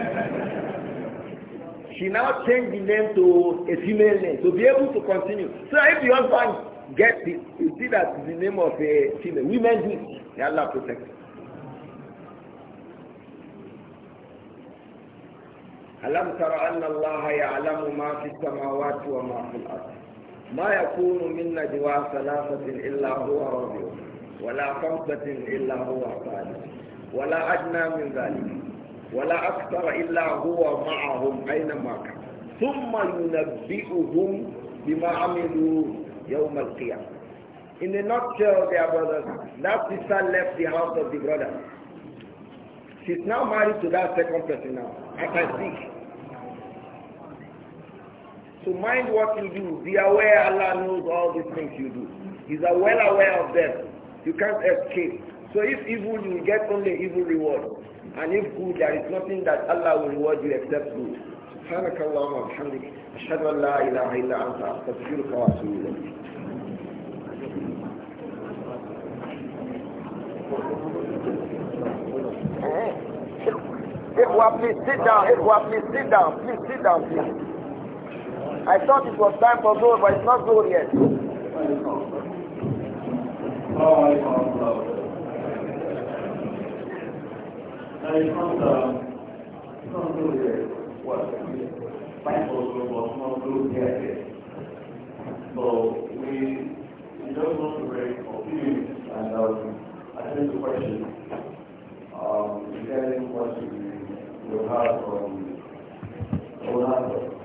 She now changed the name to a female name to be able to continue. So if the husband gets it, you see that the name of a female. Women do it. Allah protect ألم تر أن الله يعلم ما في السماوات وما في الأرض ما يكون من نجوى ثلاثة إلا هو رضي ولا خمسة إلا هو ثالث ولا أدنى من ذلك ولا أكثر إلا هو معهم أينما كان ثم ينبئهم بما عملوا يوم القيامة In a nutshell, dear brothers, that sister left the house of the brother. She's now married to that second person now, as I speak. So mind what you do. Be aware Allah knows all these things you do. He's well aware of them. You can't escape. So if evil, you will get only evil reward. And if good, there is nothing that Allah will reward you except good. سبحانك اللهم وبحمدك أشهد أن لا إله إلا أنت أستغفرك وأتوب إليك please sit down. please sit down. Please sit down, please. I thought it was time for Zohar, but it's not Zohar yet. So we, we just want to break for and um, attend to questions regarding what you, you have from Olanda.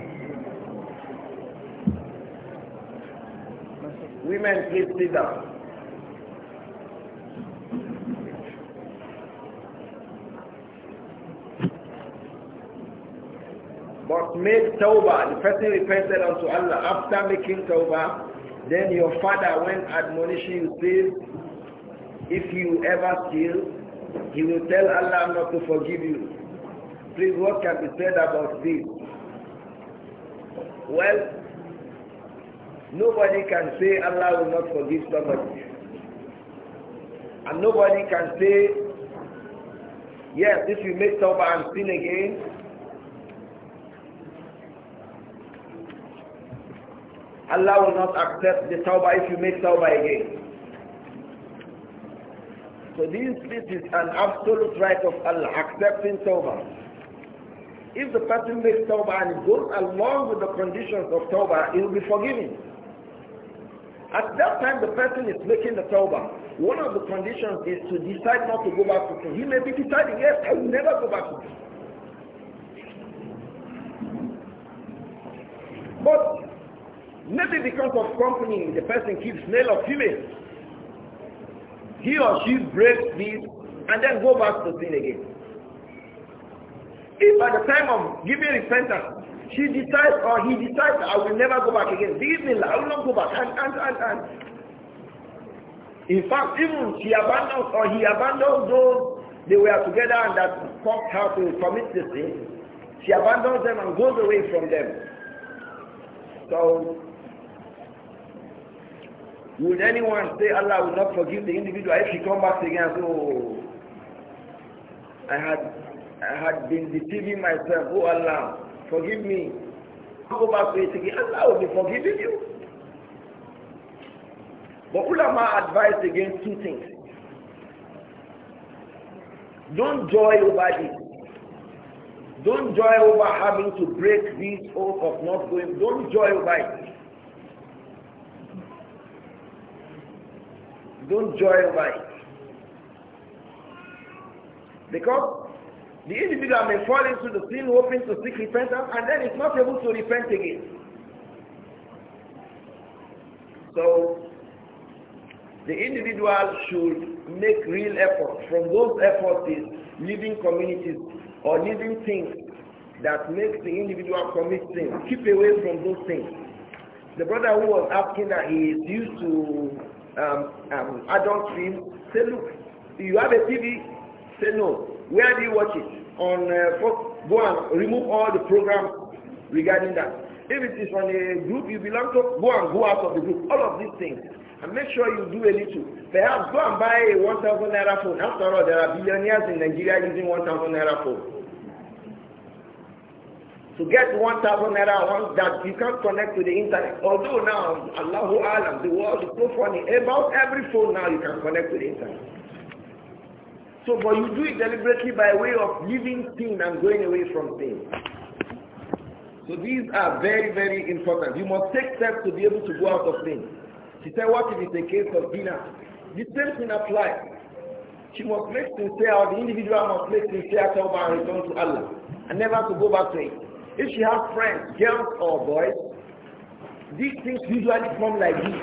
Women, please sit down. But make tawbah, the person repented unto Allah. After making tawbah, then your father, when admonishing you, says, if you ever steal, he will tell Allah not to forgive you. Please, what can be said about this? Well, Nobody can say Allah will not forgive somebody. And nobody can say, yes, if you make tawbah and sin again, Allah will not accept the tawbah if you make tawbah again. So this, this is an absolute right of Allah, accepting tawbah. If the person makes tawbah and goes along with the conditions of tawbah, he will be forgiven. At that time, the person is making the tawbah. One of the conditions is to decide not to go back to sin. He may be deciding, yes, I will never go back to sin. But maybe because of company, the person keeps male or female. He or she breaks this and then go back to sin again. If at the time of giving repentance, she decides or he decides I will never go back again. Believe me, I will not go back. And, and, and, and. In fact, even she abandons or he abandons those they were together and that taught her to commit this sin. She abandons them and goes away from them. So, would anyone say Allah will not forgive the individual if she comes back again and oh, I had, I had been deceiving myself, oh Allah, Forgive me. Go back to it again. Allah will be forgiving you. But ulama advised against two things. Don't joy over this. Don't joy over having to break this oath of not going. Don't joy over it. Don't joy over it. Because the individual may fall into the sin hoping to seek repentance and then is not able to repent again. So the individual should make real effort. From those efforts is living communities or living things that makes the individual commit sin. Keep away from those things. The brother who was asking that he is used to um, um, adult films, say look, you have a TV, say no, where do you watch it? On uh, go and remove all the programs regarding that. If it is on a group you belong to, go and go out of the group. All of these things. And make sure you do a little. Perhaps go and buy a 1,000 naira phone. After all, there are billionaires in Nigeria using 1,000 naira phone to get 1,000 naira one that you can't connect to the internet. Although now, Allahu Alam, the world is so funny. About every phone now you can connect to the internet. So, but you do it deliberately by way of leaving sin and going away from sin. So these are very, very important. You must take steps to be able to go out of sin. She said, what if it's a case of dinner? The same thing applies. She must make sincere, or the individual must make sincere tawbah and return to Allah, and never to go back to it. If she has friends, girls or boys, these things usually come like this.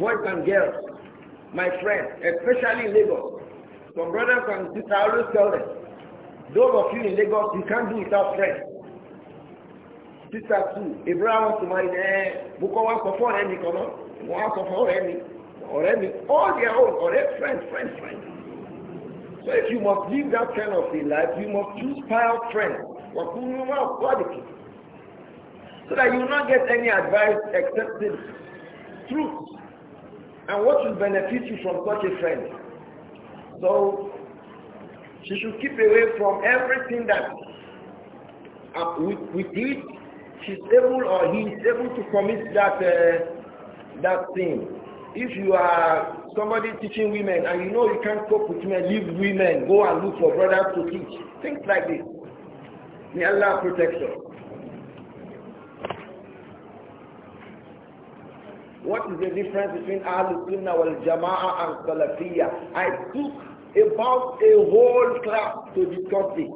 Boys and girls, my friends, especially Lagos. Some brothers and sisters, I always tell them, those of you in Lagos, you can't do without friends. Sister too, Abraham wants to marry them, eh, Boko wants to follow you come on, wants to all them, or them, all their own, or their friends, friends, friends. So if you must live that kind of a life, you must choose pious friends, of quality, so that you will not get any advice except the truth and what will benefit you from such a friend. So she should keep away from everything that uh, with, with it she's able or he is able to commit that uh, that thing. If you are somebody teaching women and you know you can't cope with men, leave women, go and look for brothers to teach. Things like this. May Allah protect us. What is the difference between al Sunnah wal Jama'ah and Salafiyah? I took about a whole class to discuss it.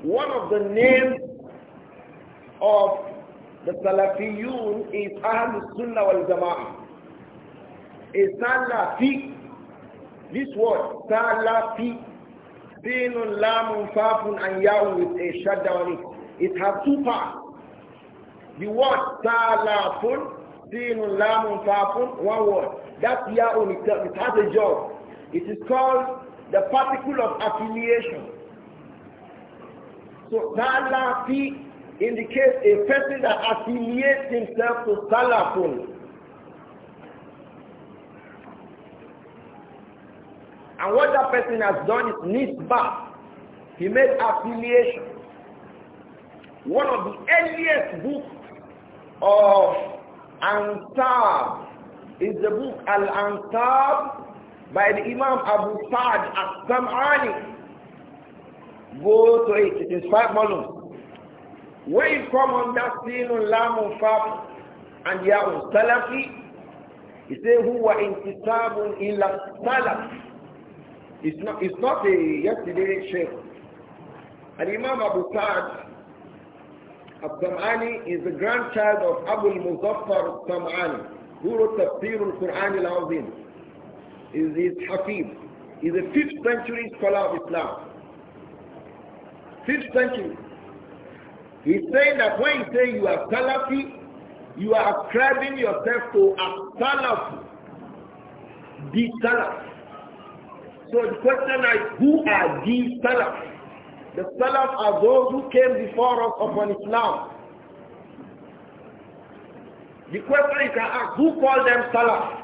One of the names of the Salafiyun is al Sunnah wal Jama'ah. A Salafi. This word, Salafi, Sinun, Lamun, Fafun, and Yawun with a shutdown. It has two parts. The word talafun, sin lamun fafun, one word. That yaun, it, uh, it has a job. It is called the particle of affiliation. So talafi indicates a person that affiliates himself to talafun. And what that person has done is nisba. He made affiliation. One of the earliest books of Ansab is the book Al-Ansab by the Imam Abu Sa'd al-Sam'ani. Go to it. It is five volumes. When you come on under Sinun Lamun Fab and Ya'un Salafi, he were in intisabun illa Salaf. It's not, it's not a yesterday shaykh. And Imam Abu Sa'd Al-Sam'ani is the grandchild of Abu al-Muzaffar al-Sam'ani, who wrote Tafsir al-Quran al-Azim. Is his Hafiz. He's a 5th century scholar of Islam. 5th century. He's saying that when you say you are Salafi, you are ascribing yourself to a Salafi, the Salaf. So the question is, who are these salafi the Salaf are those who came before us upon Islam. The question you can ask, who called them Salaf?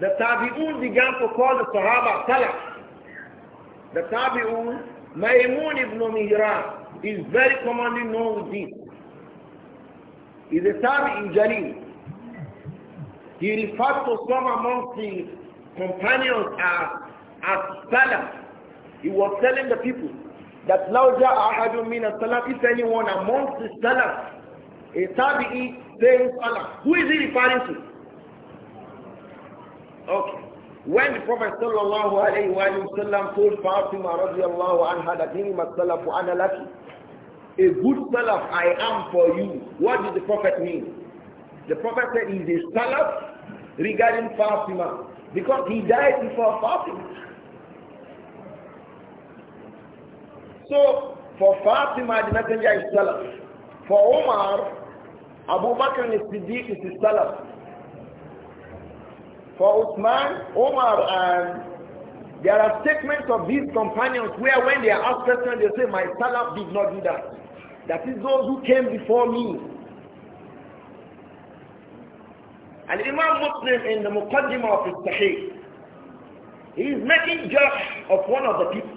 The Tabi'un began to call the Sahaba Salaf. The Tabi'un, Maymun ibn Mihran, is very commonly known with this. He's a Tabi'in Jalil. He refers to some among his companions as, as Salaf. He was telling the people, that Lauja Ahadun Min Salam, if anyone amongst the Salaf, a Tabi'i saying Salam, who is he referring to? Okay. When the Prophet sallallahu alayhi wa sallam told Fatima radiallahu anha that Nima Salafu Analaki, a good Salaf I am for you, what did the Prophet mean? The Prophet said he is a Salaf regarding Fatima because he died before Fatima. So for Fatima, the messenger is Salaf. For Omar, Abu Bakr is Siddiq is Salaf. For Uthman, Omar, and there are statements of these companions where when they are asked questions, they say, my Salaf did not do that. That is those who came before me. And Imam Muslim in the Muqaddimah of his Sahih, he is making judge of one of the people.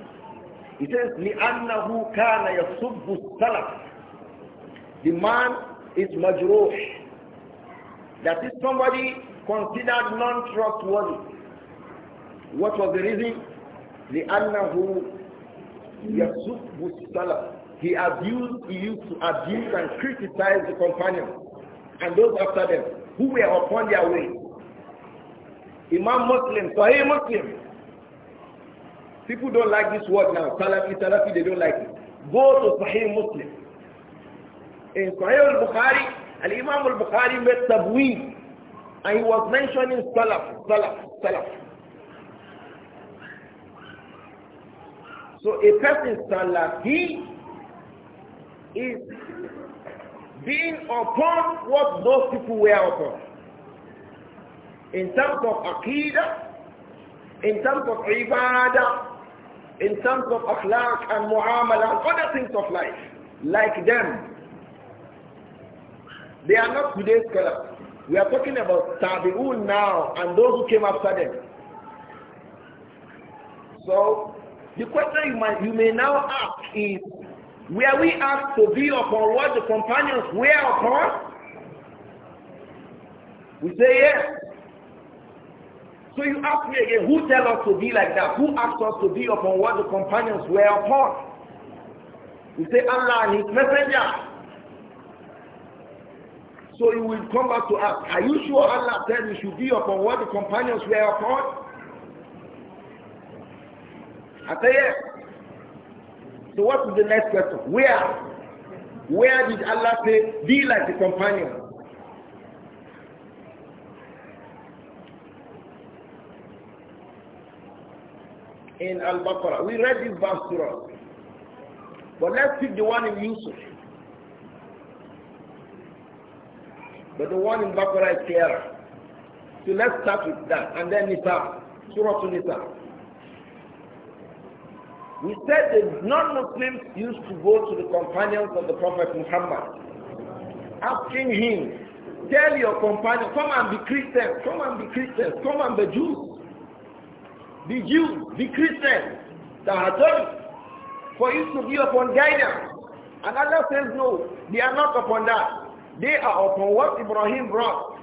He says, لِأَنَّهُ كَانَ يَصُبُّ السَّلَفِ The man is majroosh. That is somebody considered non-trustworthy. What was the reason? لِأَنَّهُ يَصُبُّ السَّلَفِ He abused, he used to abuse and criticize the companions and those after them who were upon their way. Imam Muslim, Sahih Muslim, People don't like this word now. Salafi, Salafi, they don't like it. Go to Sahih Muslim. In Sahih al-Bukhari, Al-Imam al-Bukhari made tabweed. And he was mentioning Salaf, Salaf, Salaf. So a person Salafi is being upon what those people were upon. In terms of Aqidah, in terms of Ibadah, in terms of akhlaq and muamala and other things of life, like them. They are not today's scholars. We are talking about tabi'un now and those who came after them. So, the question you, might, you may now ask is, were we asked to be upon what the companions were upon? We say yes. So you ask me again, who tell us to be like that? Who asked us to be upon what the companions were upon? You say Allah and His Messenger. So you will come back to ask, are you sure Allah said we should be upon what the companions were upon? I say yes. So what is the next question? Where? Where did Allah say, be like the companions? in Al-Baqarah. We read this verse to us. But let's pick the one in Yusuf. But the one in Baqarah is clearer. So let's start with that. And then Nisa, Surah to Nisa. We said that non-Muslims used to go to the companions of the Prophet Muhammad, asking him, tell your companions, come and be Christians, come and be Christians, come and be Jews the Jews, the Christians that are for you to be upon guidance. And Allah says, no, they are not upon that. They are upon what Ibrahim brought.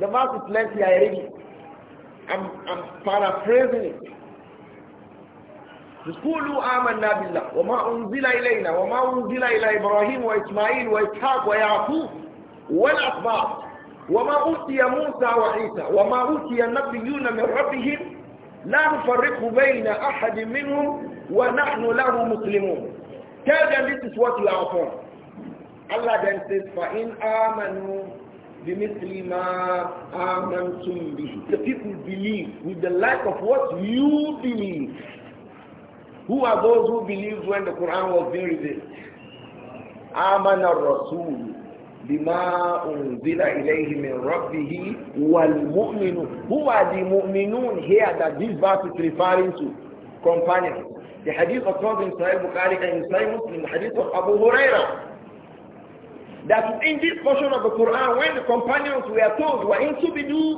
The verse is plenty already. I'm, I'm paraphrasing it. قولوا آمنا بالله وما أنزل إلينا وما أنزل إلى إبراهيم وإسماعيل وإسحاق ويعقوب والأطباء وما أوتي موسى وعيسى وما أوتي النبيون من ربهم لا نفرق بين أحد منهم ونحن له مسلمون Tell them this is what you are upon. Allah then says, فَإِنْ آمَنُوا بِمِثْلِ مَا آمَنْتُمْ بِهِ The people believe with the like of what you believe. Who are those who believed when the Quran was being revealed? آمَنَ Rasul. بما أنزل إليه من ربه والمؤمنون Who are the mu'minun here that this verse is referring to? Companions. The hadith of in Sahih Bukhari and in Sahih Muslim, the hadith of Abu Huraira. That in this portion of the Quran, when the companions were told, وَإِن تُبِدُوا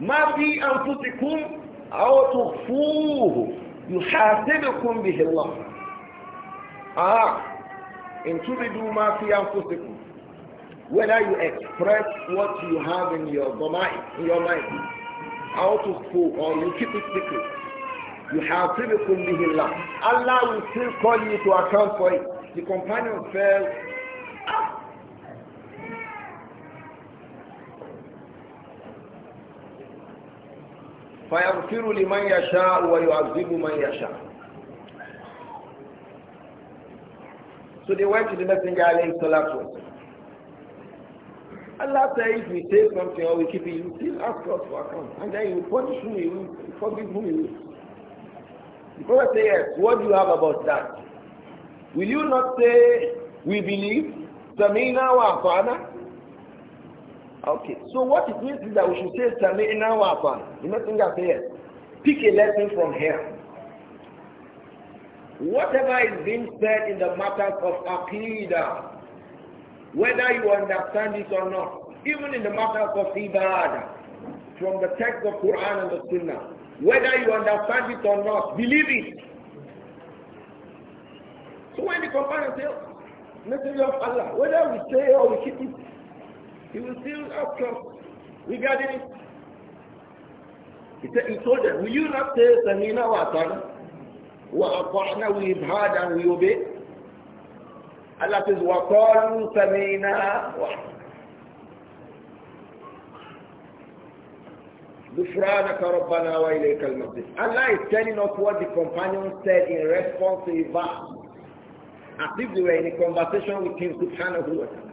مَا فِي أَنفُسِكُمْ أَوْ تُخْفُوهُ يُحَاسِبُكُمْ بِهِ اللَّهُ Ah, in تُبِدُوا ma'fi and أَنفُسِكُمْ whether you express what you have in your mind, in your mind, out of school, or you keep it secret, you have previously Allah. Allah will still call you to account for it. The companion fell. فيغفر لمن يشاء ويعذب من يشاء So they went to the Messenger alayhi salatu Allah says if we say something or we keep it, you still ask us for account. And then you punish me, you will, forgive me. you will. The Prophet says, yes, what do you have about that? Will you not say, we believe, Samina wa Afana? Okay, so what it means is that we should say Samina wa Afana. You must think that yes. Pick a lesson from here. Whatever is being said in the matters of Aqidah, whether you understand it or not, even in the matter of ibadah, from the text of Quran and the Sunnah, whether you understand it or not, believe it. So when the companion says, Messenger of Allah, whether we say or we keep it, he will still ask regarding it. He said, he told them, will you not say, Samina wa Atana? Wa we have heard and we obey. Allah says, وَقَالُوا سَمِيْنَا غُفْرَانَكَ رَبَّنَا وَإِلَيْكَ الْمَصِيرُ Allah is telling us what the companions said in response to a verse. As if they were in a conversation with him, subhanahu wa ta'ala.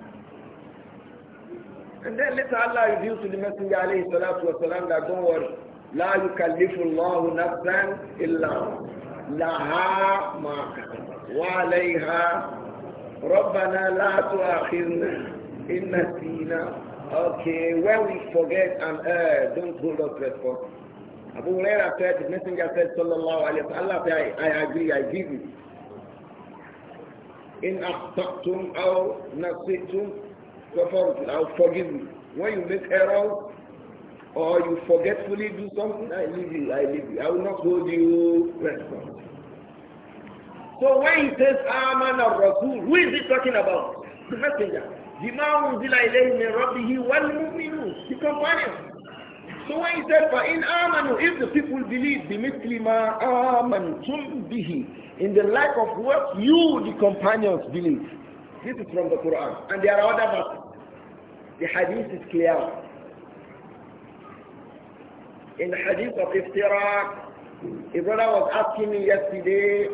And then later Allah reveals to the Messenger alayhi salatu wasalam that don't worry. لا يكلف الله نفسا إلا لها ما كسبت وعليها ربنا لا تؤاخذنا إن نسينا Okay, when we forget and err, uh, don't hold us responsible. Abu Huraira said, the messenger said, sallallahu alayhi wa sallam, I, I agree, I give you. In aqtaqtum aw nasitum, I'll forgive you. When you make error or you forgetfully do something, I leave you, I leave you. I will not hold you responsible. So when he says, Aman al Rasul, who is he talking about? The messenger. Bima unzila min rabbihi wal Muminu The companions. So when he said, in آمَنُوا If the people believe, بِمِثْلِ مَا آمَنْتُمْ بِهِ In the like of what you, the companions, believe. This is from the Quran. And there are other verses. The hadith is clear. In the hadith of Iftirak, a brother was asking me yesterday,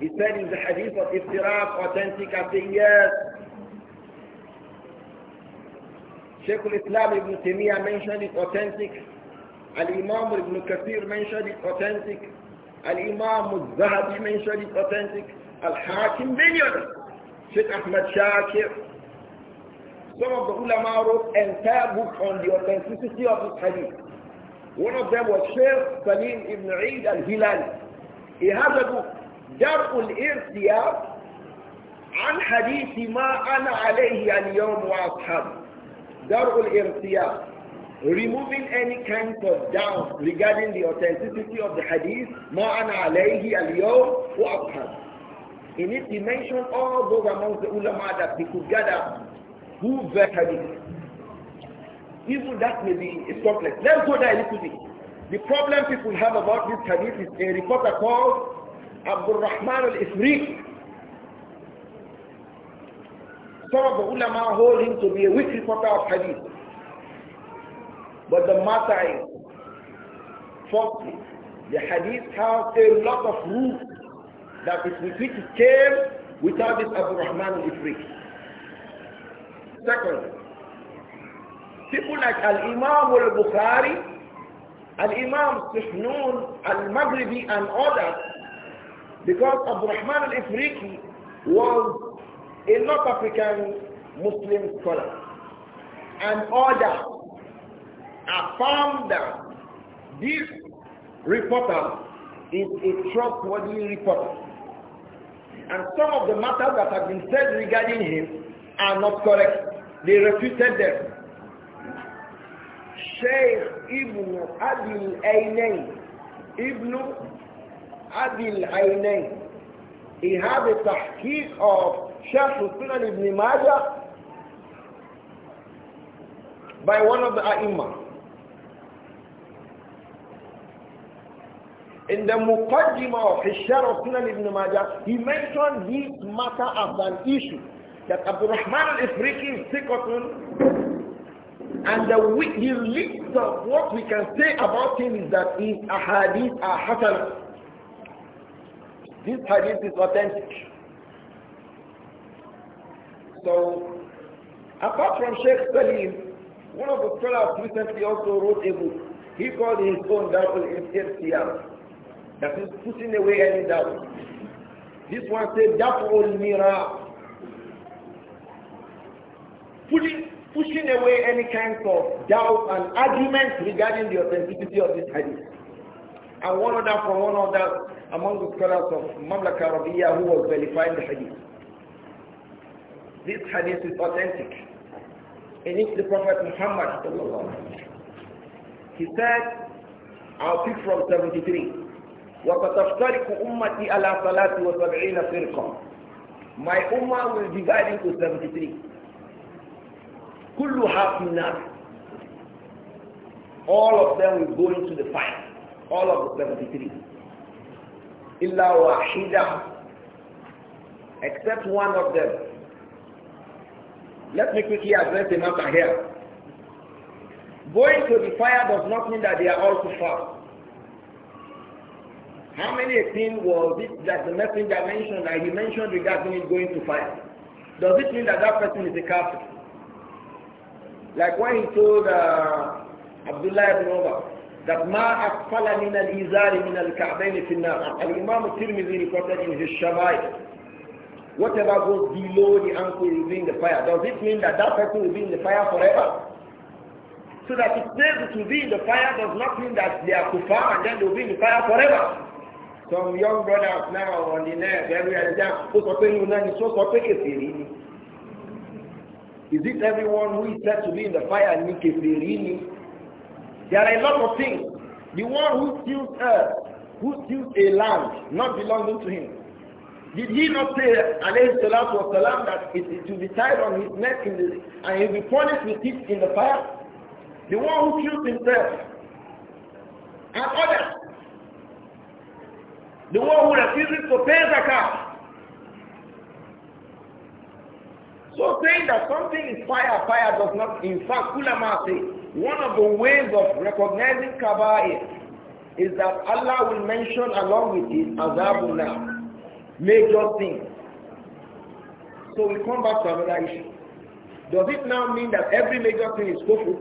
He said in the hadith of Iftiraq, authentic after years, Sheikh al-Islam ibn Taymiyyah mentioned it authentic. Al-Imam ibn Kathir mentioned it authentic. Al-Imam al-Zahabi mentioned it authentic. Al-Hakim, many others. Sheikh Ahmad Shakir. Some of the ulama wrote entire books on the authenticity of this hadith. One of them was Sheikh Salim ibn Eid al-Hilali. He has a book درء الارتياب عن حديث ما أنا عليه اليوم وأصحابي درء الارتياب removing any kind of doubt regarding the authenticity of the hadith ما أنا عليه اليوم وأصحابي in it he mentioned all those amongst the ulama that they could gather who verified. hadith even that may be a complex let's go there a little bit the problem people have about this hadith is a reporter called Abu Rahman al-Ifriq. Some of the ulama hold him to be a weak reporter of hadith. But the matter is, faulty. the hadith has a lot of rules that is with came without this Abu Rahman al-Ifriq. Second, people like Al-Imam al-Bukhari, Al-Imam Sihnun, Al-Maghribi and others because Rahman al-Ifriqi was a North African Muslim scholar. And order affirmed that this reporter is a trustworthy reporter. And some of the matters that have been said regarding him are not correct. They refuted them. Sheikh Ibn Abil Aynain Ibn Adil Ainain. He had a tahqiq of Shaykh Sunan ibn Majah by one of the ai In the Muqaddimah of his Sharh Sunan ibn Majah, he mentioned this matter as an issue that Abdurrahman al-Ifriqi is Sikotun and the, his list of what we can say about him is that his ahadith are hasanah. This hadith is authentic. So, apart from Sheikh Salim, one of the scholars recently also wrote a book. He called his own doubt al-istiyam. That is putting away any doubt. This one said, Daf'ul mira. Putting, pushing away any kind of doubt and argument regarding the authenticity of this hadith. And one other from one other among the scholars of Mamlaka Arabiya who was verifying the hadith. This hadith is authentic. In it the Prophet Muhammad he said, I'll pick from 73. what أُمَّتِي عَلَى صَلَاةِ وَسَبْعِينَ My ummah will divide into 73. كُلُّهَا فِي النَّارِ All of them will go into the fire. All of the 73 illa wahida except one of them let me quickly address the matter here going to the fire does not mean that they are all kuffar how many a thing was it that the messenger mentioned that he mentioned regarding it going to fire does it mean that that person is a kafir like when he told uh, Abdullah ibn Umar that ma akfala min al-izari min al-ka'bayn fi an-nar. Al-Imam Tirmidhi reported in his Shama'il. Whatever goes below the ankle will be in the fire. Does it mean that that person will be in the fire forever? So that it says it will be in the fire does not mean that they are kufar and then they will be in the fire forever. Some young brothers now on the net, everywhere, they are so Is it everyone who is said to be in the fire and Nikefirini? There are a lot of things. The one who steals earth, who steals a land not belonging to him. Did he not say, alayhi salatu wasalam, that it, it will be tied on his neck in the, and he will be punished with it in the fire? The one who kills himself and others. The one who refuses to pay zakat. So saying that something is fire, fire does not, in fact, ulama say, one of the ways of recognizing kaba'ir is that Allah will mention along with it azabuna, major things. So we come back to another issue. Does it now mean that every major thing is kufur?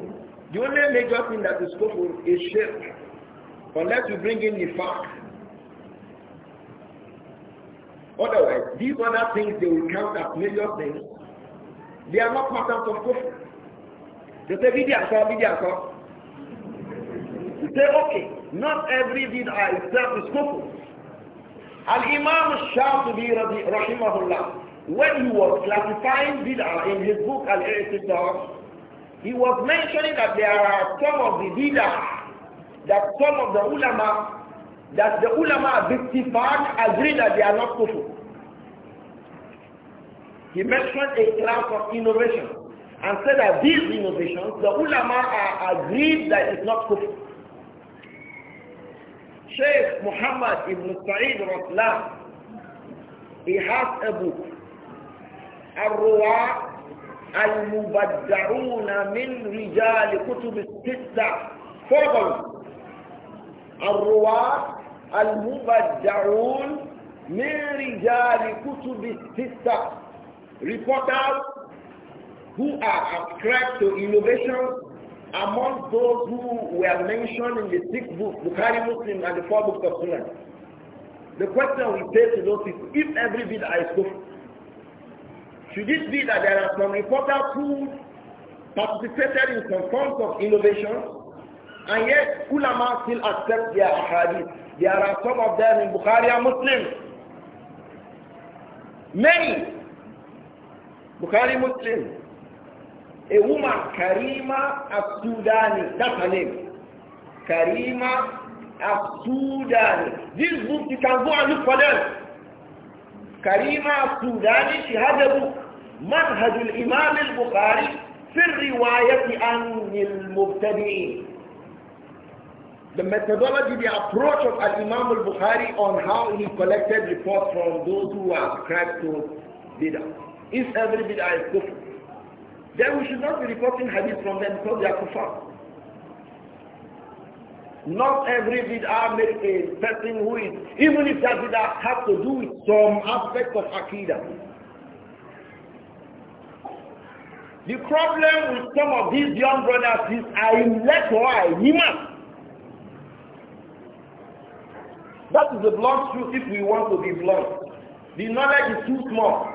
The only major thing that is kufur is shirk. Unless you bring in the fact. Otherwise, these other things they will count as major things. They are not part of kufur. They say bid'ah call, bid'ah You say, okay, not every bid'ah itself is kufr. Al-Imam Shatibi rahimahullah, when he was classifying bid'ah in his book Al-I'tisar, he was mentioning that there are some of the bid'ah that some of the ulama, that the ulama victified agree that they are not kufu. He mentioned a class of innovation and said that these innovations, the ulama are agreed that it's not kufr. Sheikh Muhammad ibn Sa'id Raslan, he has a book, Al-Ruwa Al-Mubaddaruna Min Rijal Kutub Sitta, four volumes. Al-Ruwa Al-Mubaddarun Min Rijal Kutub Sitta, reporters who are ascribed to innovation among those who were mentioned in the six books, Bukhari Muslim and the four books of Sunnah. The question we say to those people, if every bid'ah is kufr, should it be that there are some reporters who participated in some forms of innovation and yet ulama still accept their ahadith. There are some of them in Bukhari and Muslim. Many. Bukhari Muslims. A woman, Karima Absudani, that's her name. Karima Absudani. This book, you can go and look for them. Karima Absudani, she had a book. منهج الإمام البخاري في الرواية عن المبتدئين the methodology, the approach of Al Imam Al Bukhari on how he collected reports from those who are ascribed to bid'ah. Is every bid'ah is kufr? Then we should not be reporting hadith from them because they are kuffar. Not every bid'ah makes a person who is, even if that bid'ah has to do with some aspect of akidah. The problem with some of these young brothers is I let why nimas. That is the blunt truth if we want to be blunt. The knowledge is too small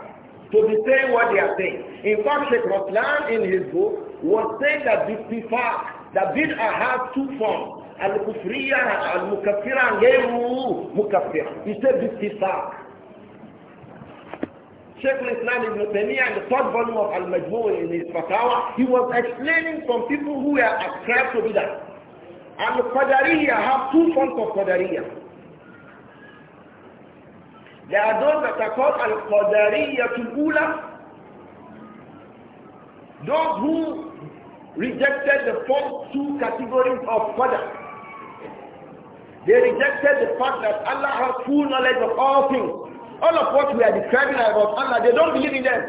to be saying what they are saying. In fact, Sheikh Maslan in his book was saying that the fact that bid'ah has two forms. Al-kufriya, al-mukaffira, ghayru mukaffira. He said fact. Sheikh al-Islam ibn Taymiyyah in the third volume of Al-Majmu' in his fatawa, he was explaining some people who were ascribed to bid'ah. And Qadariyah have two forms of Qadariyah. There are those that are called Al-Qadariyah to Ula those who rejected the first two categories of qadar, they rejected the fact that Allah has full knowledge of all things. All of what we are describing about Allah, they don't believe in them.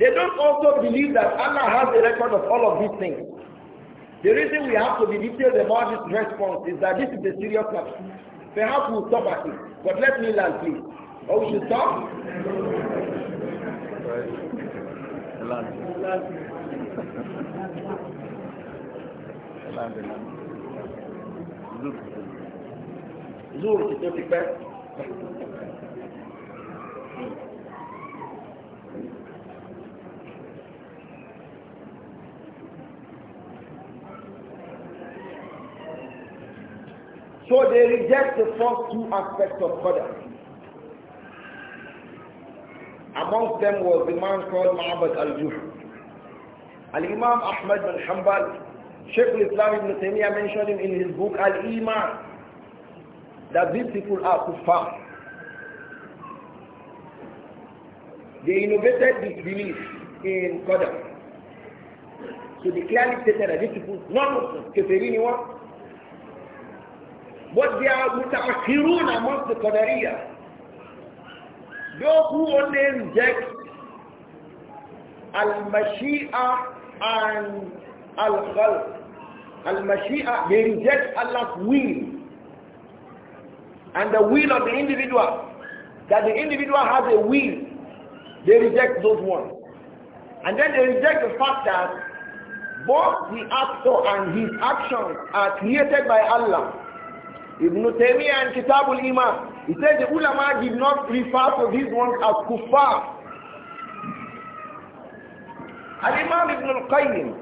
They don't also believe that Allah has a record of all of these things. The reason we have to be detailed about this response is that this is a serious matter. Perhaps we'll stop at it, but let me land please. Or oh, we should stop? زور tí ó So they reject the first two aspects of product. Amongst them was the man called Ma'bad al-Jufi. Al-Imam Ahmad bin Hanbal, Sheikh al-Islam ibn Taymiyyah mentioned him in his book Al-Iman, that these people are kuffar. They innovated this belief in Qadr. So they clearly stated that these people, not muslims Keferini But they are mutakhirun amongst the Qadariyah. Those who only reject Al-Mashi'ah and Al-Khalq. Al-Mashi'ah, they reject Allah's will and the will of the individual. That the individual has a will. They reject those ones. And then they reject the fact that both the actor and his actions are created by Allah. Ibn Taymiyyah and Kitabul Iman. He said the ulama did not refer to these ones as kuffar. Al-Imam Ibn al-Qayyim,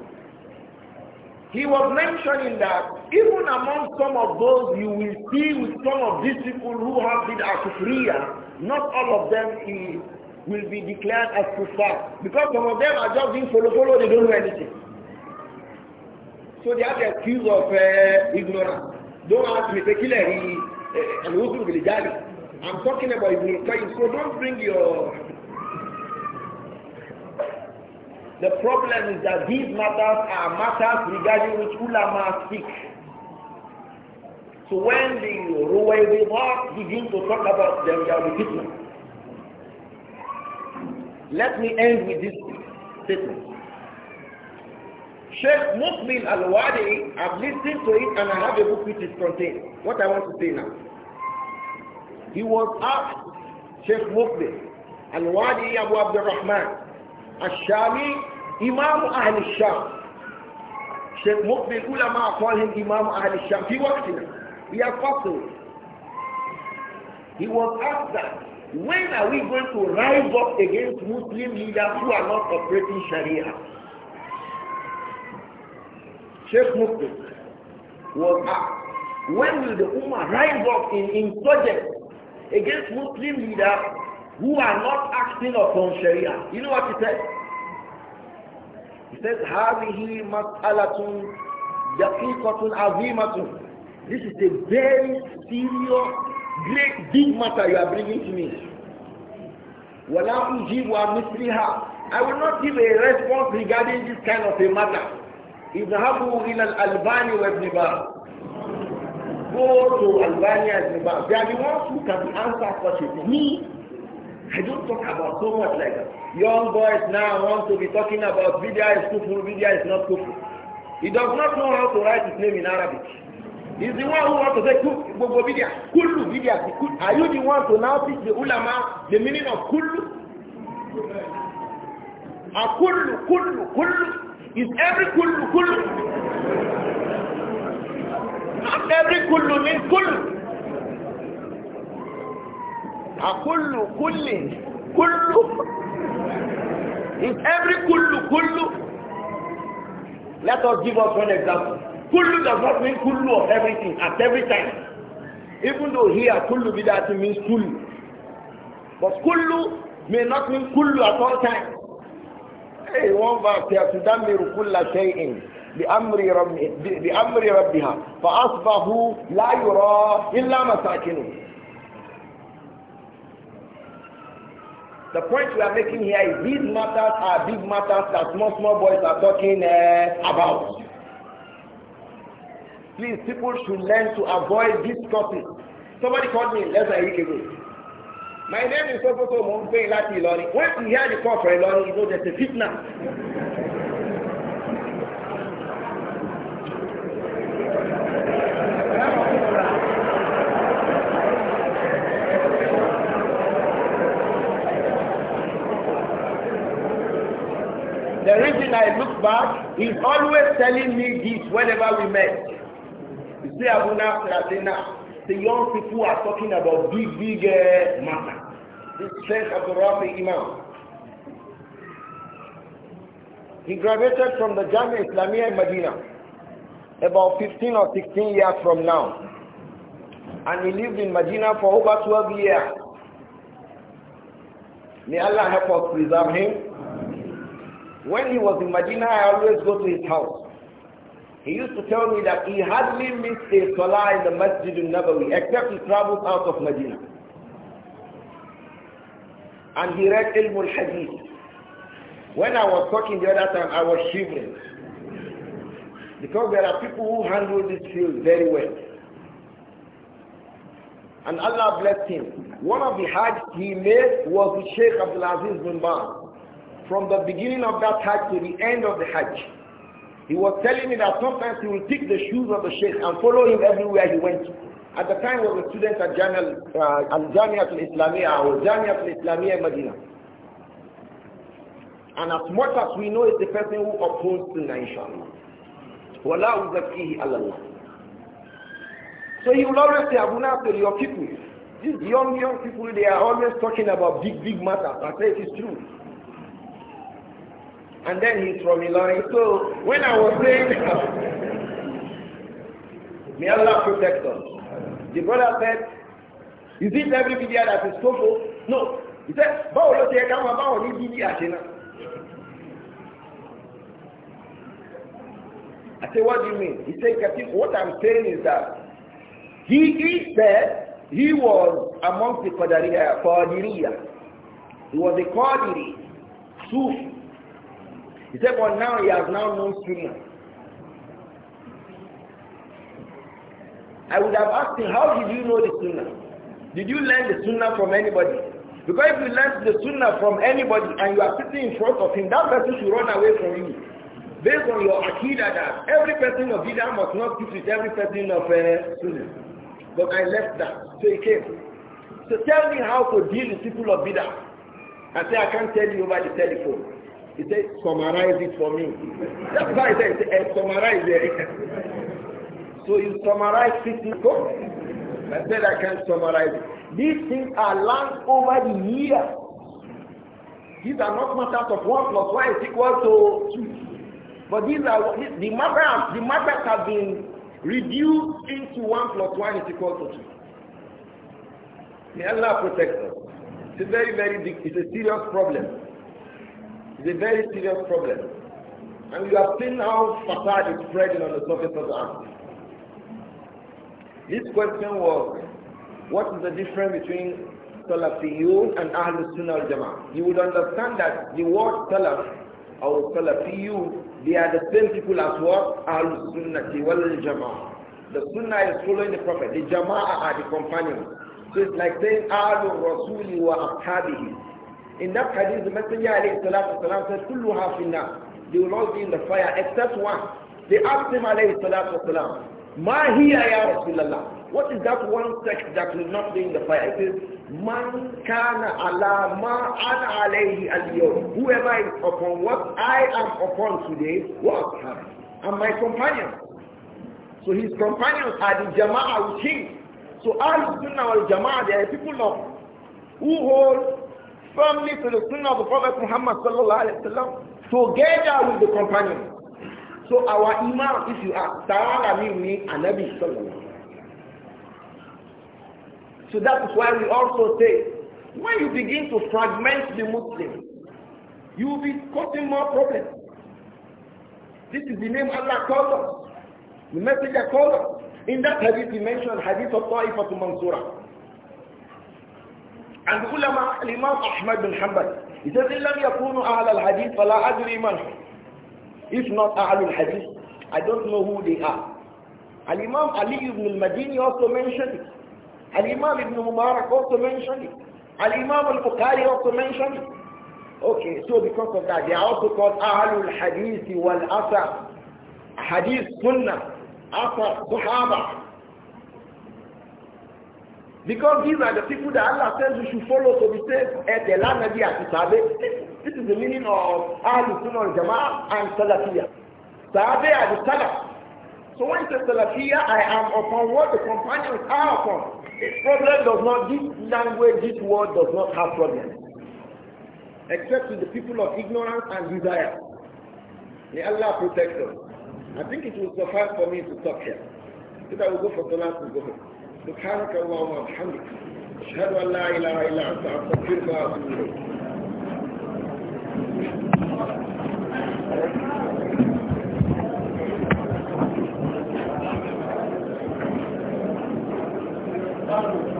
he was mentioning that even among some of those you will see with some of these people who have been as akufriya, not all of them he will be declared as kuffar. Because some of them are just being follow-follow, they don't know anything. So they have the excuse of uh, ignorance. Don't ask me, I'm talking about Ibn qayyim so don't bring your... The problem is that these matters are matters regarding which ulama speak. So when the Ruwaydibat begin to talk about them, they will be fitna. Let me end with this statement. Sheikh Mukbil Al-Wadi, I've listened to it and I have a book which is contained. What I want to say now. He was asked, Sheikh Mufti, Al-Wadi Abu Abdurrahman, Al-Shami, Imam Ahl al-Sham. Sheikh Mufti, ulama call him Imam Ahl al-Sham. He was in "We are passed He was asked that, when are we going to rise up against Muslim leaders who are not operating Sharia? Sheikh Mufti was asked, when will the Ummah rise up in insurgents against Muslim leaders who are not acting upon Sharia. You know what he said? He says, هَذِهِ مَسْأَلَةٌ دَقِيقَةٌ عَظِيمَةٌ This is a very serious, great, big matter you are bringing to me. وَلَا wa عَمِثْلِهَا I will not give a response regarding this kind of a matter. al إِلَى الْأَلْبَانِ وَابْنِ بَارَ go to Albania and Zimbabwe. They are the ones who can answer questions. Me, I don't talk about so much like that. Young boys now want to be talking about Vidya is cool, Vidya is not cool. He does not know how to write his name in Arabic. He's the one who wants to say Gbogbo Vidya, Kulu Vidya. Are you the one to now teach the ulama the meaning of Kulu? A Kulu, Kulu, Kulu. Is every Kulu, Kulu? Not every kullu mean kullu. A kullu kullin. Kullu. In every kullu kullu? Let us give us one example. Kullu does not mean kullu of everything at every time. Even though here kullu bidati means kullu. But kullu may not mean kullu at all times. Hey, one verse here, Sudamiru kulla shay'in. بأمر ربها فأصبحوا لا يرى إلا مساكنهم The point we are making here is these matters are big matters that small small boys are talking uh, about. Please, people should learn to avoid this topic. Somebody called me less than a week ago. My name is Sofoto Moumpei Lati Ilori. When you hear the call for Ilori, you know there's a fitna. The reason I look back, he's always telling me this whenever we met. You see, Abuna the young people are talking about big, big uh, matter. The strength of the Rafi Imam. He graduated from the Jamia Islamia in Medina about 15 or 16 years from now. And he lived in Medina for over 12 years. May Allah help us preserve him. When he was in Medina, I always go to his house. He used to tell me that he hardly missed a salah in the Masjid al-Nabawi, except he traveled out of Medina. And he read Ilm al-Hadith. When I was talking the other time, I was shivering. Because there are people who handle this field very well. And Allah blessed him. One of the hajj he made was the Sheikh Abdul Aziz bin Baal. From the beginning of that hajj to the end of the hajj. He was telling me that sometimes he will take the shoes of the Sheikh and follow him everywhere he went. At the time he was a student at Jamia uh, al Islamiyah or Jamia al Islamiyah Medina. And as much as we know, it's the person who upholds the nation. وَلَا أُزَكِّيهِ عَلَى اللَّهِ So he will always say, Abu Nasir, your people, these young, young people, they are always talking about big, big matters. I say it is true. And then he's from Ilorin. So when I was saying, may Allah protect us. The brother said, is it every video that is so No. He said, báwo ló ti ẹ káwọn báwo ní bíbí I said, what do you mean? He said, Katif, what I'm saying is that he, he said he was amongst the Qadariya, uh, Qadiriya. He was a Qadiri, Sufi. He said, but now he has now known Sunnah. I would have asked him, how did you know the Sunnah? Did you learn the Sunnah from anybody? Because if you learn the Sunnah from anybody and you are sitting in front of him, that person should run away from you based on your akida that every person of Bida must not teach with every person of uh, But I left that. So he came. So tell me how to deal with people of Bida. I say I can't tell you over the telephone. He said, summarize it for me. That's why he said, he summarize it. so you summarize it. I said I can't summarize it. These things are learned over the years. These are not matters of one plus one is equal to two. But these are the matrix, the matrix have been reduced into 1 plus 1 is equal to 2. May Allah protect us. It's a very, very big, it's a serious problem. It's a very serious problem. And you have seen how facade is spreading on the surface of the earth. This question was, what is the difference between Salafiyun and Ahlul Sunnah al-Jama'ah? You would understand that the word Salaf or Salafiyun they are the same people as what? Al-Sunnati wal-Jama'ah. The Sunnah is following the Prophet. The Jama'ah are the companions. So it's like saying Al-Rasuli wa Ashabihi. In that hadith, the Messenger alayhi salatu Salam said, Kulluha finna. They will all be in the fire except one. They asked him alayhi salatu Salam." ya Rasulallah. What is that one sex that will not be in the fire? It is Man kana ala ma ana alayhi al Whoever is upon what I am upon today, what and my companions. So his companions are the Jamaa with him. So Al Sunnah al Jamaa, there are people of who hold firmly to the Sunnah of the Prophet Muhammad sallallahu alaihi wasallam, together with the companions. So our Imam, if you ask, Tawala means Anabi Sallallahu So that is why we also say, when you begin to fragment the Muslim, you will be causing more problems. This is the name Allah calls us. The messenger calls us. In that hadith, he mentioned hadith of to Mansura. And the ulama, Imam Ahmad bin Hanbal, he says, إِلَّمْ يَكُونُوا أَهْلَ الْحَدِيثِ فَلَا أَدْرِي مَنْهُمْ if not Ahlul Hadith, I don't know who they are. Al-Imam Ali ibn al-Madini also mentioned it. Al-Imam ibn Mubarak also mentioned it. Al-Imam al-Bukhari also mentioned it. Okay, so because of that, they are also called Ahlul Hadith wal Asar. Hadith Sunnah, Asar, Sahaba. Because these are the people that Allah says we should follow to be saved. This is the meaning of al Sunnah Jama'ah and Salafiyah. Sahabe are Salaf. So when it says Salafiyah, I am upon what the companions are upon. This problem does not, this language, this word does not have problems. Except with the people of ignorance and desire. May Allah protect us. I think it will suffice for me to stop here. If I will go for Salat, we'll go for سبحانك اللهم وبحمدك أشهد أن لا إله إلا أنت أستغفرك وأتوب إليك Thank you.